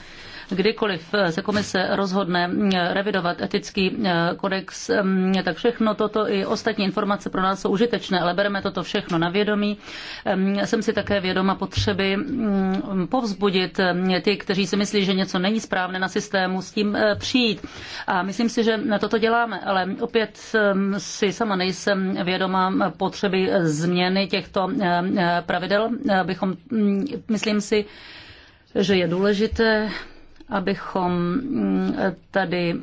kdykoliv se komise rozhodne revidovat etický eh, kodex, mm, tak všechno toto i ostatní informace pro nás jsou užitečné, ale bereme toto všechno na vědomí. Jsem si také vědoma potřeby mm, povzbudit mm, ty, kteří si myslí, že něco není správné na systému, s tím eh, přijít. A myslím si, že na toto děláme, ale opět si sama nejsem vědoma potřeby změny těchto eh, pravidel. Bychom, myslím si, že je důležité abychom mm, tady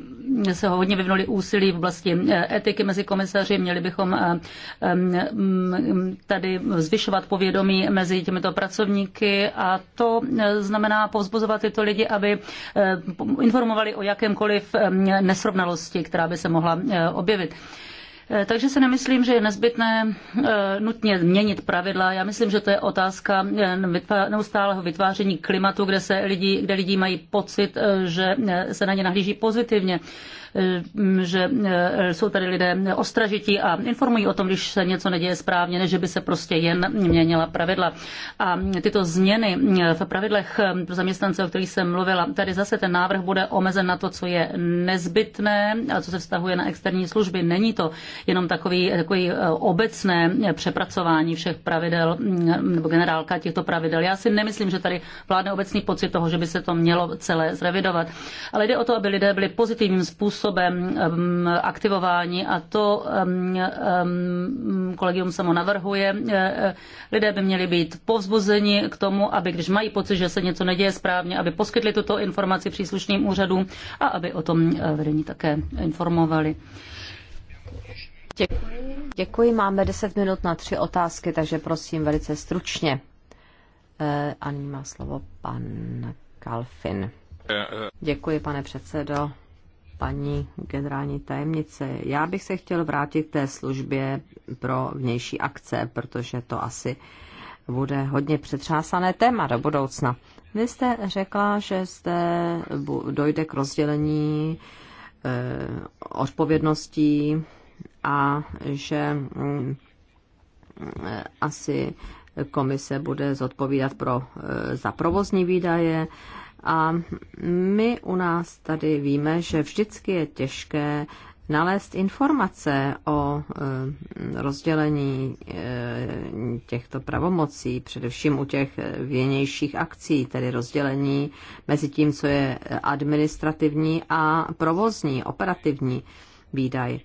se hodně vyvinuli úsilí v oblasti eh, etiky mezi komisaři. Měli bychom eh, eh, mm, tady zvyšovat povědomí mezi těmito pracovníky a to znamená povzbuzovat tyto lidi, aby informovali o jakémkoliv nesrovnalosti, která by se mohla objevit. Eh, takže si nemyslím, že je nezbytné eh, nutně měnit pravidla. Já myslím, že to je otázka eh, neustálého vytváření klimatu, kde, se lidi, kde lidi mají pocit, že se na ně nahlíží pozitivně Eh, že eh, jsou tady lidé ostražití a informují o tom, když se něco neděje správně, než by se prostě jen měnila pravidla. A tyto změny v pravidlech eh, pro zaměstnance, o kterých jsem mluvila, tady zase ten návrh bude omezen na to, co je nezbytné a co se vztahuje na externí služby. Není to jenom takový, takový obecné přepracování všech pravidel mm, nebo generálka těchto pravidel. Já si nemyslím, že tady vládne obecný pocit toho, že by se to mělo celé zrevidovat. Ale jde o to, aby lidé byli pozitivním způsobem způsobem aktivování a to kolegium samo navrhuje. E, e, lidé by měli být povzbuzeni k tomu, aby když mají pocit, že se něco neděje správně, aby poskytli tuto informaci příslušným úřadům a aby o tom e, vedení také informovali. Děkuji. Děkuji. Máme 10 minut na tři otázky, takže prosím velice stručně. A nyní má slovo pan Kalfin. Děkuji, pane předsedo paní generální tajemnice. Já bych se chtěl vrátit k té službě pro vnější akce, protože to asi bude hodně přetřásané téma do budoucna. Vy jste řekla, že zde dojde k rozdělení eh, odpovědností a že mm, eh, asi komise bude zodpovídat pro, eh, za provozní výdaje a my u nás tady víme, že vždycky je těžké nalézt informace o eh, rozdělení eh, těchto pravomocí, především u těch věnějších akcí, tedy rozdělení mezi tím, co je administrativní a provozní, operativní výdaj.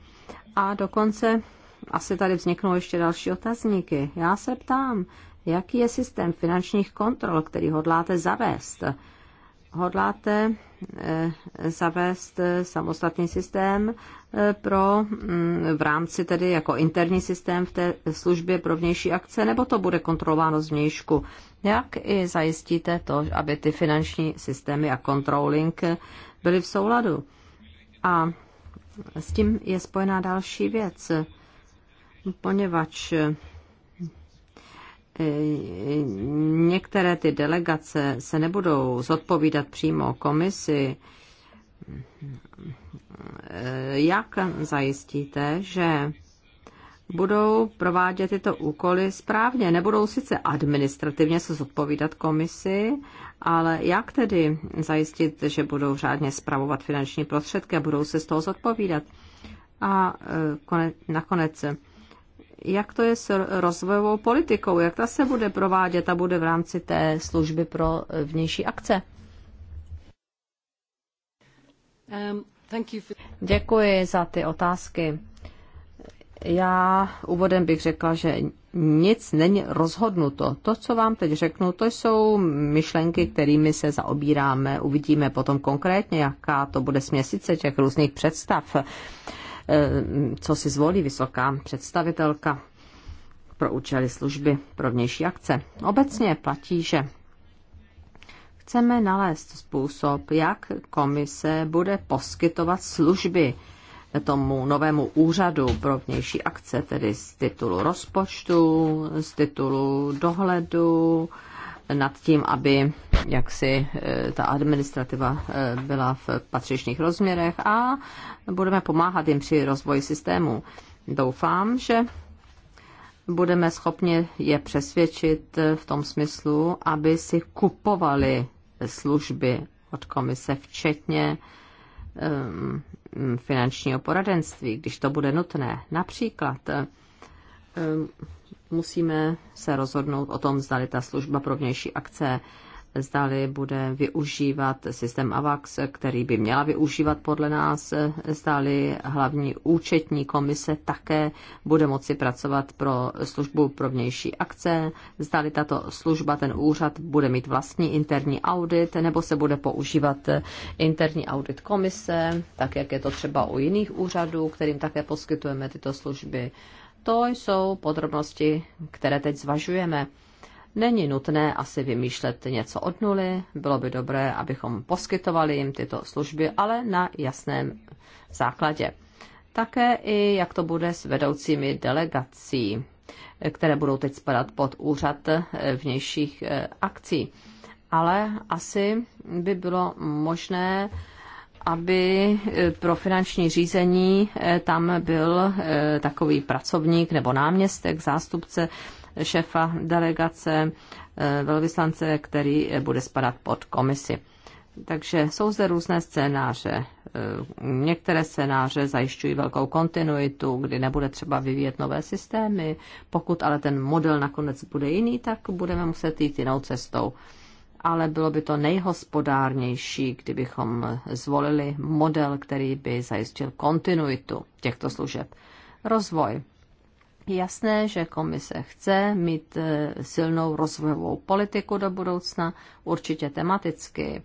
A dokonce asi tady vzniknou ještě další otazníky. Já se ptám, jaký je systém finančních kontrol, který hodláte zavést? hodláte eh, zavést eh, samostatný systém eh, pro, mm, v rámci tedy jako interní systém v té službě pro vnější akce, nebo to bude kontrolováno z vnějšku? Jak i zajistíte to, aby ty finanční systémy a controlling byly v souladu? A s tím je spojená další věc, poněvadž E, některé ty delegace se nebudou zodpovídat přímo komisi, e, jak zajistíte, že budou provádět tyto úkoly správně. Nebudou sice administrativně se zodpovídat komisi, ale jak tedy zajistit, že budou řádně spravovat finanční prostředky a budou se z toho zodpovídat? A e, konec, nakonec jak to je s rozvojovou politikou, jak ta se bude provádět a bude v rámci té služby pro vnější akce. Um, Děkuji za ty otázky. Já úvodem bych řekla, že nic není rozhodnuto. To, co vám teď řeknu, to jsou myšlenky, kterými se zaobíráme. Uvidíme potom konkrétně, jaká to bude směsice těch různých představ. Uh, Eh, co si zvolí vysoká představitelka pro účely služby pro vnější akce. Obecně platí, že chceme nalézt způsob, jak komise bude poskytovat služby tomu novému úřadu pro vnější akce, tedy z titulu rozpočtu, z titulu dohledu, nad tím, aby jaksi eh, ta administrativa eh, byla v patřičných rozměrech a budeme pomáhat jim při rozvoji systému. Doufám, že budeme schopni je přesvědčit eh, v tom smyslu, aby si kupovali služby od komise, včetně ehm, finančního poradenství, když to bude nutné. Například musíme se rozhodnout o tom, zdali ta služba pro vnější akce zdali bude využívat systém AVAX, který by měla využívat podle nás, zdali hlavní účetní komise také bude moci pracovat pro službu pro vnější akce, zdali tato služba, ten úřad bude mít vlastní interní audit, nebo se bude používat interní audit komise, tak jak je to třeba u jiných úřadů, kterým také poskytujeme tyto služby to jsou podrobnosti, které teď zvažujeme. Není nutné asi vymýšlet něco od nuly, bylo by dobré, abychom poskytovali jim tyto služby, ale na jasném základě. Také i jak to bude s vedoucími delegací, které budou teď spadat pod úřad eh, vnějších eh, akcí. Ale asi by bylo možné aby e, pro finanční řízení e, tam byl e, takový pracovník nebo náměstek, zástupce šefa delegace velvyslance, který bude spadat pod komisi. Takže jsou zde různé scénáře. Některé scénáře zajišťují velkou kontinuitu, kdy nebude třeba vyvíjet nové systémy. Pokud ale ten model nakonec bude jiný, tak budeme muset jít jinou cestou ale bylo by to nejhospodárnější, kdybychom zvolili model, který by zajistil kontinuitu těchto služeb. Rozvoj. jasné, že komise chce mít e, silnou rozvojovou politiku do budoucna, určitě tematicky.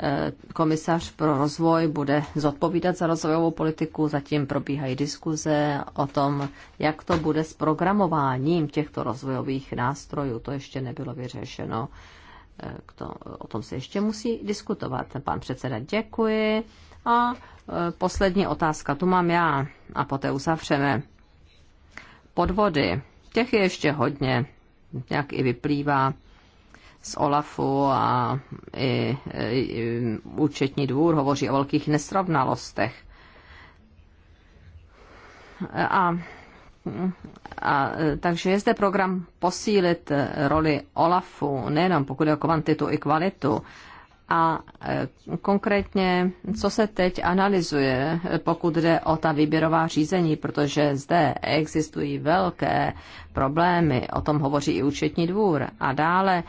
E, komisař pro rozvoj bude zodpovídat za rozvojovou politiku, zatím probíhají diskuze o tom, jak to bude s programováním těchto rozvojových nástrojů. To ještě nebylo vyřešeno k to, o tom se ještě musí diskutovat. Pan předseda, děkuji. A e, poslední otázka, tu mám já a poté uzavřeme. Podvody, těch je ještě hodně, jak i vyplývá z OLAFu a i, i, i účetní dvůr hovoří o velkých nesrovnalostech. E, a a, e, takže je zde program posílit e, roli OLAFu, nejenom pokud je o kvantitu i kvalitu. A e, konkrétně, co se teď analyzuje, pokud jde o ta výběrová řízení, protože zde existují velké problémy, o tom hovoří i účetní dvůr. A dále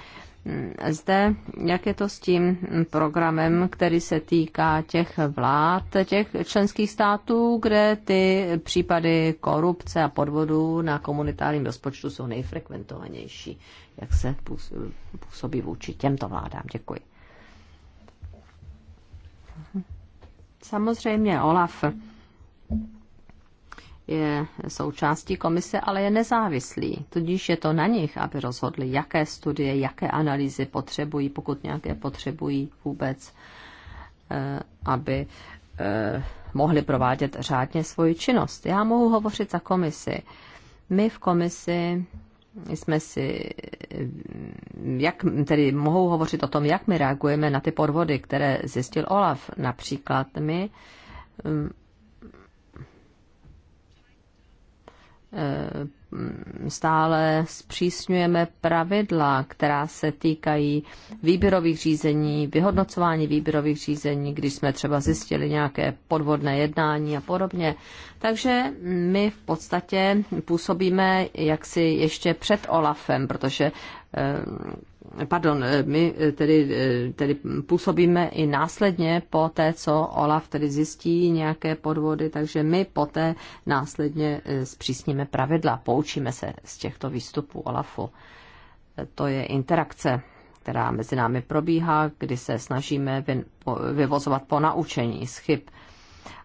zde, jak je to s tím programem, který se týká těch vlád, těch členských států, kde ty případy korupce a podvodů na komunitárním rozpočtu jsou nejfrekventovanější. Jak se působí vůči těmto vládám? Děkuji. Samozřejmě, Olaf. Hmm je součástí komise, ale je nezávislý. Tudíž je to na nich, aby rozhodli, jaké studie, jaké analýzy potřebují, pokud nějaké potřebují vůbec, eh, aby eh, mohli provádět řádně svoji činnost. Já mohu hovořit za komisi. My v komisi jsme si, jak, tedy mohou hovořit o tom, jak my reagujeme na ty podvody, které zjistil Olaf. Například my hm, Eh, stále zpřísňujeme pravidla, která se týkají výběrových řízení, vyhodnocování výběrových řízení, když jsme třeba zjistili nějaké podvodné jednání a podobně. Takže my v podstatě působíme jaksi ještě před OLAFem, protože eh, pardon, eh, my eh, tedy, eh, tedy působíme i následně po té, co OLAF tedy zjistí nějaké podvody, takže my poté následně zpřísníme pravidla, poučíme se z těchto výstupů OLAFu. To je interakce, která mezi námi probíhá, kdy se snažíme vyvozovat po naučení z chyb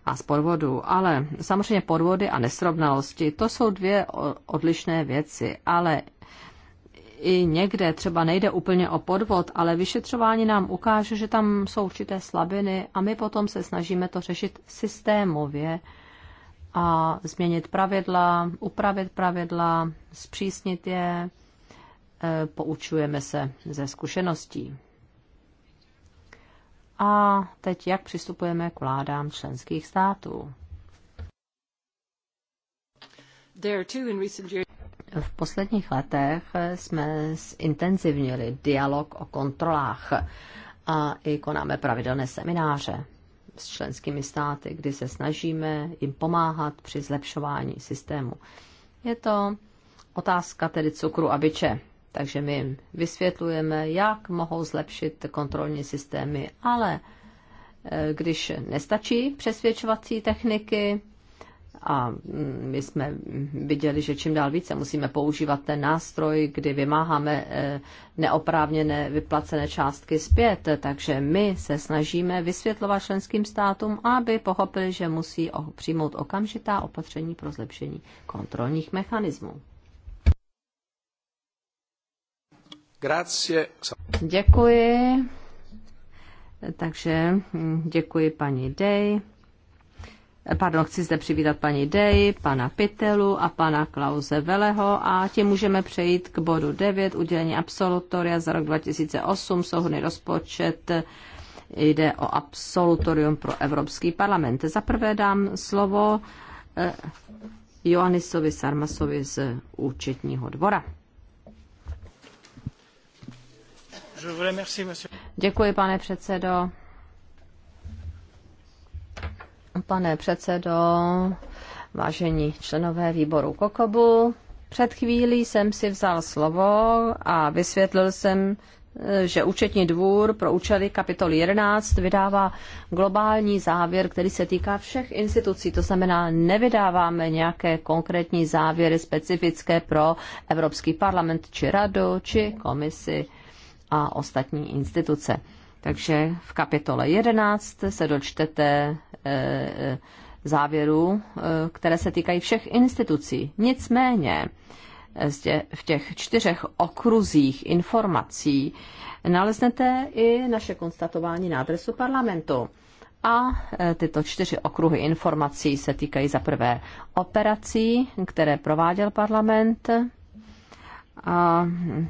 a z podvodu. Ale samozřejmě podvody a nesrovnalosti, to jsou dvě odlišné věci, ale i někde třeba nejde úplně o podvod, ale vyšetřování nám ukáže, že tam jsou určité slabiny a my potom se snažíme to řešit systémově a změnit pravidla, upravit pravidla, zpřísnit je, e, poučujeme se ze zkušeností. A teď jak přistupujeme k vládám členských států? V posledních letech jsme zintenzivnili dialog o kontrolách a i konáme pravidelné semináře s členskými státy, kdy se snažíme jim pomáhat při zlepšování systému. Je to otázka tedy cukru a byče. Takže my jim vysvětlujeme, jak mohou zlepšit kontrolní systémy, ale eh, když nestačí přesvědčovací techniky, a my jsme viděli, že čím dál více musíme používat ten nástroj, kdy vymáháme eh, neoprávněné vyplacené částky zpět. Takže my se snažíme vysvětlovat členským státům, aby pochopili, že musí přijmout okamžitá opatření pro zlepšení kontrolních mechanismů. Grazie. Děkuji. Takže hm, děkuji paní Day. Pardon, chci zde přivítat paní Dej, pana Pitelu a pana Klauze Veleho a tím můžeme přejít k bodu 9, udělení absolutoria za rok 2008, souhodný rozpočet jde o absolutorium pro Evropský parlament. Za prvé dám slovo eh, Joannisovi Sarmasovi z účetního dvora. Děkuji, pane předsedo pane předsedo, vážení členové výboru Kokobu. Před chvílí jsem si vzal slovo a vysvětlil jsem, eh, že účetní dvůr pro účely kapitoly 11 vydává globální závěr, který se týká všech institucí. To znamená, nevydáváme nějaké konkrétní závěry specifické pro Evropský parlament, či radu, či komisi a ostatní instituce. Takže v kapitole 11 se dočtete eh, eh, závěrů, eh, které se týkají všech institucí. Nicméně zde v těch čtyřech okruzích informací naleznete i naše konstatování na adresu parlamentu. A tyto čtyři okruhy informací se týkají za prvé operací, které prováděl parlament. A mm,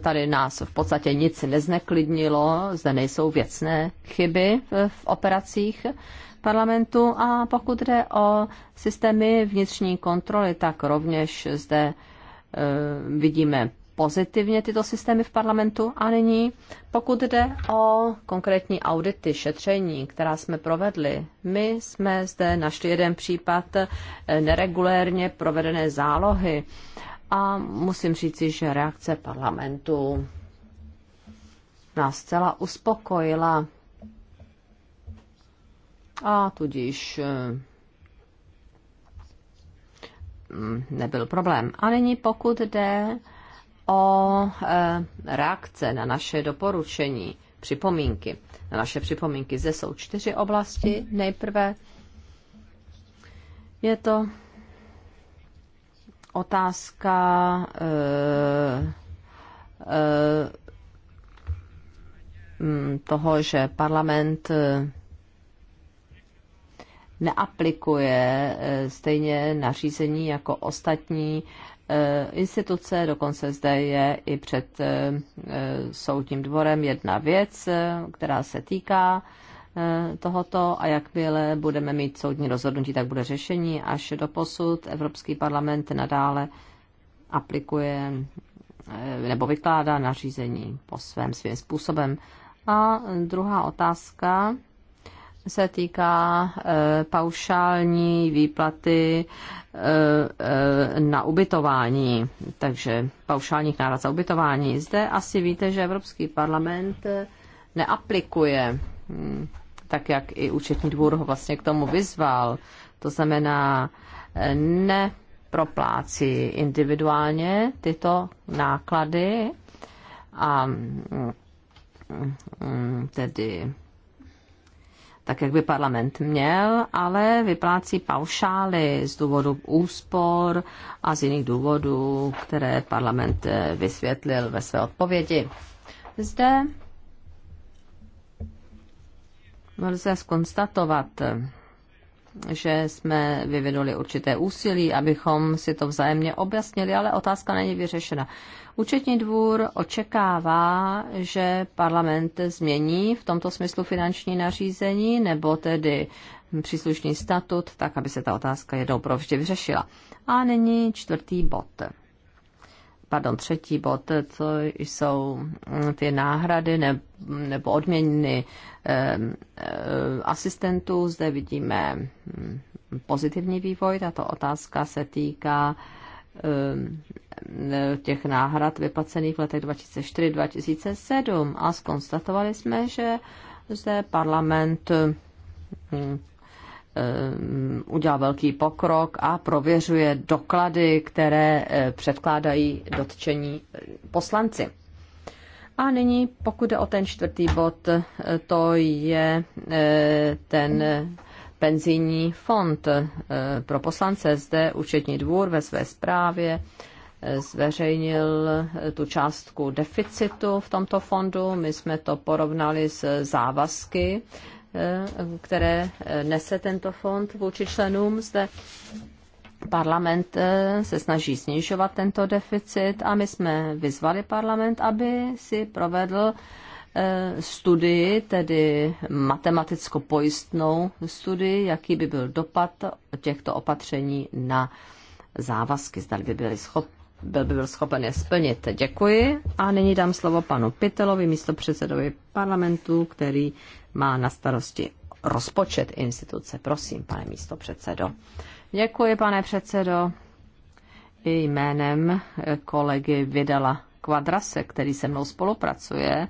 Tady nás v podstatě nic nezneklidnilo, zde nejsou věcné chyby v operacích parlamentu a pokud jde o systémy vnitřní kontroly, tak rovněž zde e, vidíme pozitivně tyto systémy v parlamentu a nyní, pokud jde o konkrétní audity, šetření, která jsme provedli, my jsme zde našli jeden případ e, neregulérně provedené zálohy a musím říci, že reakce parlamentu nás zcela uspokojila a tudíž eh, nebyl problém. A nyní pokud jde o eh, reakce na naše doporučení, připomínky, na naše připomínky, zde jsou čtyři oblasti. Nejprve je to otázka eh, eh, mm, toho, že parlament eh, neaplikuje stejně nařízení jako ostatní instituce, dokonce zde je i před soudním dvorem jedna věc, která se týká Eh, tohoto a jakmile budeme mít soudní rozhodnutí, tak bude řešení. Až do posud Evropský parlament nadále aplikuje eh, nebo vykládá nařízení po svém svým způsobem. A druhá otázka se týká eh, paušální výplaty na ubytování, takže paušálních nárad za ubytování. Zde asi víte, že Evropský parlament neaplikuje hm, tak jak i účetní dvůr ho vlastně k tomu vyzval. To znamená, eh, ne individuálně tyto náklady a mm, mm, mm, tedy tak, jak by parlament měl, ale vyplácí paušály z důvodu úspor a z jiných důvodů, které parlament eh, vysvětlil ve své odpovědi. Zde lze skonstatovat, že jsme vyvinuli určité úsilí, abychom si to vzájemně objasnili, ale otázka není vyřešena. Účetní dvůr očekává, že parlament změní v tomto smyslu finanční nařízení nebo tedy příslušný statut, tak aby se ta otázka jednou provždy vyřešila. A nyní čtvrtý bod pardon, třetí bod, co jsou mm, ty náhrady ne, nebo odměny eh, asistentů. Zde vidíme mm, pozitivní vývoj. Tato otázka se týká eh, těch náhrad vyplacených v letech 2004-2007 a skonstatovali jsme, že zde parlament mm, Eh, udělal velký pokrok a prověřuje doklady, které eh, předkládají dotčení eh, poslanci. A nyní, pokud jde o ten čtvrtý bod, to je ten penzijní fond pro poslance. Zde účetní dvůr ve své zprávě zveřejnil tu částku deficitu v tomto fondu. My jsme to porovnali s závazky Eh, které eh, nese tento fond vůči členům zde. Parlament eh, se snaží snižovat tento deficit a my jsme vyzvali parlament, aby si provedl studii, tedy matematicko-pojistnou studii, jaký by byl dopad těchto opatření na závazky, zda by byly schop, byl by byl schopen je splnit. Děkuji a nyní dám slovo panu Pitelovi, místo předsedovi parlamentu, který má na starosti rozpočet instituce. Prosím, pane místo předsedo. Děkuji, pane předsedo. I jménem kolegy Vydala Kvadrase, který se mnou spolupracuje,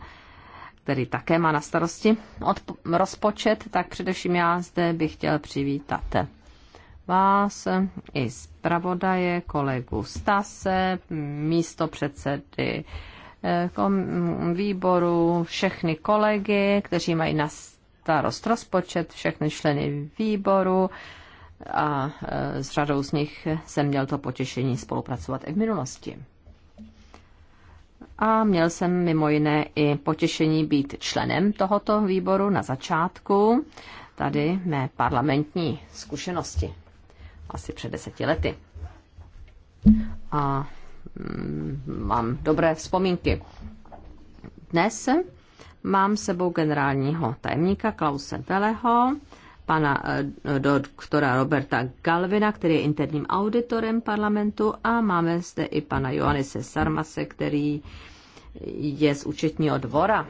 který také má na starosti od rozpočet, tak především já zde bych chtěl přivítat vás i zpravodaje, kolegu Stase, místo předsedy Eh, mm, výboru všechny kolegy, kteří mají na starost rozpočet, všechny členy výboru a eh, s řadou z nich jsem měl to potěšení spolupracovat i v minulosti. A měl jsem mimo jiné i potěšení být členem tohoto výboru na začátku, tady mé parlamentní zkušenosti, asi před deseti lety. A Mm, mám dobré vzpomínky. Dnes mám sebou generálního tajemníka Klause Veleho, pana eh, doktora Roberta Galvina, který je interním auditorem parlamentu a máme zde i pana Joannise Sarmase, který je z účetního dvora,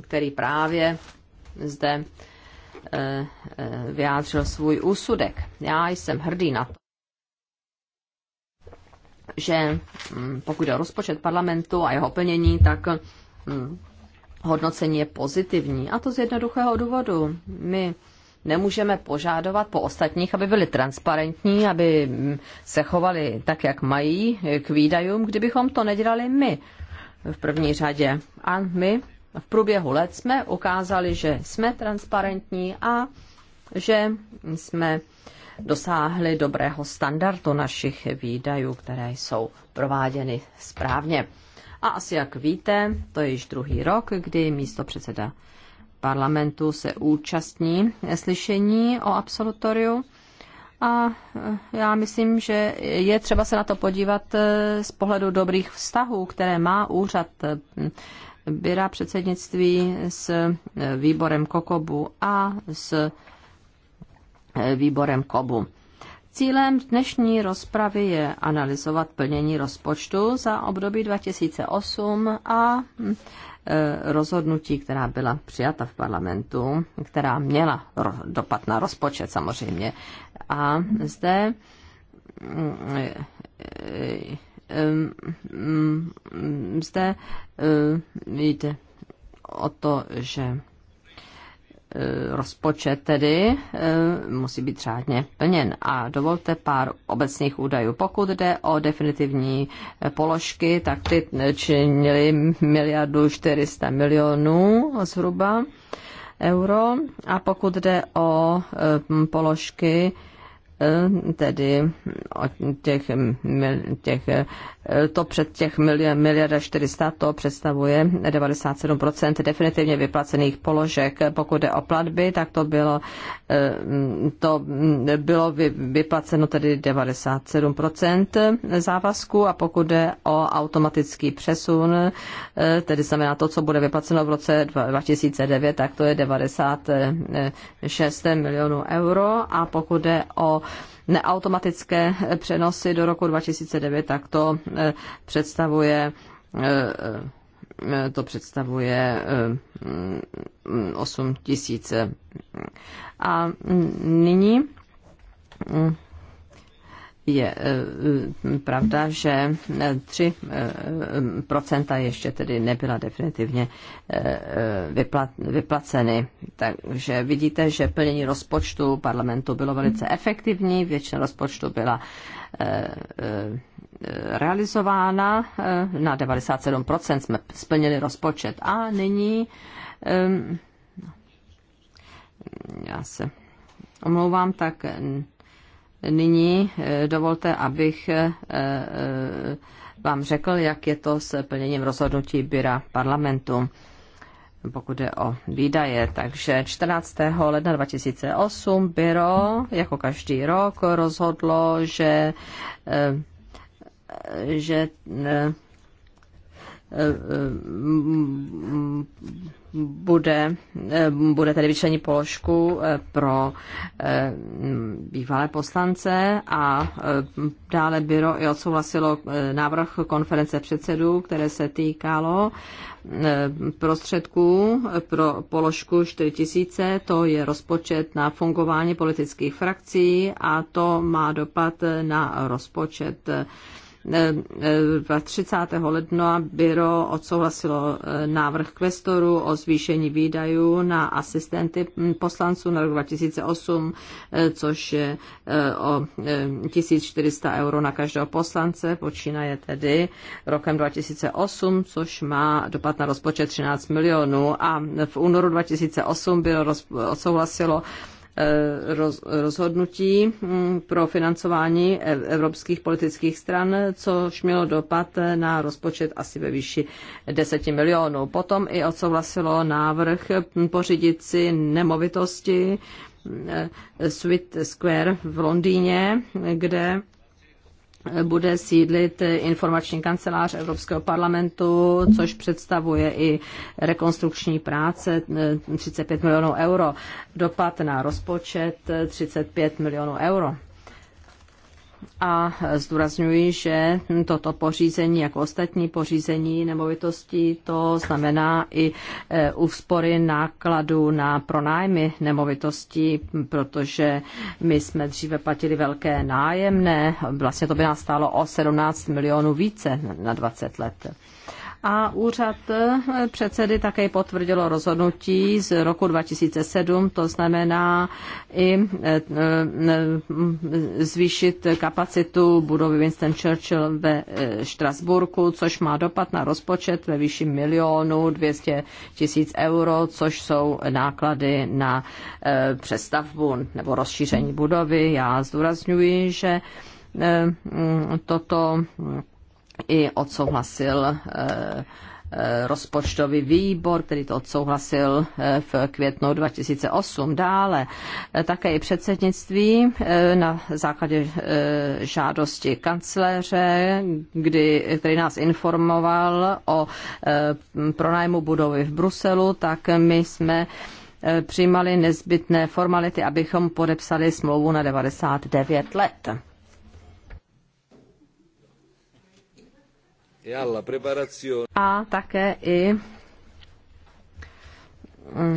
který právě zde eh, eh, vyjádřil svůj úsudek. Já jsem hrdý na to, že mm, pokud je o rozpočet parlamentu a jeho plnění, tak mm, hodnocení je pozitivní. A to z jednoduchého důvodu. My nemůžeme požádovat po ostatních, aby byli transparentní, aby mm, se chovali tak, jak mají k výdajům, kdybychom to nedělali my v první řadě. A my v průběhu let jsme ukázali, že jsme transparentní a že jsme dosáhli dobrého standardu našich výdajů, které jsou prováděny správně. A asi jak víte, to je již druhý rok, kdy místo předseda parlamentu se účastní slyšení o absolutoriu. A eh, já myslím, že je třeba se na to podívat eh, z pohledu dobrých vztahů, které má úřad eh, Byra předsednictví s výborem Kokobu a s výborem KOBu. Cílem dnešní rozpravy je analyzovat plnění rozpočtu za období 2008 a hm, e, rozhodnutí, která byla přijata v parlamentu, která měla dopad na rozpočet samozřejmě. A zde hm, e, e, hm, zde jde o to, že rozpočet tedy eh, musí být řádně plněn. A dovolte pár obecných údajů. Pokud jde o definitivní eh, položky, tak ty eh, činily miliardu 400 milionů zhruba euro. A pokud jde o položky, tedy o těch, těch to před těch miliarda 400 to představuje 97% definitivně vyplacených položek. Pokud jde o platby, tak to bylo, eh, to bylo vyplaceno tedy 97% závazku a pokud jde o automatický přesun, eh, tedy znamená to, co bude vyplaceno v roce 2009, tak to je 96 eh, milionů euro a pokud jde o neautomatické přenosy do roku 2009, tak to eh, představuje eh, eh, to představuje 8 tisíc. A nyní mm, je eh, pravda, že 3% eh, eh, ještě tedy nebyla definitivně vyplaceny. Takže vidíte, že plnění rozpočtu parlamentu bylo velice efektivní, většina rozpočtu byla realizována, na 97% jsme splnili rozpočet. A nyní já se omlouvám, tak Nyní eh, dovolte, abych eh, eh, vám řekl, jak je to s plněním rozhodnutí Byra parlamentu pokud jde o výdaje. Takže 14. ledna 2008 Byro, jako každý rok, rozhodlo, že že bude, bude tedy vyčlení položku eh, pro eh, bývalé poslance a eh, dále byro i odsouhlasilo návrh konference předsedů, které se týkalo prostředků pro položku 4000, to je rozpočet na fungování politických frakcí a to má dopad na rozpočet 30. Eh, ledna byro odsouhlasilo eh, návrh kvestoru o zvýšení výdajů na asistenty hm, poslanců na rok 2008, eh, což je o 1400 euro na každého poslance, počínaje tedy rokem 2008, což má dopad na rozpočet 13 milionů a v únoru 2008 bylo odsouhlasilo Eh, rozhodnutí mm, pro financování evropských politických stran, což mělo dopad na rozpočet asi ve výši 10 milionů. Potom i odsouhlasilo návrh pořídit si nemovitosti eh, Sweet Square v Londýně, kde bude sídlit informační kancelář Evropského parlamentu, což představuje i rekonstrukční práce eh, 35 milionů euro, dopad na rozpočet eh, 35 milionů euro a zdůrazňuji, že toto pořízení, jako ostatní pořízení nemovitostí, to znamená i e, úspory nákladů na pronájmy nemovitostí, protože my jsme dříve platili velké nájemné, vlastně to by nás stálo o 17 milionů více na 20 let a úřad předsedy také potvrdilo rozhodnutí z roku 2007, to znamená i e, e, zvýšit kapacitu budovy Winston Churchill ve e, Štrasburku, což má dopad na rozpočet ve výši milionu 200 tisíc euro, což jsou náklady na přestavbu nebo rozšíření budovy. Já zdůrazňuji, že toto i odsouhlasil eh, eh, rozpočtový výbor, který to odsouhlasil eh, v květnu 2008. Dále také i předsednictví na základě žádosti kancléře, kdy, který nás informoval o pronájmu budovy v Bruselu, tak my jsme přijímali nezbytné formality, abychom podepsali smlouvu na 99 let. E A také i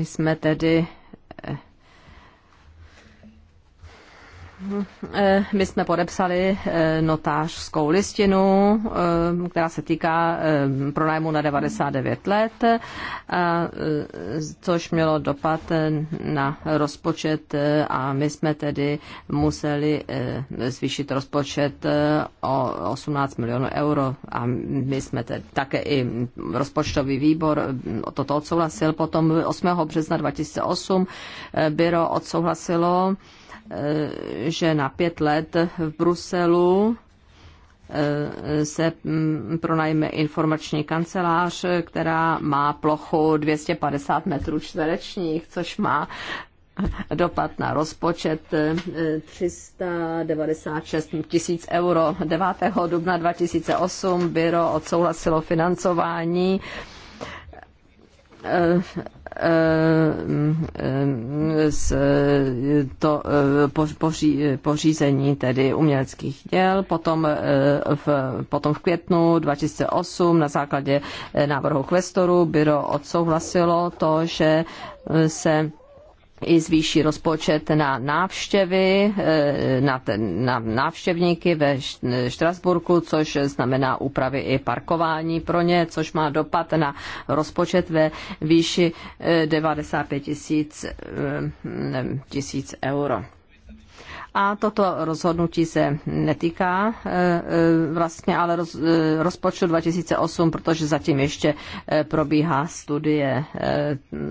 jsme tedy Eh, my jsme podepsali eh, notářskou listinu, eh, která se týká pronájmu na 99 let, což mělo dopad na rozpočet a my jsme tedy museli zvýšit rozpočet o 18 milionů euro a my jsme tedy také i rozpočtový výbor mm, toto odsouhlasil. Potom 8. března 2008 byro odsouhlasilo Eh, že na pět let v Bruselu eh, se mm, pronajme informační kancelář, která má plochu 250 metrů čtverečních, což má dopad na rozpočet 396 eh, tisíc euro. 9. dubna 2008 byro odsouhlasilo financování z to pořízení tedy uměleckých děl. Potom eh, v, potom v květnu 2008 na základě eh, návrhu kvestoru byro odsouhlasilo to, že eh, se i zvýší rozpočet na návštěvy, eh, na, ten, na návštěvníky ve Štrasburku, což znamená úpravy i parkování pro ně, což má dopad na rozpočet ve výši 95 eh, eh, tisíc euro. A toto rozhodnutí se netýká e, e, vlastně ale roz, e, rozpočtu 2008, protože zatím ještě probíhá studie,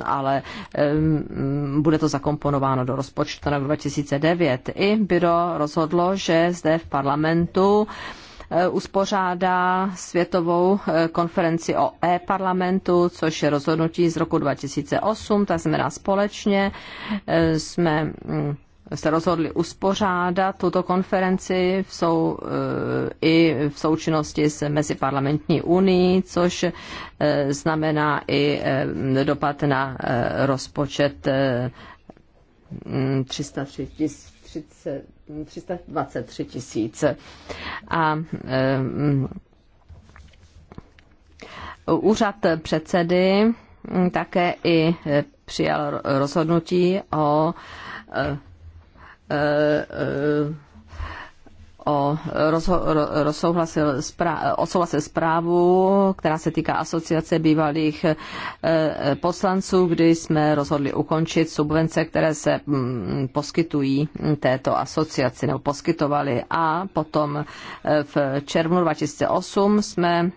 ale bude to zakomponováno do rozpočtu na 2009. I byro rozhodlo, že zde v parlamentu uspořádá světovou konferenci o e-parlamentu, což je rozhodnutí z roku 2008, tak znamená společně jsme se rozhodli uspořádat tuto konferenci v sou, eh, i v součinnosti s Meziparlamentní unii, což eh, znamená i eh, dopad na rozpočet 323 tisíc. A um, úřad předsedy také i přijal rozhodnutí o uh, o rozho, rozsouhlasil zpráv, odsouhlasil zprávu, která se týká asociace bývalých eh, poslanců, kdy jsme rozhodli ukončit subvence, které se mm, poskytují této asociaci nebo poskytovali. A potom eh, v červnu 2008 jsme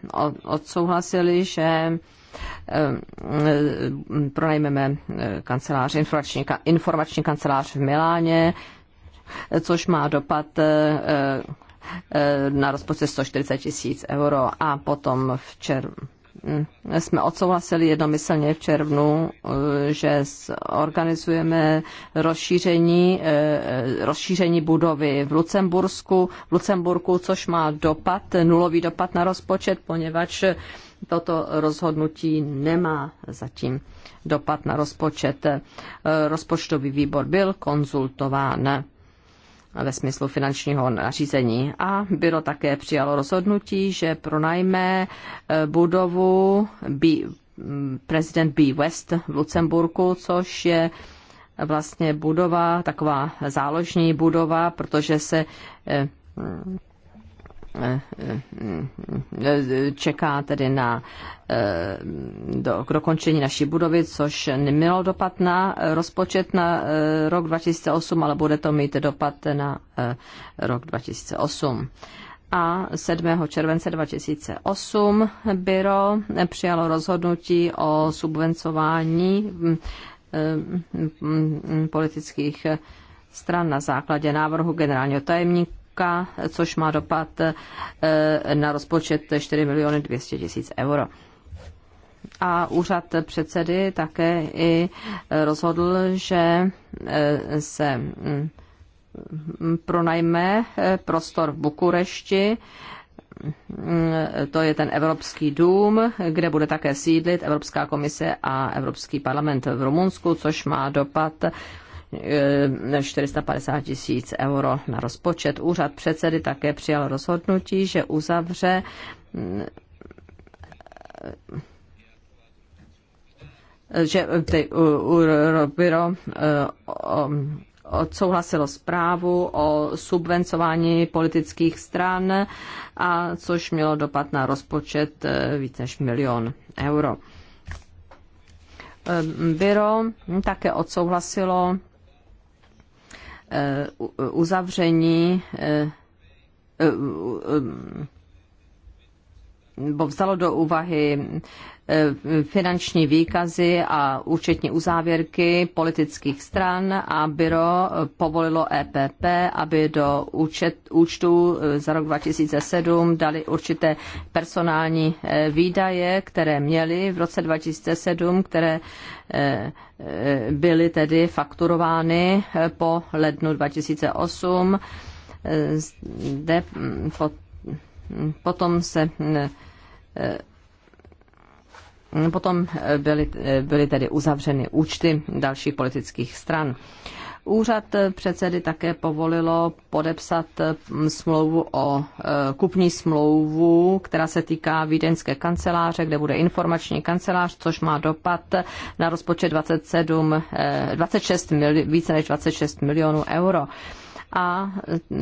odsouhlasili, že eh, pronajmeme kancelář, informační, informační kancelář v Miláně, což má dopad eh, eh, na rozpočet 140 tisíc euro a potom v červnu hm, jsme odsouhlasili jednomyslně v červnu, eh, že organizujeme rozšíření, rozšíření budovy v Lucembursku, v Lucemburku, což má dopad, nulový dopad na rozpočet, poněvadž toto rozhodnutí nemá zatím dopad na rozpočet. Rozpočtový výbor byl konzultován ve smyslu finančního nařízení. A bylo také přijalo rozhodnutí, že pronajme eh, budovu B, mm, prezident B. West v Lucemburku, což je vlastně budova, taková záložní budova, protože se eh, čeká tedy na eh, do, k dokončení naší budovy, což nemělo dopad na eh, rozpočet na eh, rok 2008, ale bude to mít dopad na rok 2008 a 7. července 2008 byro přijalo rozhodnutí o subvencování mm, mm, mm, politických stran na základě návrhu generálního tajemníka roka, což má dopad eh, na rozpočet 4 miliony 200 tisíc euro. A úřad předsedy také i eh, rozhodl, že eh, se mm, pronajme prostor v Bukurešti, mm, to je ten Evropský dům, kde bude také sídlit Evropská komise a Evropský parlament v Rumunsku, což má dopad 450 eh, tisíc euro na rozpočet. Úřad předsedy také přijal rozhodnutí, že uzavře mm, že ty, byro eh, odsouhlasilo zprávu o subvencování politických stran, a což mělo dopad na rozpočet eh, více než milion euro. Byro také odsouhlasilo Eh, uzavření eh, eh, bo vzalo do úvahy eh, finanční výkazy a účetní uzávěrky politických stran a byro povolilo EPP, aby do účet, účtu eh, za rok 2007 dali určité personální eh, výdaje, které měli v roce 2007, které byly tedy fakturovány po lednu 2008 zde hm, pod, potom se eh, Potom byly, eh, byly tedy uzavřeny účty dalších politických stran. Úřad předsedy také povolilo podepsat mm, smlouvu o eh, kupní smlouvu, která se týká vídeňské kanceláře, kde bude informační kancelář, což má dopad na rozpočet 27, 26, více než 26 milionů euro a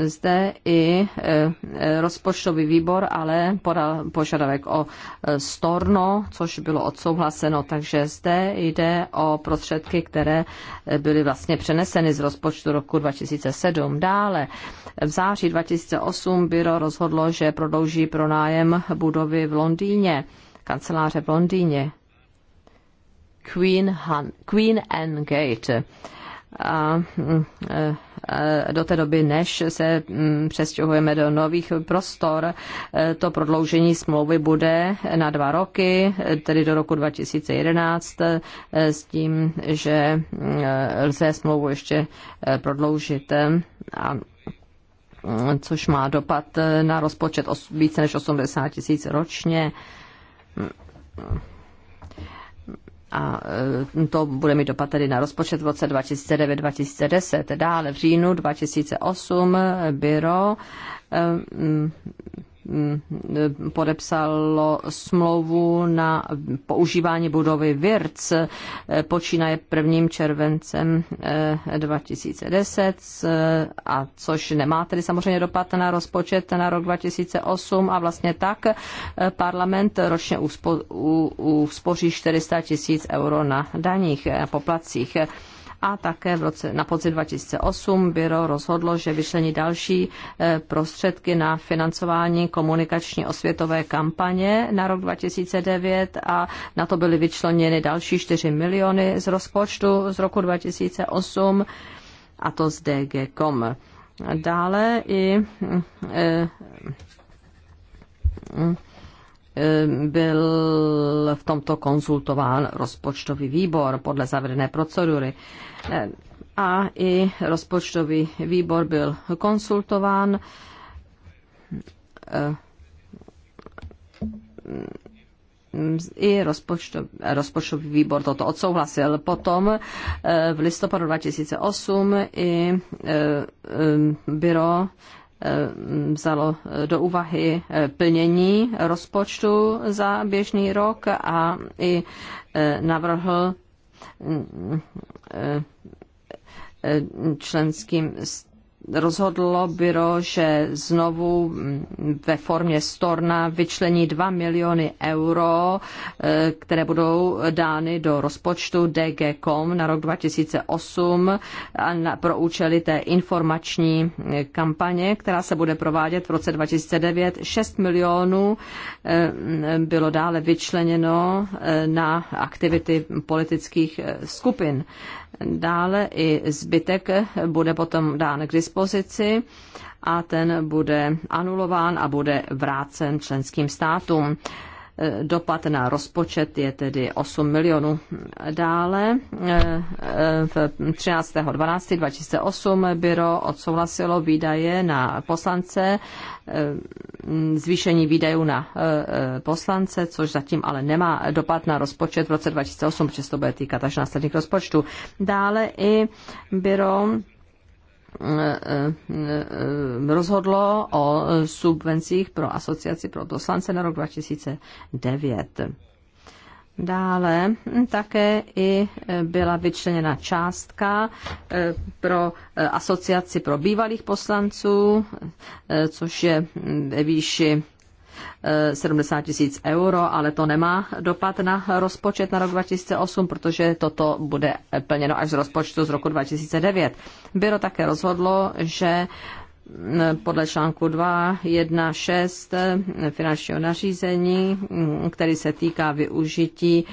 zde i e, e, rozpočtový výbor ale podal požadavek o e, storno, což bylo odsouhlaseno, takže zde jde o prostředky, které byly vlastně přeneseny z rozpočtu roku 2007. Dále v září 2008 byro rozhodlo, že prodlouží pronájem budovy v Londýně, kanceláře v Londýně. Queen, Han, Queen Anne Gate. A, mm, Eh, do té doby, než se mm, přestěhujeme do nových prostor. Eh, to prodloužení smlouvy bude na dva roky, eh, tedy do roku 2011, s tím, že lze smlouvu ještě prodloužit. A mm, což má dopad na rozpočet více než 80 tisíc ročně. Mm, a e, to bude mít dopad tedy na rozpočet v roce 2009-2010. Dále v říjnu 2008 e, byro e, Mm, podepsalo smlouvu na používání budovy Virc. Eh, počínaje 1. červencem 2010, eh, a což nemá tedy samozřejmě dopad na rozpočet na rok 2008 a vlastně tak eh, parlament ročně uspoří 400 tisíc euro na daních a poplacích a také v roce, na podzim 2008 byro rozhodlo, že vyšlení další eh, prostředky na financování komunikační osvětové kampaně na rok 2009 a na to byly vyčleněny další 4 miliony z rozpočtu z roku 2008 a to z DG.com. Dále i e, e, Ehm, byl v tomto konzultován rozpočtový výbor podle zavedené procedury. Ehm, a i rozpočtový výbor byl konsultován ehm, i rozpočtový, rozpočtový výbor toto odsouhlasil. Potom v listopadu 2008 i byro Eh, vzalo do úvahy eh, plnění rozpočtu za běžný rok a i eh, navrhl mm, mm, členským rozhodlo byro, že znovu ve formě storna vyčlení 2 miliony euro, eh, které budou dány do rozpočtu DG.com na rok 2008 pro účely té informační eh, kampaně, která se bude provádět v roce 2009. 6 milionů eh, bylo dále vyčleněno na aktivity politických skupin. Dále i zbytek bude potom dán k dispozici a ten bude anulován a bude vrácen členským státům. Dopad na rozpočet je tedy 8 milionů. Dále eh, eh, v 13.12.2008 byro odsouhlasilo výdaje na poslance, eh, zvýšení výdajů na poslance, což zatím ale nemá dopad na rozpočet v roce 2008, přesto bude týkat až následných rozpočtů. Dále i byro Eh, eh, rozhodlo o subvencích pro asociaci pro poslance na rok 2009. Dále také i byla vyčleněna částka eh, pro asociaci pro bývalých poslanců, což je ve výši 70 eh, tisíc euro, ale to nemá dopad na rozpočet na rok 2008, protože toto bude plněno až z rozpočtu z roku 2009. Byro také rozhodlo, že eh, podle článku 2.1.6 eh, finančního nařízení, mm, který se týká využití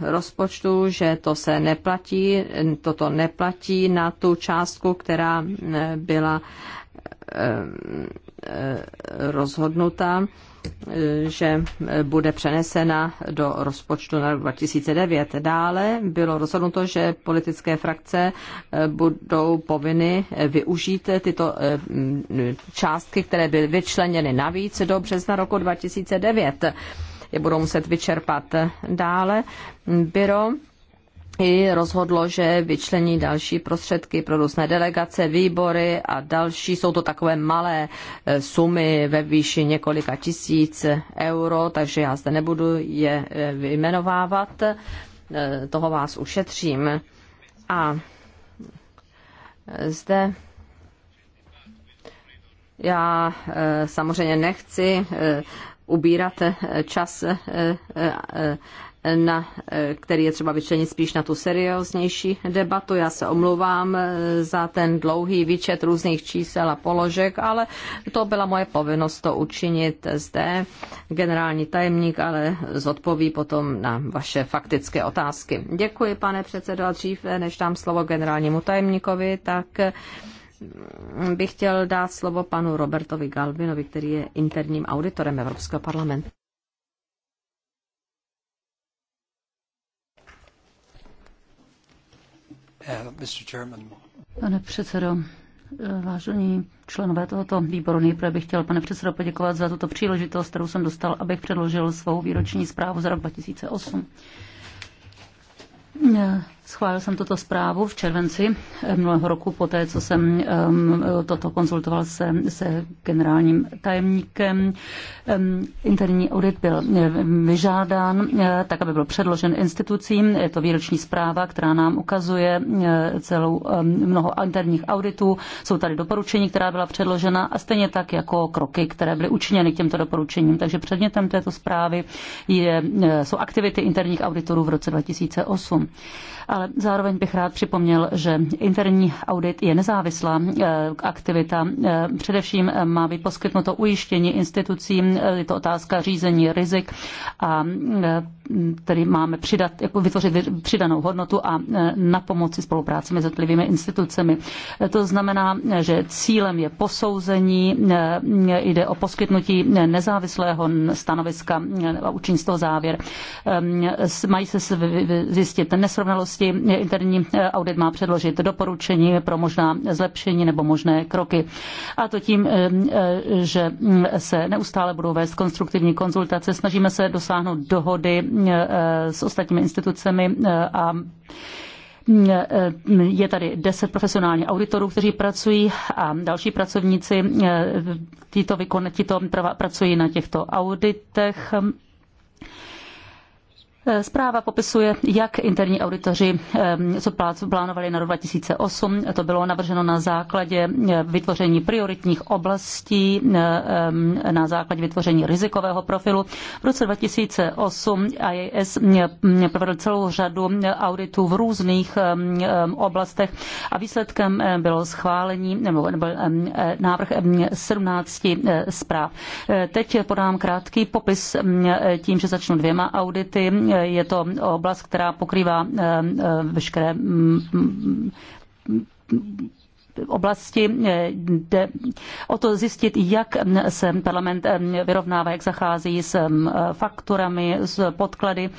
rozpočtu, že to se neplatí, toto neplatí na tu částku, která byla rozhodnuta, že bude přenesena do rozpočtu na rok 2009. Dále bylo rozhodnuto, že politické frakce budou povinny využít tyto eh, částky, které byly vyčleněny navíc do března roku 2009. Je budou muset vyčerpat dále. Byro i rozhodlo, že vyčlení další prostředky pro různé delegace, výbory a další. Jsou to takové malé e, sumy ve výši několika tisíc euro, takže já zde nebudu je e, vyjmenovávat, e, toho vás ušetřím. A zde já samozřejmě nechci ubírat čas na, eh, který je třeba vyčlenit spíš na tu serióznější debatu. Já se omluvám eh, za ten dlouhý výčet různých čísel a položek, ale to byla moje povinnost to učinit zde. Generální tajemník ale zodpoví potom na vaše faktické otázky. Děkuji, pane předsedo, a dřív než dám slovo generálnímu tajemníkovi, tak eh, bych chtěl dát slovo panu Robertovi Galvinovi, který je interním auditorem Evropského parlamentu. Uh, pane předsedo, uh, vážení členové tohoto výboru, nejprve bych chtěl, pane předsedo, poděkovat za tuto příležitost, kterou jsem dostal, abych předložil svou výroční zprávu za rok 2008. Schválil jsem tuto zprávu v červenci eh, minulého roku, po té, co jsem um, toto konzultoval se, se generálním tajemníkem. Um, interní audit byl eh, vyžádán, uh, tak aby byl předložen institucím. Je to výroční zpráva, která nám ukazuje uh, celou um, mnoho interních auditů. Jsou tady doporučení, která byla předložena a stejně tak jako kroky, které byly učiněny k těmto doporučením. Takže předmětem této zprávy je, jsou aktivity interních auditorů v roce 2008 ale zároveň bych rád připomněl, že interní audit je nezávislá eh, aktivita. Eh, především eh, má být poskytnuto ujištění institucím, je to otázka řízení rizik a tedy máme přidat, jako vytvořit přidanou hodnotu a e, na pomoci spolupráci mezi jednotlivými institucemi. E, to znamená, že cílem je posouzení, e, jde o poskytnutí nezávislého stanoviska a učin z toho závěr. Mají se zjistit nesrovnalosti, interní audit má předložit doporučení pro možná zlepšení nebo možné kroky. A to tím, že se neustále budou vést konstruktivní konzultace, snažíme se dosáhnout dohody Eh, s ostatními institucemi eh, a mm, eh, je tady deset profesionálních auditorů, kteří pracují a další pracovníci, tito, vykon, tito pracují na těchto auditech Eh, zpráva popisuje, jak interní auditoři eh, co plánovali na rok 2008. To bylo navrženo na základě eh, vytvoření prioritních oblastí, na základě vytvoření rizikového profilu. V roce 2008 IAS provedl celou řadu auditů v různých oblastech a výsledkem bylo schválení nebo návrh 17 zpráv. Teď podám krátký popis tím, že začnu dvěma audity je to oblast, která pokrývá eh, eh, veškeré mm, mm, oblasti eh, jde o to zjistit, jak se parlament vyrovnává, jak zachází s fakturami, s podklady.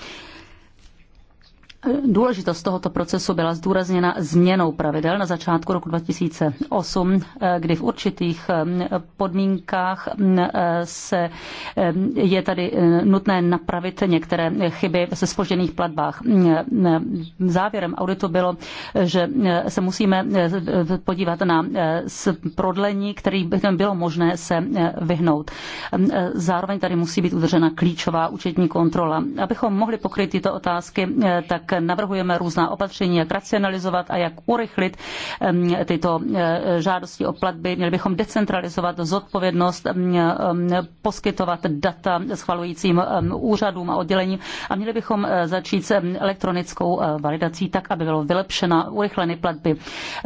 Důležitost tohoto procesu byla zdůrazněna změnou pravidel na začátku roku 2008, kdy v určitých eh, podmínkách mm, eh, se eh, je tady nutné napravit některé chyby se spožděných platbách. Mm, závěrem auditu bylo, že se musíme podívat na prodlení, který by bylo možné se vyhnout. Mm, zároveň tady musí být udržena klíčová účetní kontrola. Abychom mohli pokryt tyto otázky, tak navrhujeme různá opatření, jak racionalizovat a jak urychlit tyto eh, žádosti o platby. Měli bychom decentralizovat zodpovědnost, poskytovat data schvalujícím úřadům a oddělením a měli bychom eh, začít s elektronickou eh, validací tak, aby bylo vylepšena urychleny platby.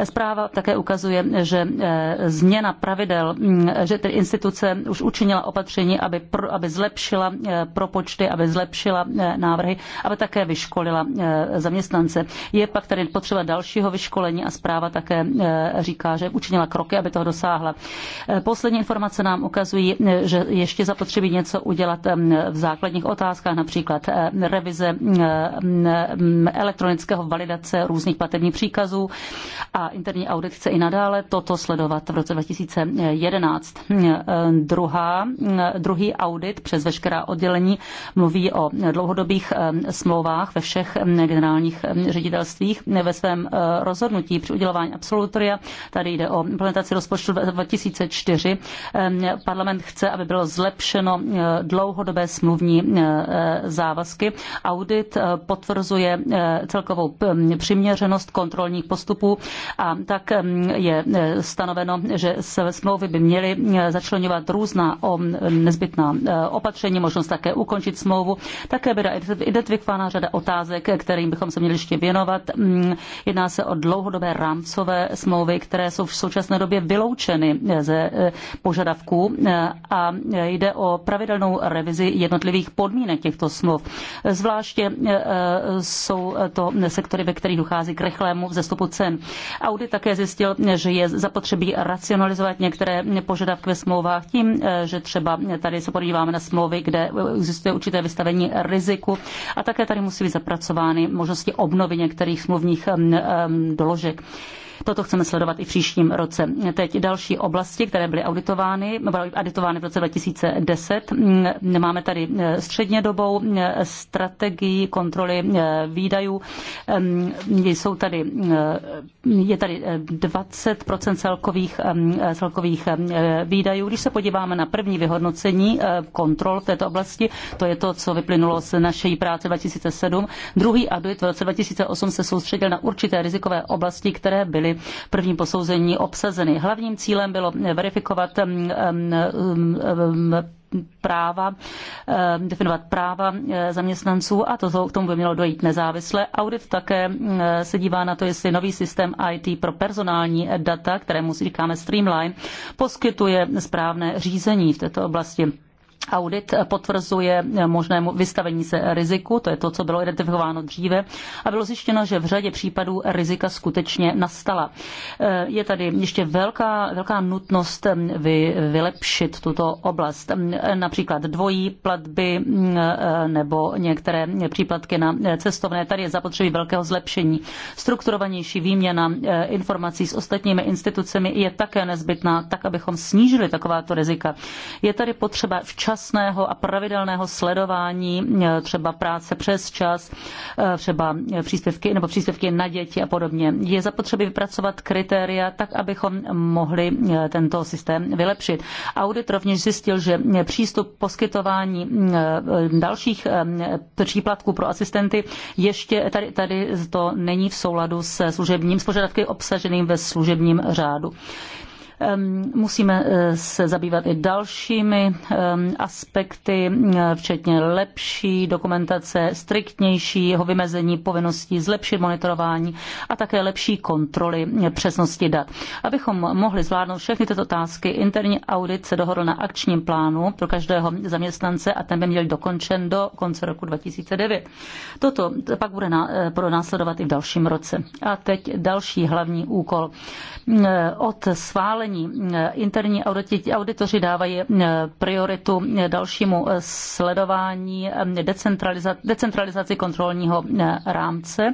Zpráva také ukazuje, že změna pravidel, mm, že ty instituce už učinila opatření, aby, pro, aby zlepšila propočty, aby zlepšila návrhy, aby také vyškolila Eh, zaměstnance. Je pak tady potřeba dalšího vyškolení a zpráva také eh, říká, že učinila kroky, aby toho dosáhla. Eh, poslední informace nám ukazují, že ještě zapotřebí něco udělat v základních otázkách, například revize elektronického validace různých platebních příkazů a interní audit chce i nadále toto sledovat v roce 2011. Druhá, druhý audit přes veškerá oddělení mluví o dlouhodobých smlouvách ve všech generálních eh, ředitelstvích eh, ve svém eh, rozhodnutí při udělování absolutoria. Tady jde o implementaci rozpočtu 2004. Ehm, parlament chce, aby bylo zlepšeno dlouhodobé smluvní závazky. Audit potvrzuje celkovou ehm, přiměřenost kontrolních postupů a tak ehm, je stanoveno, že se smlouvy by měly začlenovat různá nezbytná opatření, možnost také ukončit smlouvu. Také byla identifikována řada otázek, které kterým bychom se měli ještě věnovat. Mm, jedná se o dlouhodobé rámcové smlouvy, které jsou v současné době vyloučeny eh, ze eh, požadavků eh, a jde o pravidelnou revizi jednotlivých podmínek těchto smluv. Zvláště jsou to sektory, ve kterých dochází k rychlému vzestupu cen. Audit také zjistil, že je zapotřebí racionalizovat některé požadavky ve smlouvách tím, že třeba tady se podíváme na smlouvy, kde existuje určité vystavení riziku a také tady musí být zapracovány možnosti obnovy některých smluvních doložek. Toto chceme sledovat i v příštím roce. Teď další oblasti, které byly auditovány, byly auditovány v roce 2010. Máme tady eh, středně dobou eh, strategii kontroly eh, výdajů. Ehm, jsou tady, je tady 20 celkových, ehm, celkových ehm, výdajů. Když se podíváme na první vyhodnocení kontrol v této oblasti, to je to, co vyplynulo z naší práce 2007. Druhý audit v roce 2008 se soustředil na určité rizikové oblasti, které byly byly první posouzení obsazeny. Hlavním cílem bylo verifikovat um, um, um, práva, eh, definovat práva eh, zaměstnanců a to, k tomu by mělo dojít nezávisle. Audit také eh, se dívá na to, jestli nový systém IT pro personální data, kterému říkáme Streamline, poskytuje správné řízení v této oblasti. Audit potvrzuje možnému vystavení se riziku, to je to, co bylo identifikováno dříve, a bylo zjištěno, že v řadě případů rizika skutečně nastala. Eh, je tady ještě velká, velká nutnost mm, vy, vylepšit tuto oblast, mm, například dvojí platby mm, eh, nebo některé příplatky na eh, cestovné. Tady je zapotřebí velkého zlepšení. Strukturovanější výměna informací s ostatními institucemi je také nezbytná, tak abychom snížili takováto rizika. Je tady potřeba včas včasného a pravidelného sledování eh, třeba práce přes čas, eh, třeba příspěvky nebo příspěvky na děti a podobně. Je zapotřebí vypracovat kritéria tak, abychom mohli eh, tento systém vylepšit. Audit rovněž zjistil, že přístup poskytování dalších příplatků pro asistenty ještě tady, tady to není v souladu se služebním, s požadavky obsaženým ve služebním řádu. Musíme eh, se zabývat i dalšími aspekty, eh, včetně lepší dokumentace, striktnějšího vymezení povinností, zlepšit monitorování a také lepší kontroly eh, přesnosti dat. Abychom mohli zvládnout všechny tyto otázky, interní audit se dohodl na akčním plánu pro každého zaměstnance a ten by měl dokončen do konce roku 2009. Toto pak bude na, pro následovat i v dalším roce. A teď další hlavní úkol. Od sválení sdělení interní auditoři dávají eh, prioritu eh, dalšímu eh, sledování decentralizaci kontrolního rámce.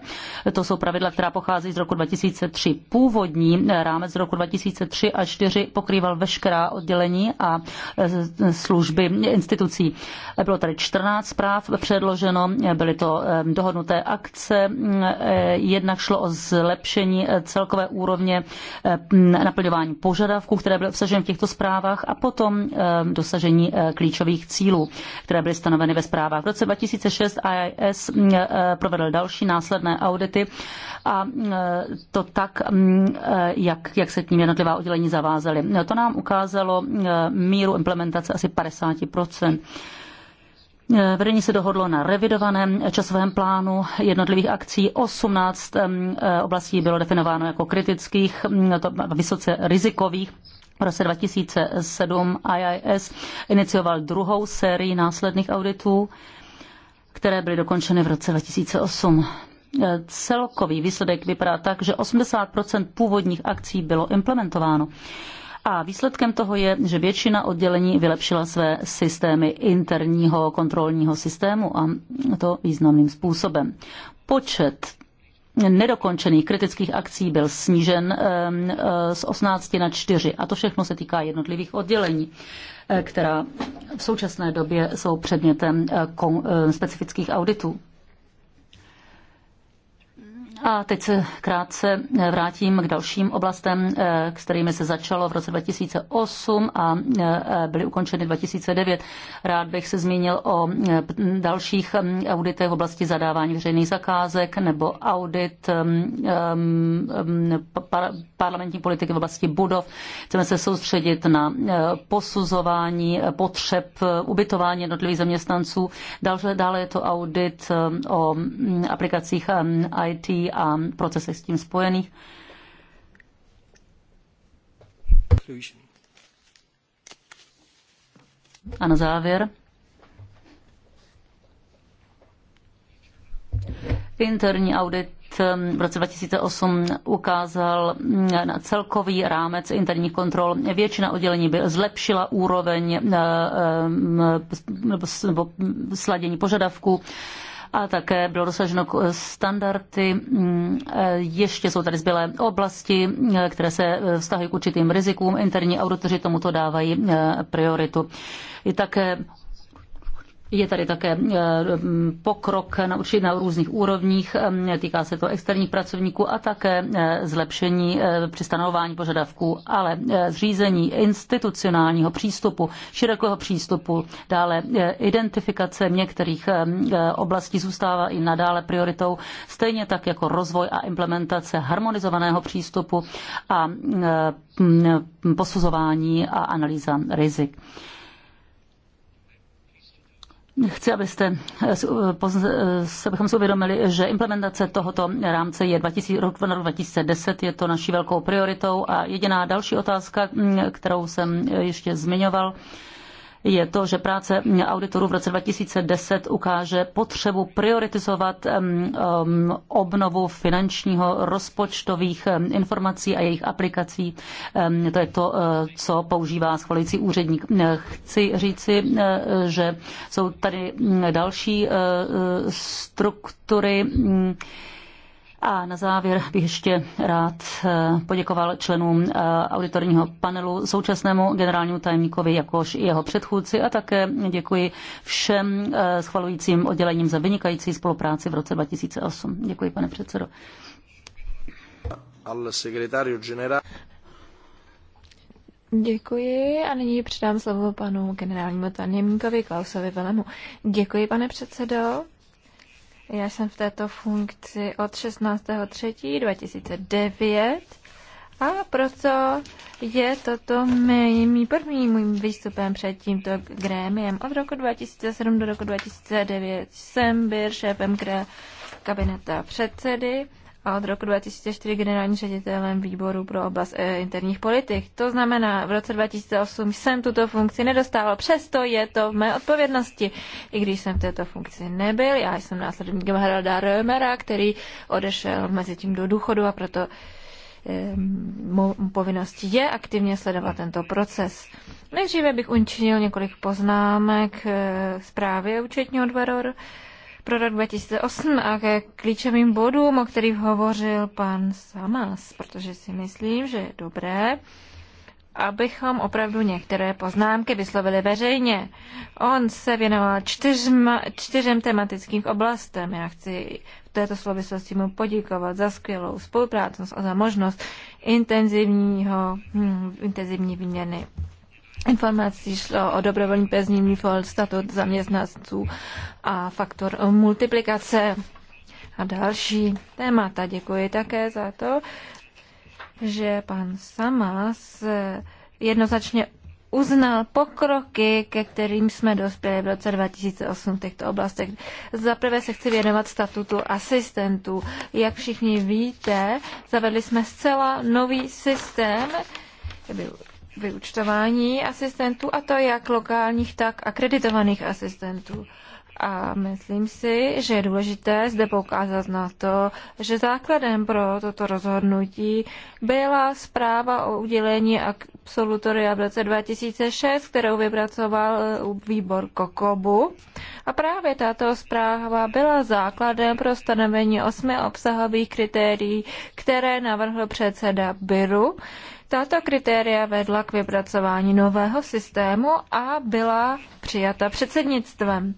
To jsou pravidla, která pochází z roku 2003. Původní rámec z roku 2003 a 4 pokrýval veškerá oddělení a služby institucí. Bylo tady 14 zpráv předloženo, byly to dohodnuté akce, jednak šlo o zlepšení celkové úrovně naplňování požadavků požadavků, které byly obsaženy v těchto zprávách a potom eh, dosažení eh, klíčových cílů, které byly stanoveny ve zprávách. V roce 2006 IIS mm, eh, provedl další následné audity a to tak, mm, jak, jak se tím jednotlivá oddělení zavázely. No, to nám ukázalo míru implementace asi 50 Eh, vedení se dohodlo na revidovaném časovém plánu jednotlivých akcí. 18 eh, oblastí bylo definováno jako kritických, mm, vysoce rizikových. V roce 2007 IIS inicioval druhou sérii následných auditů, které byly dokončeny v roce 2008. Eh, celkový výsledek vypadá tak, že 80 původních akcí bylo implementováno. A výsledkem toho je, že většina oddělení vylepšila své systémy interního kontrolního systému a to významným způsobem. Počet nedokončených kritických akcí byl snížen eh, eh, z 18 na 4 a to všechno se týká jednotlivých oddělení eh, která v současné době jsou předmětem specifických auditů. A teď se krátce vrátím k dalším oblastem, eh, s kterými se začalo v roce 2008 a eh, byly ukončeny 2009. Rád bych se zmínil o eh, dalších auditech v oblasti zadávání veřejných zakázek nebo audit parlamentní politiky v oblasti budov. Chceme se soustředit na posuzování potřeb ubytování jednotlivých zaměstnanců. Dále je to audit o hm, aplikacích IT a procesech s tím spojených. A na závěr. Interní audit um, v roce 2008 ukázal um, na celkový rámec interních kontrol. Většina oddělení by zlepšila úroveň uh, um, sladění požadavků a také bylo dosaženo standardy. Mm, e, ještě jsou tady zbylé oblasti, e, které se e, vztahují k určitým rizikům. Interní auditoři tomuto dávají prioritu. Je také je tady také eh, pokrok na, určitě na různých úrovních, eh, týká se to externích pracovníků a také eh, zlepšení při stanovování požadavků, ale zřízení institucionálního přístupu, širokého přístupu, dále identifikace některých oblastí zůstává i nadále prioritou, stejně tak jako rozvoj a implementace harmonizovaného přístupu a posuzování a analýza rizik. Chci, abyste, eh, se eh, eh, bychom si uvědomili, že implementace tohoto rámce je 2000, rok 2010, je to naší velkou prioritou a jediná další otázka, mm, kterou jsem ještě zmiňoval, je to, že práce auditorů v roce 2010 ukáže potřebu prioritizovat obnovu finančního rozpočtových informací a jejich aplikací. To je to, e, co používá schvalující úředník. E, chci říci, e, že jsou tady další struktury, a na závěr bych ještě rád eh, poděkoval členům eh, auditorního panelu, současnému generálnímu tajemníkovi, jakož i jeho předchůdci a také děkuji všem eh, schvalujícím oddělením za vynikající spolupráci v roce 2008. Děkuji, pane předsedo. Děkuji a nyní předám slovo panu generálnímu tajemníkovi Klausovi Velemu. Děkuji, pane předsedo. Já jsem v této funkci od 16.3.2009 a proto je toto mým prvním mým výstupem před tímto grémiem. Od roku 2007 do roku 2009 jsem byl šéfem kabineta předsedy a od roku 2004 generálním ředitelem výboru pro oblast e, interních politik. To znamená, v roce 2008 jsem tuto funkci nedostával, přesto je to v mé odpovědnosti. I když jsem v této funkci nebyl, já jsem následníkem Haralda Römera, který odešel mezi tím do důchodu a proto e, mou povinností je aktivně sledovat tento proces. Nejdříve bych učinil několik poznámek e, zprávě účetního dvora pro rok 2008 a ke klíčovým bodům, o kterých hovořil pan Samas, protože si myslím, že je dobré, abychom opravdu některé poznámky vyslovili veřejně. On se věnoval čtyřma, čtyřem tematickým oblastem. Já chci v této souvislosti mu poděkovat za skvělou spolupráci a za možnost intenzivního, hm, intenzivní výměny informací šlo o dobrovolní pezní fol statut zaměstnanců a faktor multiplikace a další témata. Děkuji také za to, že pan Samas jednoznačně uznal pokroky, ke kterým jsme dospěli v roce 2008 v těchto oblastech. Zaprvé se chci věnovat statutu asistentů. Jak všichni víte, zavedli jsme zcela nový systém, byl vyučtování asistentů, a to jak lokálních, tak akreditovaných asistentů. A myslím si, že je důležité zde poukázat na to, že základem pro toto rozhodnutí byla zpráva o udělení absolutoria v roce 2006, kterou vypracoval e, výbor Kokobu. A právě tato zpráva byla základem pro stanovení osmi obsahových kritérií, které navrhl předseda Byru tato kritéria vedla k vypracování nového systému a byla přijata předsednictvem.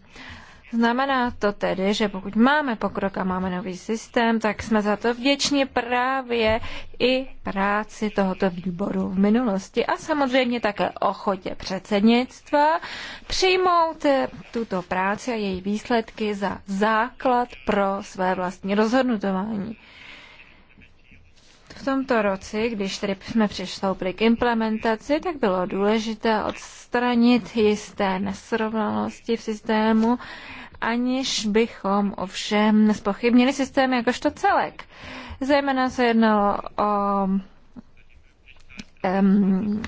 Znamená to tedy, že pokud máme pokrok a máme nový systém, tak jsme za to vděční právě i práci tohoto výboru v minulosti a samozřejmě také ochotě předsednictva přijmout tuto práci a její výsledky za základ pro své vlastní rozhodnutování. V tomto roce, když tedy jsme přistoupili k implementaci, tak bylo důležité odstranit jisté nesrovnalosti v systému, aniž bychom ovšem spochybnili systém jakožto celek. Zejména se jednalo o um,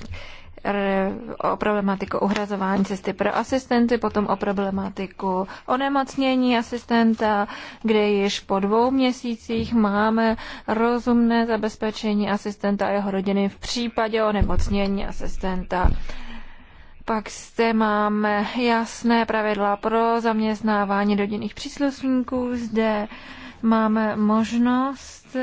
o problematiku uhrazování cesty pro asistenty, potom o problematiku onemocnění asistenta, kde již po dvou měsících máme rozumné zabezpečení asistenta a jeho rodiny v případě onemocnění asistenta. Pak zde máme jasné pravidla pro zaměstnávání rodinných příslušníků. Zde máme možnost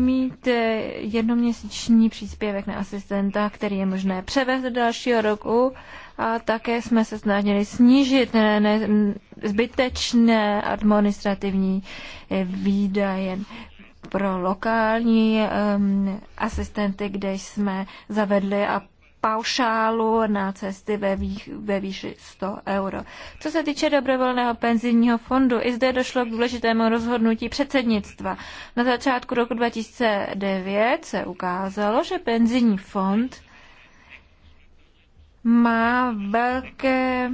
mít eh, jednoměsíční příspěvek na asistenta, který je možné převést do dalšího roku a také jsme se snažili snížit ne, eh, ne, zbytečné administrativní eh, výdaje pro lokální um, asistenty, kde jsme zavedli a paušálu na cesty ve, vý, ve výši 100 euro. Co se týče dobrovolného penzijního fondu, i zde došlo k důležitému rozhodnutí předsednictva. Na začátku roku 2009 se ukázalo, že penzijní fond má velké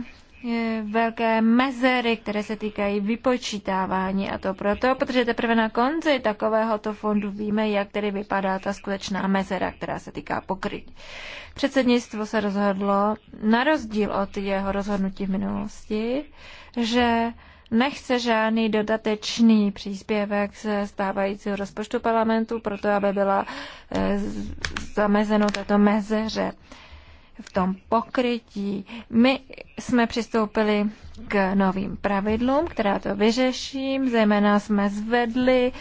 velké mezery, které se týkají vypočítávání a to proto, protože teprve na konci takovéhoto fondu víme, jak tedy vypadá ta skutečná mezera, která se týká pokrytí. Předsednictvo se rozhodlo, na rozdíl od jeho rozhodnutí v minulosti, že nechce žádný dodatečný příspěvek ze stávajícího rozpočtu parlamentu, proto aby byla eh, zamezeno tato mezeře v tom pokrytí. My jsme přistoupili k novým pravidlům, která to vyřeším. zejména jsme zvedli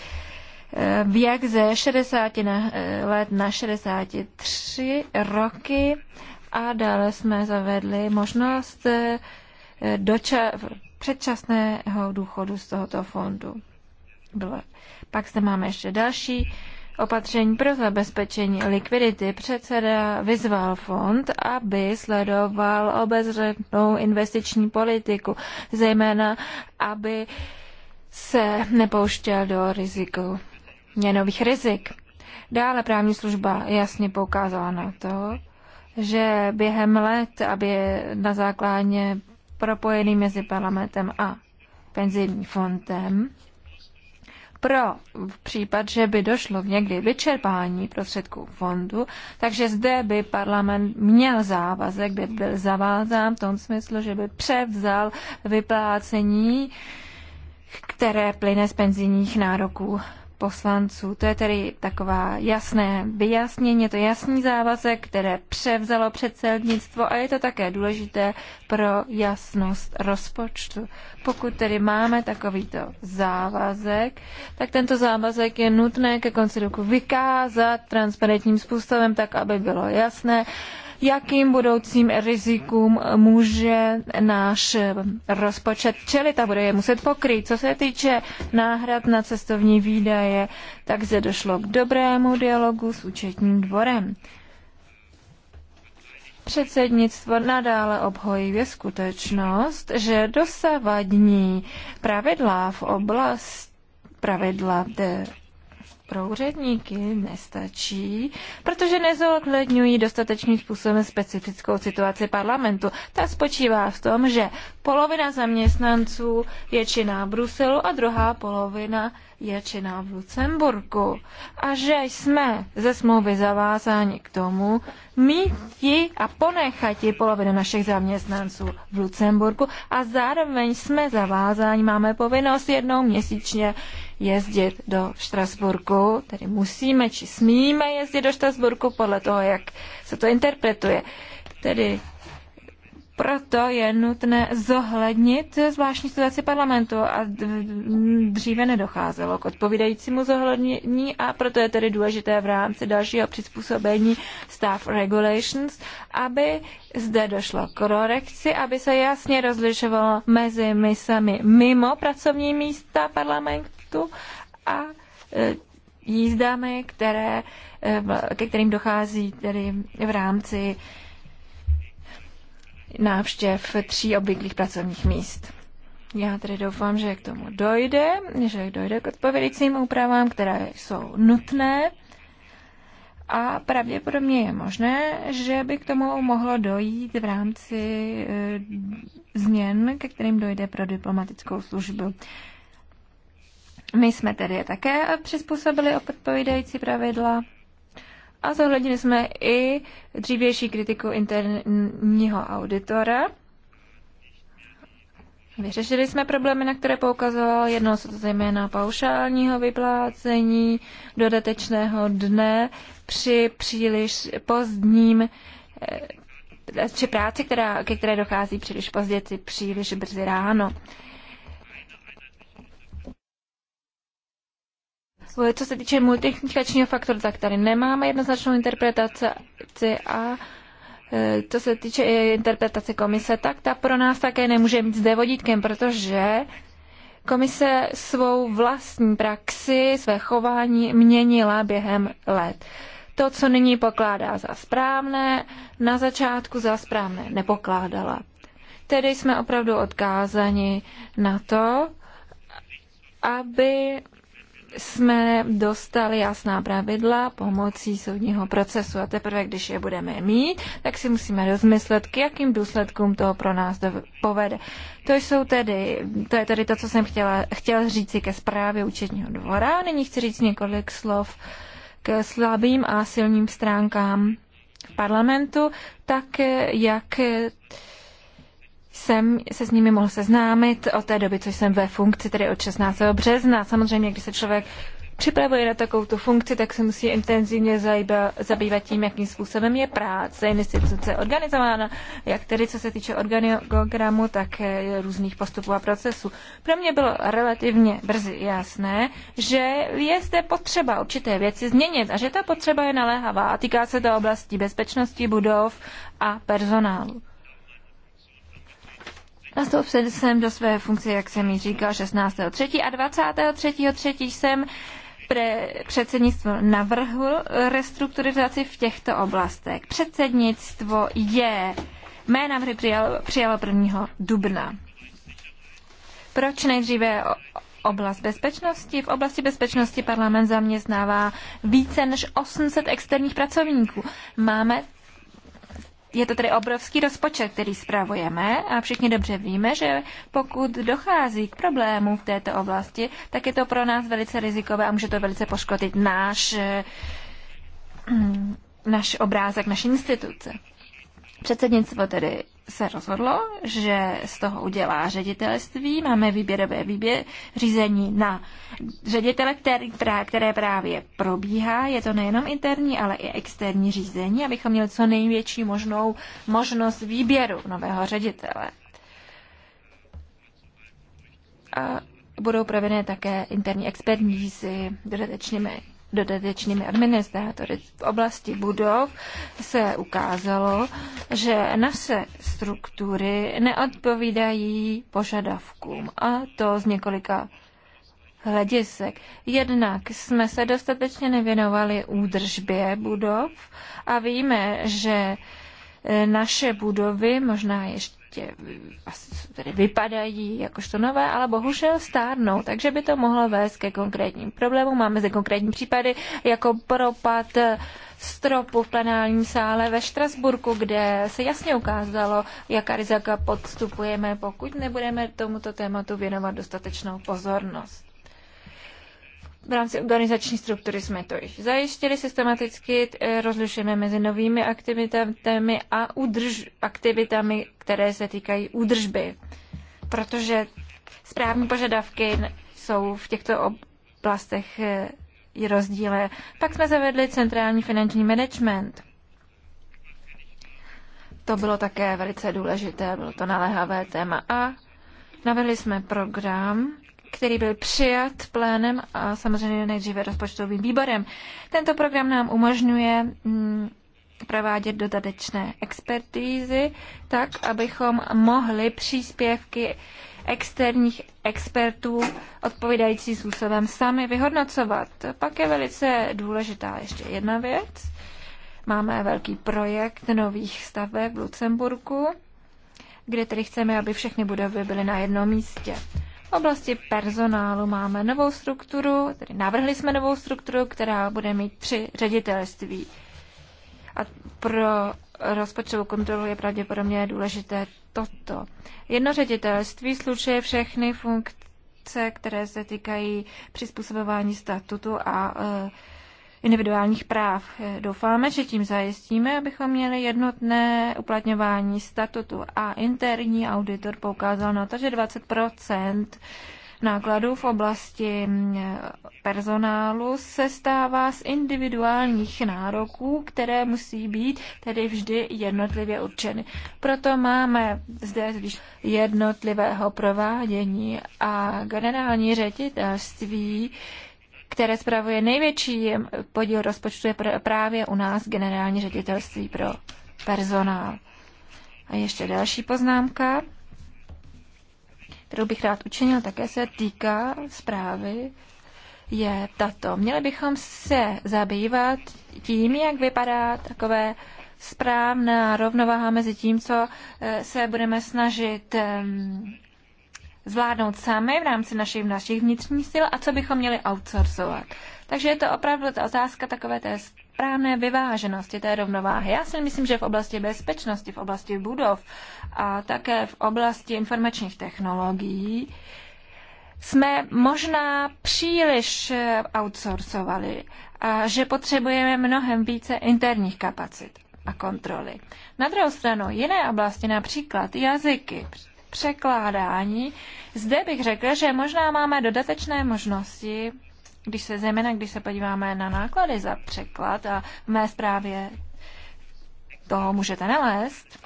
eh, věk ze 60 na, eh, let na 63 roky a dále jsme zavedli možnost eh, doča- předčasného důchodu z tohoto fondu. Bylo. Pak zde máme ještě další opatření pro zabezpečení likvidity předseda vyzval fond, aby sledoval obezřetnou investiční politiku, zejména aby se nepouštěl do riziku měnových rizik. Dále právní služba jasně poukázala na to, že během let, aby na základě propojený mezi parlamentem a penzijním fondem, pro v případ, že by došlo v někdy vyčerpání prostředků fondu, takže zde by parlament měl závazek, by byl zavázán v tom smyslu, že by převzal vyplácení, které plyne z penzijních nároků poslanců. To je tedy taková jasné vyjasnění, to jasný závazek, které převzalo předsednictvo a je to také důležité pro jasnost rozpočtu. Pokud tedy máme takovýto závazek, tak tento závazek je nutné ke konci roku vykázat transparentním způsobem, tak aby bylo jasné, jakým budoucím rizikům může náš rozpočet čelit a bude je muset pokrýt. Co se týče náhrad na cestovní výdaje, tak zde došlo k dobrému dialogu s účetním dvorem. Předsednictvo nadále obhojuje skutečnost, že dosavadní pravidla v oblasti pravidla pro úředníky nestačí, protože nezohledňují dostatečným způsobem specifickou situaci parlamentu. Ta spočívá v tom, že polovina zaměstnanců je činná v Bruselu a druhá polovina je činná v Lucemburku a že jsme ze smlouvy zavázáni k tomu mít, míti a ponechati polovinu našich zaměstnanců v Lucemburku a zároveň jsme zavázáni, máme povinnost jednou měsíčně jezdit do Štrasburku, tedy musíme či smíme jezdit do Štrasburku podle toho, jak se to interpretuje. Tedy proto je nutné zohlednit zvláštní situaci parlamentu a dříve nedocházelo k odpovídajícímu zohlednění a proto je tedy důležité v rámci dalšího přizpůsobení staff regulations, aby zde došlo k korekci, aby se jasně rozlišovalo mezi misemi mimo pracovní místa parlamentu a e, jízdami, které, e, ke kterým dochází tedy v rámci návštěv tří obvyklých pracovních míst. Já tedy doufám, že k tomu dojde, že dojde k odpovědícím úpravám, které jsou nutné a pravděpodobně je možné, že by k tomu mohlo dojít v rámci e, změn, ke kterým dojde pro diplomatickou službu. My jsme tedy také přizpůsobili odpovídající pravidla a zohlednili jsme i dřívější kritiku interního auditora. Vyřešili jsme problémy, na které poukazoval. jedno se to zejména paušálního vyplácení, dodatečného dne při příliš pozdním či eh, práci, která, ke které dochází příliš pozdě, příliš brzy ráno. Eh, co se týče multiplikačního faktoru, tak tady nemáme jednoznačnou interpretaci a eh, co se týče interpretace komise, tak ta pro nás také nemůže být zde vodítkem, protože komise svou vlastní praxi, své chování měnila během let. To, co nyní pokládá za správné, na začátku za správné nepokládala. Tedy jsme opravdu odkázani na to, aby jsme dostali jasná pravidla pomocí soudního procesu a teprve, když je budeme mít, tak si musíme rozmyslet, k jakým důsledkům toho pro nás povede. To jsou tedy, to je tedy to, co jsem chtěla, chtěla říct ke zprávě účetního dvora. Nyní chci říct několik slov k slabým a silným stránkám v parlamentu, tak jak jsem se s nimi mohl seznámit od té doby, co jsem ve funkci, tedy od 16. března. Samozřejmě, když se člověk připravuje na takovou tu funkci, tak se musí intenzivně zajíba, zabývat tím, jakým způsobem je práce instituce organizována, jak tedy co se týče organogramu, tak eh, různých postupů a procesů. Pro mě bylo relativně brzy jasné, že je zde potřeba určité věci změnit a že ta potřeba je naléhavá a týká se to oblasti bezpečnosti budov a personálu. Nastoupil jsem do své funkce, jak jsem ji říkal, 16.3. a 23.3. jsem pre, předsednictvo navrhl restrukturizaci v těchto oblastech. Předsednictvo je mé návrhy přijalo, přijalo 1. dubna. Proč nejdříve oblast bezpečnosti? V oblasti bezpečnosti parlament zaměstnává více než 800 externích pracovníků. Máme je to tedy obrovský rozpočet, který spravujeme a všichni dobře víme, že pokud dochází k problému v této oblasti, tak je to pro nás velice rizikové a může to velice poškodit náš, eh, náš obrázek, naše instituce. Předsednictvo tedy se rozhodlo, že z toho udělá ředitelství. Máme výběrové výběr, řízení na ředitele, který, které právě probíhá. Je to nejenom interní, ale i externí řízení, abychom měli co největší možnou možnost výběru nového ředitele. A budou provedené také interní expertízy dodatečnými dodatečnými administrátory. V oblasti budov se ukázalo, že naše struktury neodpovídají požadavkům a to z několika hledisek. Jednak jsme se dostatečně nevěnovali údržbě budov a víme, že e, naše budovy, možná ještě tě prostě tedy vypadají jakožto nové, ale bohužel stárnou, takže by to mohlo vést ke konkrétním problémům. Máme zde konkrétní případy jako propad stropu v plenálním sále ve Štrasburku, kde se jasně ukázalo, jaká rizika podstupujeme, pokud nebudeme tomuto tématu věnovat dostatečnou pozornost v rámci organizační struktury jsme to již zajistili systematicky e, rozlišujeme mezi novými aktivitami a udrž, aktivitami, které se týkají údržby, protože správní požadavky jsou v těchto oblastech e, i rozdíle. Pak jsme zavedli centrální finanční management. To bylo také velice důležité, bylo to naléhavé téma. A navedli jsme program, který byl přijat plénem a samozřejmě nejdříve rozpočtovým výborem. Tento program nám umožňuje mm, provádět dodatečné expertízy, tak abychom mohli příspěvky externích expertů odpovídající způsobem sami vyhodnocovat. Pak je velice důležitá ještě jedna věc. Máme velký projekt nových staveb v Lucemburku, kde tedy chceme, aby všechny budovy byly na jednom místě. V oblasti personálu máme novou strukturu, tedy navrhli jsme novou strukturu, která bude mít tři ředitelství. A pro rozpočtovou kontrolu je pravděpodobně důležité toto. Jedno ředitelství slučuje všechny funkce, které se týkají přizpůsobování statutu a e, individuálních práv. Doufáme, že tím zajistíme, abychom měli jednotné uplatňování statutu a interní auditor poukázal na to, že 20 nákladů v oblasti mm, personálu se stává z individuálních nároků, které musí být tedy vždy jednotlivě určeny. Proto máme zde jednotlivého provádění a generální ředitelství které spravuje největší podíl rozpočtu, je právě u nás generální ředitelství pro personál. A ještě další poznámka, kterou bych rád učinil, také se týká zprávy, je tato. Měli bychom se zabývat tím, jak vypadá takové správná rovnováha mezi tím, co eh, se budeme snažit zvládnout sami v rámci našich, našich vnitřních sil a co bychom měli outsourcovat. Takže je to opravdu ta otázka takové té správné vyváženosti, té rovnováhy. Já si myslím, že v oblasti bezpečnosti, v oblasti budov a také v oblasti informačních technologií jsme možná příliš eh, outsourcovali a že potřebujeme mnohem více interních kapacit a kontroly. Na druhou stranu jiné oblasti, například jazyky, překládání. Zde bych řekl, že možná máme dodatečné možnosti, když se zejména, když se podíváme na náklady za překlad a v mé zprávě toho můžete nalézt,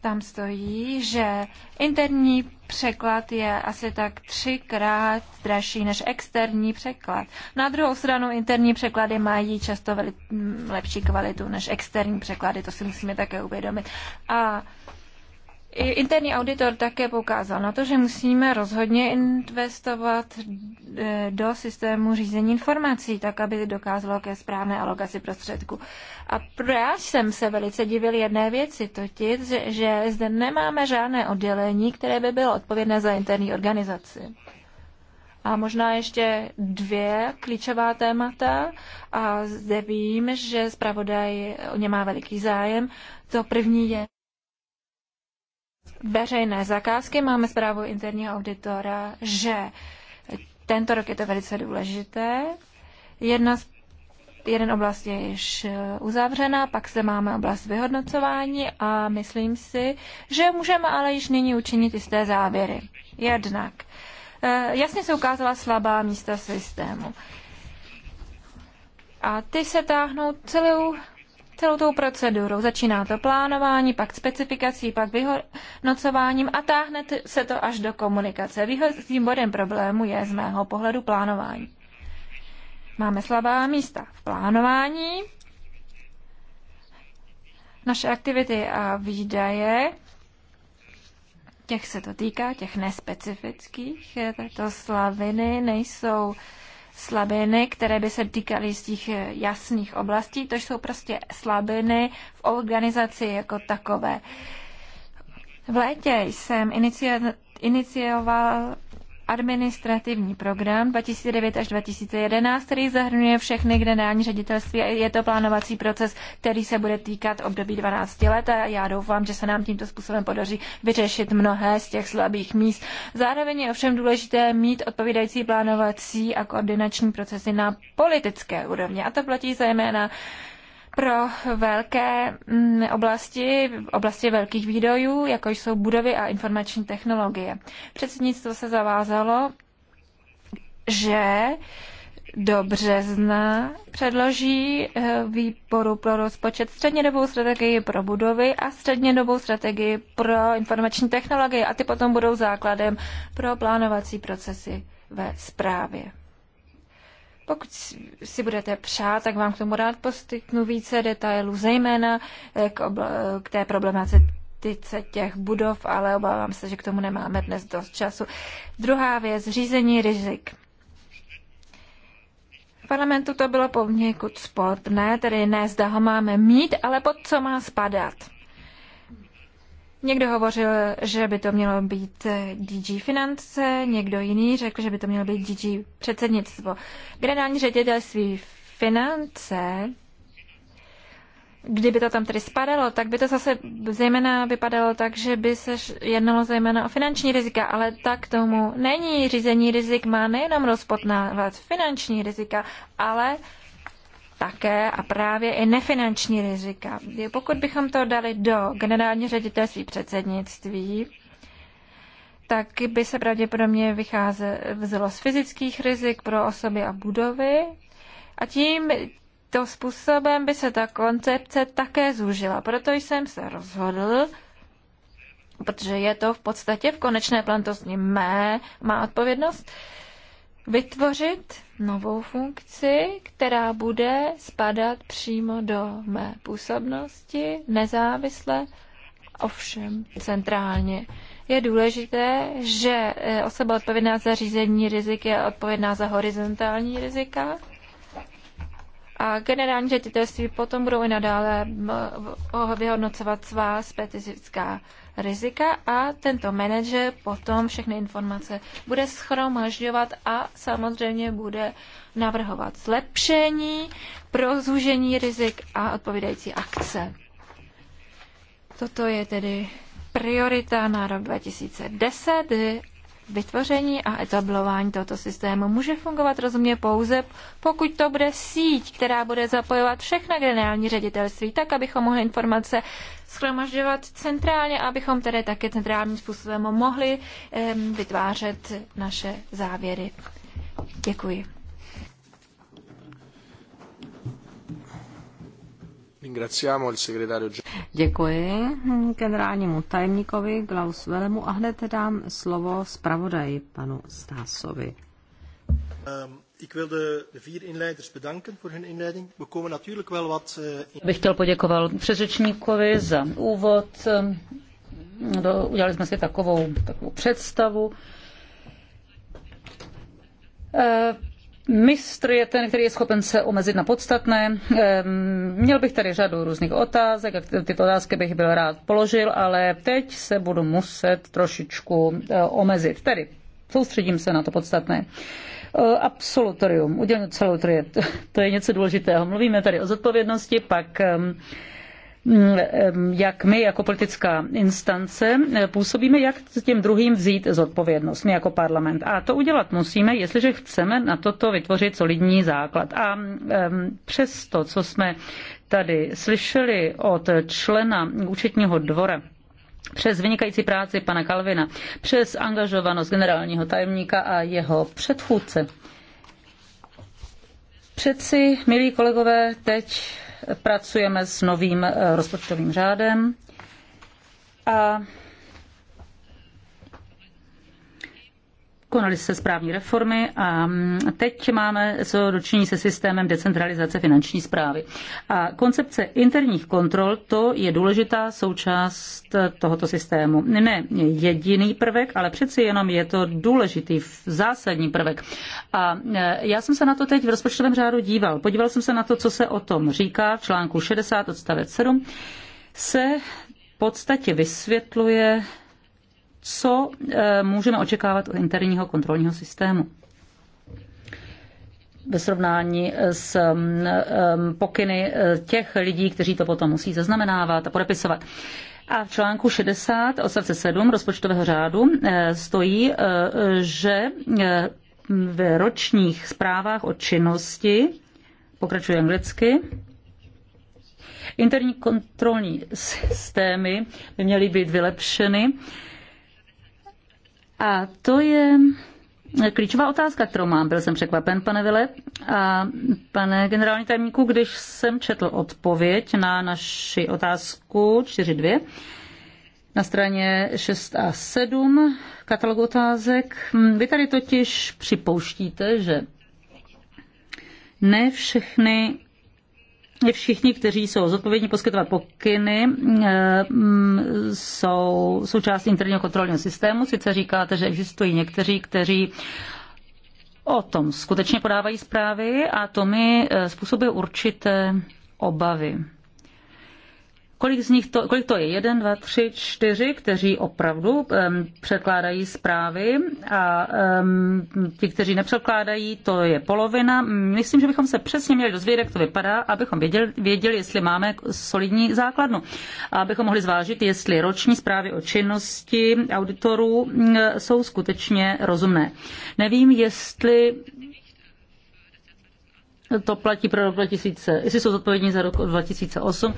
tam stojí, že interní překlad je asi tak třikrát dražší než externí překlad. Na druhou stranu interní překlady mají často lepší kvalitu než externí překlady, to si musíme také uvědomit. A Interní auditor také poukázal na to, že musíme rozhodně investovat eh, do systému řízení informací, tak aby dokázalo ke správné alokaci prostředků. A já jsem se velice divil jedné věci, totiž, že zde nemáme žádné oddělení, které by bylo odpovědné za interní organizaci. A možná ještě dvě klíčová témata. A zde vím, že zpravodaj o ně má veliký zájem. To první je veřejné zakázky. Máme zprávu interního auditora, že tento rok je to velice důležité. Jedna z jeden oblast je již eh, uzavřena, pak se máme oblast vyhodnocování a myslím si, že můžeme ale již nyní učinit jisté závěry. Jednak eh, jasně se ukázala slabá místa systému. A ty se táhnou celou celou tou procedurou. Začíná to plánování, pak specifikací, pak vyhodnocováním a táhne se to až do komunikace. Výhodným bodem problému je z mého pohledu plánování. Máme slabá místa v plánování, naše aktivity a výdaje, těch se to týká, těch nespecifických, eh, to slaviny nejsou slabiny, které by se týkaly z těch eh, jasných oblastí. To jsou prostě slabiny v organizaci jako takové. V létě jsem inicioval administrativní program 2009 až 2011, který zahrnuje všechny generální ředitelství. Je to plánovací proces, který se bude týkat období 12 let a já doufám, že se nám tímto způsobem podaří vyřešit mnohé z těch slabých míst. Zároveň je ovšem důležité mít odpovídající plánovací a koordinační procesy na politické úrovni. A to platí zejména pro velké mm, oblasti, oblasti velkých výdojů, jako jsou budovy a informační technologie. Předsednictvo se zavázalo, že do března předloží eh, výboru pro rozpočet střednědobou strategii pro budovy a střednědobou strategii pro informační technologie a ty potom budou základem pro plánovací procesy ve správě. Pokud si budete přát, tak vám k tomu rád postiknu více detailů, zejména eh, k, obla- eh, k té problematice těch budov, ale obávám se, že k tomu nemáme dnes dost času. Druhá věc, řízení rizik parlamentu to bylo poměrně sporné, tedy ne, zda ho máme mít, ale pod co má spadat. Někdo hovořil, že by to mělo být eh, DG finance, někdo jiný řekl, že by to mělo být DG předsednictvo. Generální ředitelství finance, kdyby to tam tedy spadalo, tak by to zase zejména vypadalo tak, že by se jednalo zejména o finanční rizika, ale tak tomu není. Řízení rizik má nejenom rozpotnávat finanční rizika, ale také a právě i nefinanční rizika. Pokud bychom to dali do generální ředitelství předsednictví, tak by se pravděpodobně vycházelo z fyzických rizik pro osoby a budovy a tím to způsobem by se ta koncepce také zúžila. Proto jsem se rozhodl, protože je to v podstatě v konečné plantosti mé, má odpovědnost, vytvořit novou funkci, která bude spadat přímo do mé působnosti, nezávisle, ovšem centrálně. Je důležité, že eh, osoba odpovědná za řízení rizik je odpovědná za horizontální rizika a generální ředitelství potom budou i nadále vyhodnocovat svá specifická rizika a tento manažer potom všechny informace bude schromažďovat a samozřejmě bude navrhovat zlepšení pro zúžení rizik a odpovídající akce. Toto je tedy priorita na rok 2010 Vytvoření a etablování tohoto systému může fungovat rozumně pouze, pokud to bude síť, která bude zapojovat všechna generální ředitelství, tak abychom mohli informace schromažďovat centrálně, abychom tedy také centrálním způsobem mohli um, vytvářet naše závěry. Děkuji. Děkuji generálnímu tajemníkovi Klaus Velemu a hned dám slovo zpravodaji panu Stásovi. Um. Bych chtěl poděkoval předřečníkovi za úvod. Ehm, do, udělali jsme si takovou, takovou představu. Ehm, Mistr je ten, který je schopen se omezit na podstatné. Měl bych tady řadu různých otázek a tyto otázky bych byl rád položil, ale teď se budu muset trošičku e, omezit. Tedy soustředím se na to podstatné. E, absolutorium, udělení absolutorie, to je něco důležitého. Mluvíme tady o zodpovědnosti, pak Mm, jak my jako politická instance eh, působíme, jak těm druhým vzít zodpovědnost, my jako parlament. A to udělat musíme, jestliže chceme na toto vytvořit solidní základ. A mm, přes to, co jsme tady slyšeli od člena účetního dvora, přes vynikající práci pana Kalvina, přes angažovanost generálního tajemníka a jeho předchůdce. Přeci, milí kolegové, teď pracujeme s novým eh, rozpočtovým řádem a konaly se správní reformy a mm, teď máme co dočinění se systémem decentralizace finanční zprávy. A koncepce interních kontrol, to je důležitá součást tohoto systému. Ne jediný prvek, ale přeci jenom je to důležitý zásadní prvek. A e, já jsem se na to teď v rozpočtovém řádu díval. Podíval jsem se na to, co se o tom říká v článku 60 odstavec 7 se v podstatě vysvětluje co eh, můžeme očekávat od interního kontrolního systému ve srovnání eh, s mm, eh, pokyny těch lidí, kteří to potom musí zaznamenávat a podepisovat. A v článku 60 odstavce 7 rozpočtového řádu stojí, že v ročních zprávách o činnosti, pokračuje anglicky, interní kontrolní systémy by měly být vylepšeny a to je klíčová otázka, kterou mám. Byl jsem překvapen, pane Vile. A pane generální tajemníku, když jsem četl odpověď na naši otázku 4.2, na straně 6 a 7 katalogu otázek. Hm, vy tady totiž připouštíte, že ne všechny Všichni, kteří jsou zodpovědní poskytovat pokyny, eh, mm, jsou součástí interního kontrolního systému. Sice říkáte, že existují někteří, kteří o tom skutečně podávají zprávy a to mi eh, způsobuje určité obavy. Kolik, z nich to, kolik to je? Jeden, dva, tři, čtyři, kteří opravdu um, překládají zprávy a um, ti, kteří nepřekládají, to je polovina. Myslím, že bychom se přesně měli dozvědět, jak to vypadá, abychom věděli, věděli jestli máme solidní základnu. A abychom mohli zvážit, jestli roční zprávy o činnosti auditorů jsou skutečně rozumné. Nevím, jestli to platí pro rok 2000, jestli jsou zodpovědní za rok 2008.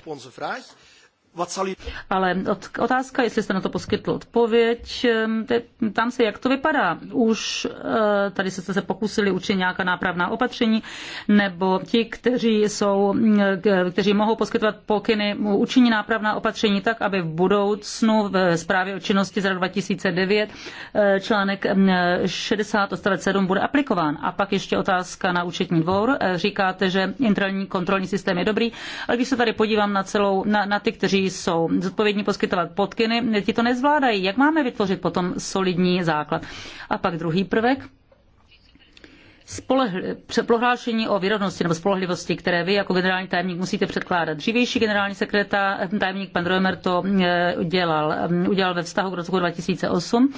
Ale otázka, jestli jste na to poskytl odpověď, ehm, tam se, jak to vypadá. Už eh, tady jste se pokusili učinit nějaká nápravná opatření, nebo ti, kteří, jsou, eh, kteří mohou poskytovat pokyny, učiní nápravná opatření tak, aby v budoucnu v zprávě o činnosti za rok 2009 článek 60 ehm, odstavec 7 bude aplikován. A pak ještě otázka na účetní dvor. Eh, říkáte, že interní kontrolní systém je dobrý, ale když se tady podívám na, celou, na, na ty, kteří kteří jsou zodpovědní poskytovat podkyny, ti to nezvládají. Jak máme vytvořit potom solidní základ? A pak druhý prvek, Spolehli, prohlášení o výrodnosti nebo spolehlivosti, které vy jako generální tajemník musíte předkládat. Dřívější generální sekretář, tajemník pan Roemer to e, dělal, e, udělal ve vztahu k roku 2008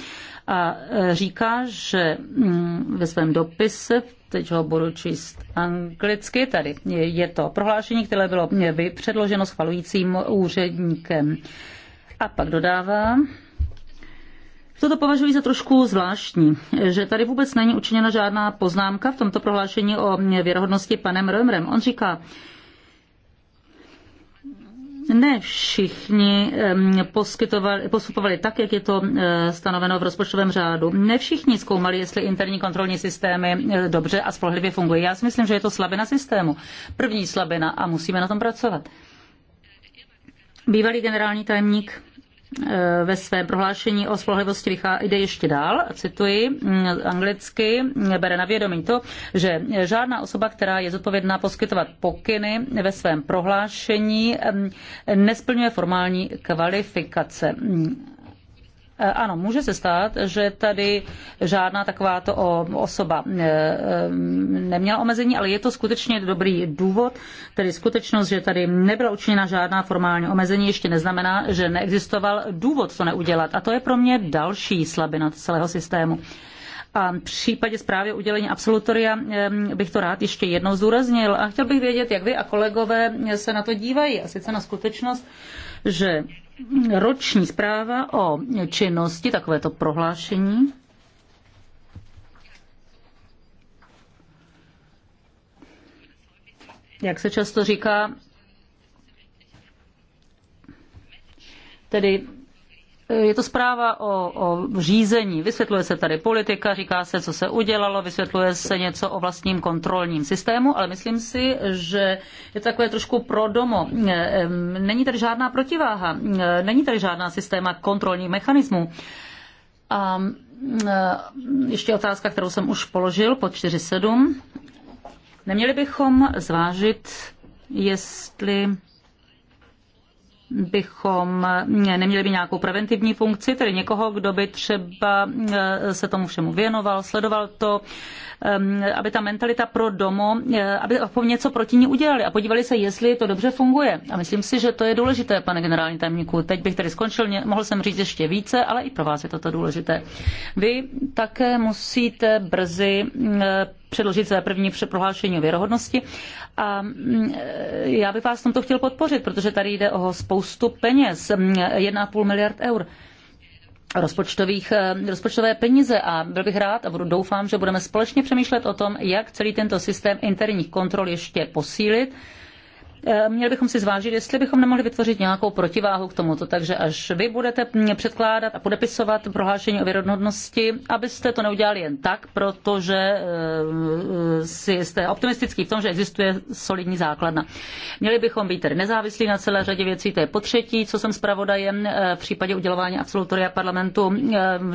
a e, říká, že mm, ve svém dopise teď ho budu číst anglicky, tady je to prohlášení, které bylo předloženo schvalujícím úředníkem. A pak dodává, Toto považuji za trošku zvláštní, že tady vůbec není učiněna žádná poznámka v tomto prohlášení o věrohodnosti panem Römerem. On říká, ne všichni postupovali tak, jak je to eh, stanoveno v rozpočtovém řádu. Ne všichni zkoumali, jestli interní kontrolní systémy eh, dobře a spolehlivě fungují. Já si myslím, že je to slabina systému. První slabina a musíme na tom pracovat. Bývalý generální tajemník Eh, ve svém prohlášení o spolehlivosti jde ještě dál, cituji mm, anglicky, bere na vědomí to, že žádná osoba, která je zodpovědná poskytovat pokyny ve svém prohlášení, mm, nesplňuje formální kvalifikace. Mm, Eh, ano, může se stát, že tady žádná takováto osoba eh, eh, neměla omezení, ale je to skutečně dobrý důvod, tedy skutečnost, že tady nebyla učiněna žádná formální omezení, ještě neznamená, že neexistoval důvod to neudělat. A to je pro mě další slabina celého systému. A v případě zprávy udělení absolutoria bych to rád ještě jednou zúraznil. a chtěl bych vědět, jak vy a kolegové se na to dívají, a sice na skutečnost, že roční zpráva o činnosti, takovéto prohlášení. Jak se často říká, tedy Eh, je to zpráva o, o řízení. Vysvětluje se tady politika, říká se, co se udělalo, vysvětluje se něco o vlastním kontrolním systému, ale myslím si, že je to takové trošku prodomo. Eh, není tady žádná protiváha, eh, není tady žádná systéma kontrolních mechanismů. A mm, ještě otázka, kterou jsem už položil po 4.7. Neměli bychom zvážit, jestli bychom neměli by nějakou preventivní funkci, tedy někoho, kdo by třeba eh, se tomu všemu věnoval, sledoval to, eh, aby ta mentalita pro domo, eh, aby něco proti ní udělali a podívali se, jestli to dobře funguje. A myslím si, že to je důležité, pane generální tajemníku. Teď bych tady skončil, mohl jsem říct ještě více, ale i pro vás je toto důležité. Vy také musíte brzy předložit své první prohlášení o věrohodnosti a mm, e, já bych vás v tomto chtěl podpořit, protože tady jde o spoustu peněz, 1,5 mm, miliard eur rozpočtových, e, rozpočtové peníze a byl bych rád a budu doufám, že budeme společně přemýšlet o tom, jak celý tento systém interních kontrol ještě posílit Eh, měli bychom si zvážit, jestli bychom nemohli vytvořit nějakou protiváhu k tomuto. Takže až vy budete mm, předkládat a podepisovat prohlášení o věrohodnosti, abyste to neudělali jen tak, protože eh, eh, si jste optimistický v tom, že existuje solidní základna. Měli bychom být tedy nezávislí na celé řadě věcí. To je potřetí, co jsem zpravodajem v případě udělování absolutoria parlamentu.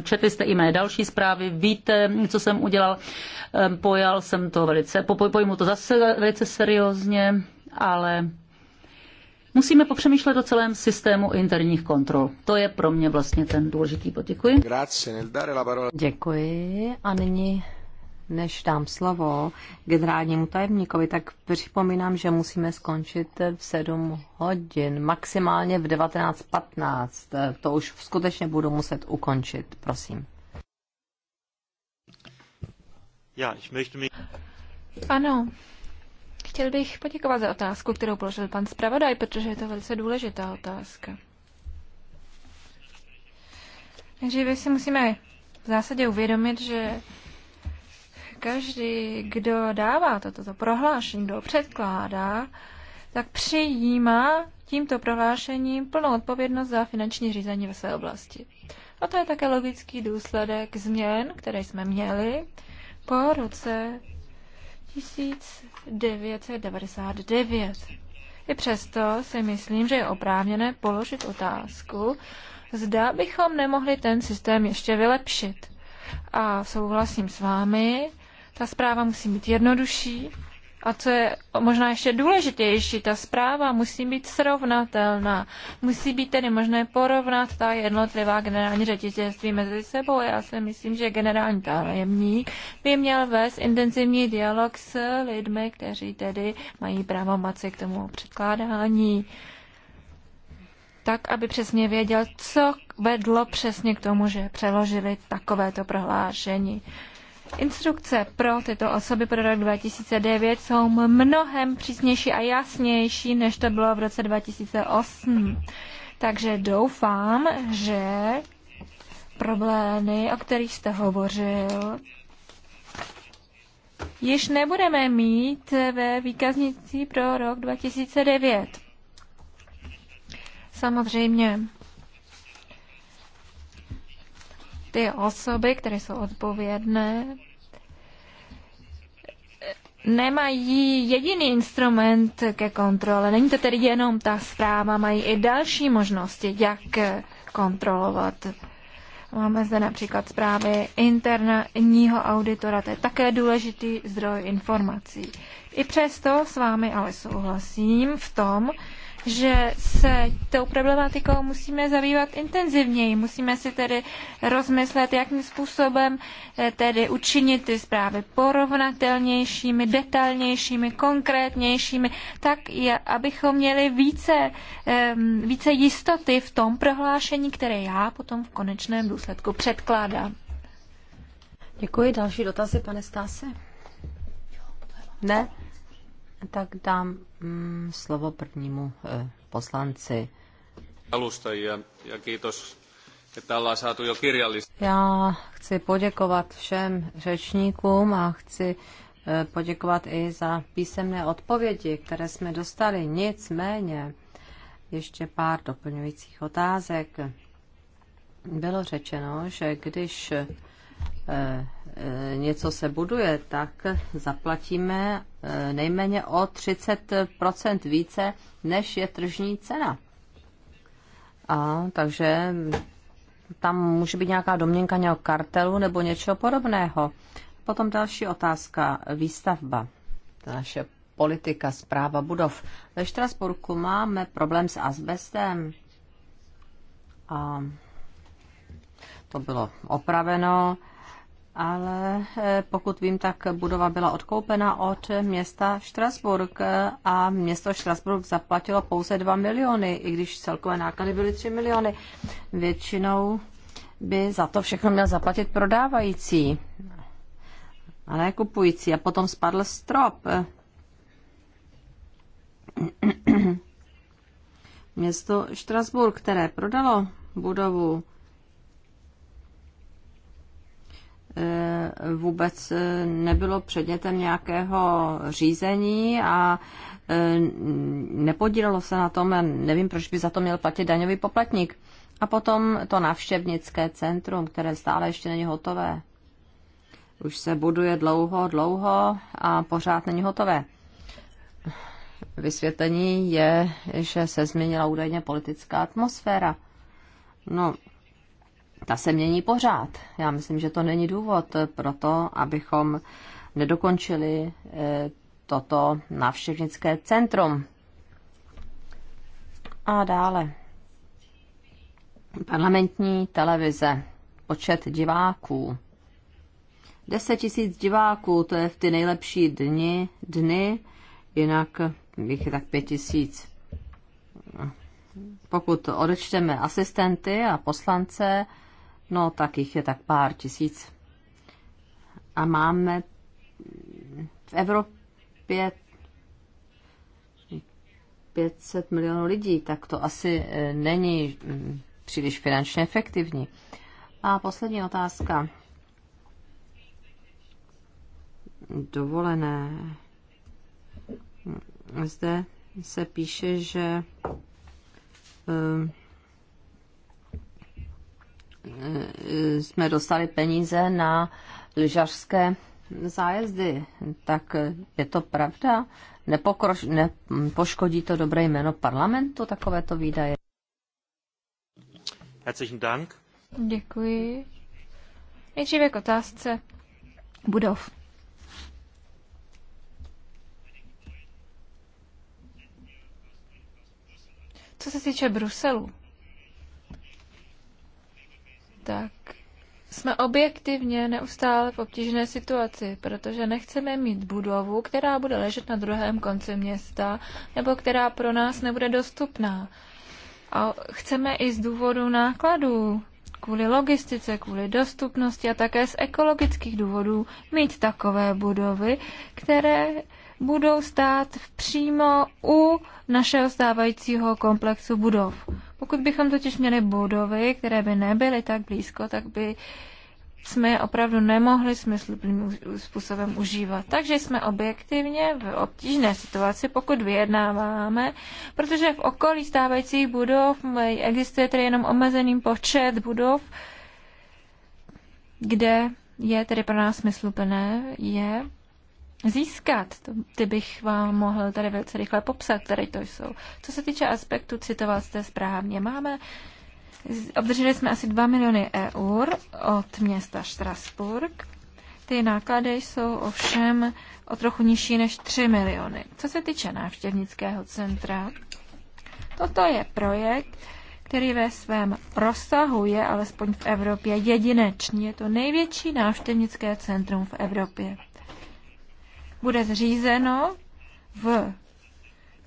Četli jste i mé další zprávy, víte, co jsem udělal. Pojal jsem to velice, pojmu to zase velice seriózně ale musíme popřemýšlet o celém systému interních kontrol. To je pro mě vlastně ten důležitý bod. Děkuji. Děkuji a nyní než dám slovo generálnímu tajemníkovi, tak připomínám, že musíme skončit v 7 hodin, maximálně v 19.15. To už skutečně budu muset ukončit, prosím. Já, ich möchte mich... Ano, Chtěl bych poděkovat za otázku, kterou položil pan zpravodaj, protože je to velice důležitá otázka. Takže my si musíme v zásadě uvědomit, že každý, kdo dává toto to prohlášení, kdo předkládá, tak přijímá tímto prohlášením plnou odpovědnost za finanční řízení ve své oblasti. A to je také logický důsledek změn, které jsme měli po roce 1999. I přesto si myslím, že je oprávněné položit otázku, zda bychom nemohli ten systém ještě vylepšit. A souhlasím s vámi, ta zpráva musí být jednodušší, a co je možná ještě důležitější, ta zpráva musí být srovnatelná. Musí být tedy možné porovnat ta jednotlivá generální ředitelství mezi sebou. Já si myslím, že generální tajemník by měl vést intenzivní dialog s lidmi, kteří tedy mají právo maci k tomu předkládání tak, aby přesně věděl, co vedlo přesně k tomu, že přeložili takovéto prohlášení. Instrukce pro tyto osoby pro rok 2009 jsou mnohem přísnější a jasnější, než to bylo v roce 2008. Takže doufám, že problémy, o kterých jste hovořil, již nebudeme mít ve výkaznici pro rok 2009. Samozřejmě ty osoby, které jsou odpovědné, nemají jediný instrument ke kontrole. Není to tedy jenom ta zpráva, mají i další možnosti, jak kontrolovat. Máme zde například zprávy interního auditora, to je také důležitý zdroj informací. I přesto s vámi ale souhlasím v tom, že se tou problematikou musíme zabývat intenzivněji. Musíme si tedy rozmyslet, jakým způsobem eh, tedy učinit ty zprávy porovnatelnějšími, detailnějšími, konkrétnějšími, tak, abychom měli více, více jistoty v tom prohlášení, které já potom v konečném důsledku předkládám. Děkuji. Další dotazy, pane Stáse? Ne? tak dám mm, slovo prvnímu eh, poslanci. Alustajia ja kiitos, että ollaan saatu jo kirjallista. Já chci poděkovat všem řečníkům a chci eh, poděkovat i za písemné odpovědi, které jsme dostali. Nicméně ještě pár doplňujících otázek. Bylo řečeno, že když eh, Eh, něco se buduje, tak zaplatíme eh, nejméně o 30 více, než je tržní cena. A takže tam může být nějaká domněnka nějakého kartelu nebo něčeho podobného. Potom další otázka, výstavba. Ta naše politika, zpráva budov. Ve Štrasburku máme problém s asbestem. A to bylo opraveno ale eh, pokud vím, tak budova byla odkoupena od města Štrasburg a město Štrasburg zaplatilo pouze 2 miliony, i když celkové náklady byly 3 miliony. Většinou by za to všechno měl zaplatit prodávající a ne kupující. A potom spadl strop. Město Štrasburg, které prodalo budovu Eh, vůbec eh, nebylo předmětem nějakého řízení a eh, nepodílelo se na tom, nevím, proč by za to měl platit daňový poplatník. A potom to navštěvnické centrum, které stále ještě není hotové. Už se buduje dlouho, dlouho a pořád není hotové. Vysvětlení je, že se změnila údajně politická atmosféra. No, ta se mění pořád. Já myslím, že to není důvod pro to, abychom nedokončili eh, toto návštěvnické centrum. A dále. Parlamentní televize. Počet diváků. 10 tisíc diváků, to je v ty nejlepší dny, dny jinak bych je tak 5 tisíc. Pokud odečteme asistenty a poslance, no tak jich je tak pár tisíc. A máme v Evropě 500 milionů lidí, tak to asi eh, není mm, příliš finančně efektivní. A poslední otázka. Dovolené. Zde se píše, že um, Eh, jsme dostali peníze na lyžařské zájezdy. Tak je to pravda? Nepokroš, nepoškodí to dobré jméno parlamentu takovéto výdaje? Herzlichen Dank. Děkuji. Nejdříve k otázce budov. Co se týče Bruselu, tak jsme objektivně neustále v obtížné situaci, protože nechceme mít budovu, která bude ležet na druhém konci města nebo která pro nás nebude dostupná. A chceme i z důvodu nákladů, kvůli logistice, kvůli dostupnosti a také z ekologických důvodů mít takové budovy, které budou stát přímo u našeho stávajícího komplexu budov. Pokud bychom totiž měli budovy, které by nebyly tak blízko, tak by jsme je opravdu nemohli smysluplným způsobem užívat. Takže jsme objektivně v obtížné situaci, pokud vyjednáváme, protože v okolí stávajících budov existuje tedy jenom omezený počet budov, kde je tedy pro nás smysluplné, je získat. Ty bych vám mohl tady velice rychle popsat, které to jsou. Co se týče aspektu, citoval jste správně. Máme Obdrželi jsme asi 2 miliony eur od města Strasburg. Ty náklady jsou ovšem o trochu nižší než 3 miliony. Co se týče návštěvnického centra, toto je projekt, který ve svém rozsahu je alespoň v Evropě jedinečný. Je to největší návštěvnické centrum v Evropě bude zřízeno v,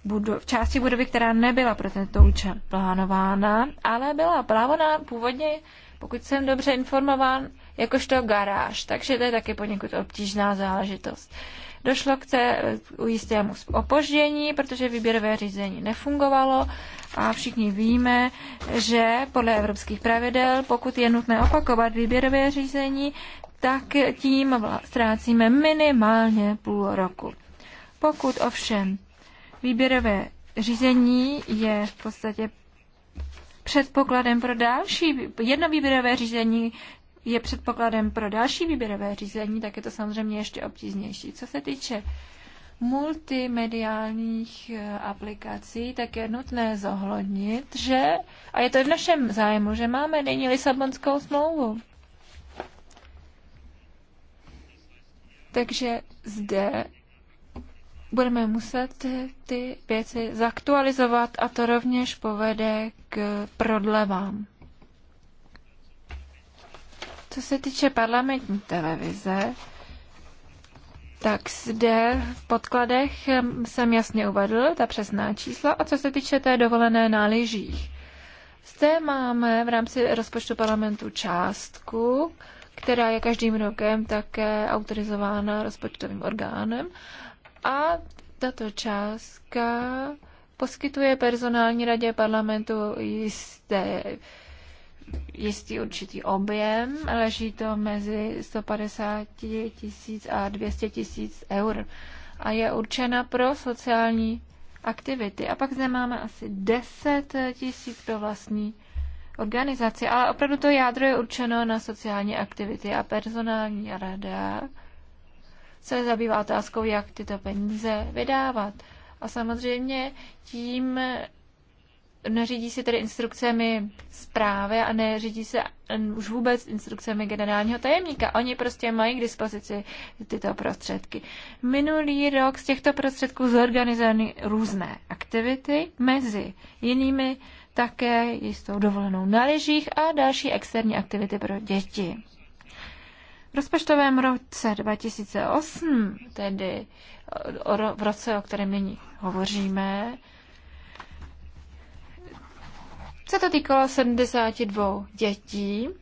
budu, v části budovy, která nebyla pro tento účel plánována, ale byla plánována původně, pokud jsem dobře informován, jakožto garáž. Takže to je taky poněkud obtížná záležitost. Došlo k, té, eh, ujistému opoždění, protože výběrové řízení nefungovalo a všichni víme, že podle evropských pravidel, pokud je nutné opakovat výběrové řízení, tak tím ztrácíme minimálně půl roku. Pokud ovšem výběrové řízení je v podstatě předpokladem pro další, jedno výběrové řízení je předpokladem pro další výběrové řízení, tak je to samozřejmě ještě obtížnější. Co se týče multimediálních eh, aplikací, tak je nutné zohlednit, že, a je to i v našem zájmu, že máme nyní Lisabonskou smlouvu. Takže zde budeme muset ty věci zaktualizovat a to rovněž povede k prodlevám. Co se týče parlamentní televize, tak zde v podkladech jsem jasně uvedl ta přesná čísla a co se týče té dovolené na lyžích. Zde máme v rámci rozpočtu parlamentu částku, která je každým rokem také autorizována rozpočtovým orgánem. A tato částka poskytuje personální radě parlamentu jisté, jistý určitý objem, leží to mezi 150 tisíc a 200 tisíc eur a je určena pro sociální aktivity. A pak zde máme asi 10 tisíc pro vlastní organizaci, ale opravdu to jádro je určeno na sociální aktivity a personální rada se zabývá otázkou, jak tyto peníze vydávat. A samozřejmě tím neřídí se tedy instrukcemi zprávy a neřídí se už vůbec instrukcemi generálního tajemníka. Oni prostě mají k dispozici tyto prostředky. Minulý rok z těchto prostředků zorganizovaly různé aktivity mezi jinými také jistou dovolenou na lyžích a další externí aktivity pro děti. V rozpočtovém roce 2008, tedy v roce, o kterém nyní hovoříme, se to týkalo 72 dětí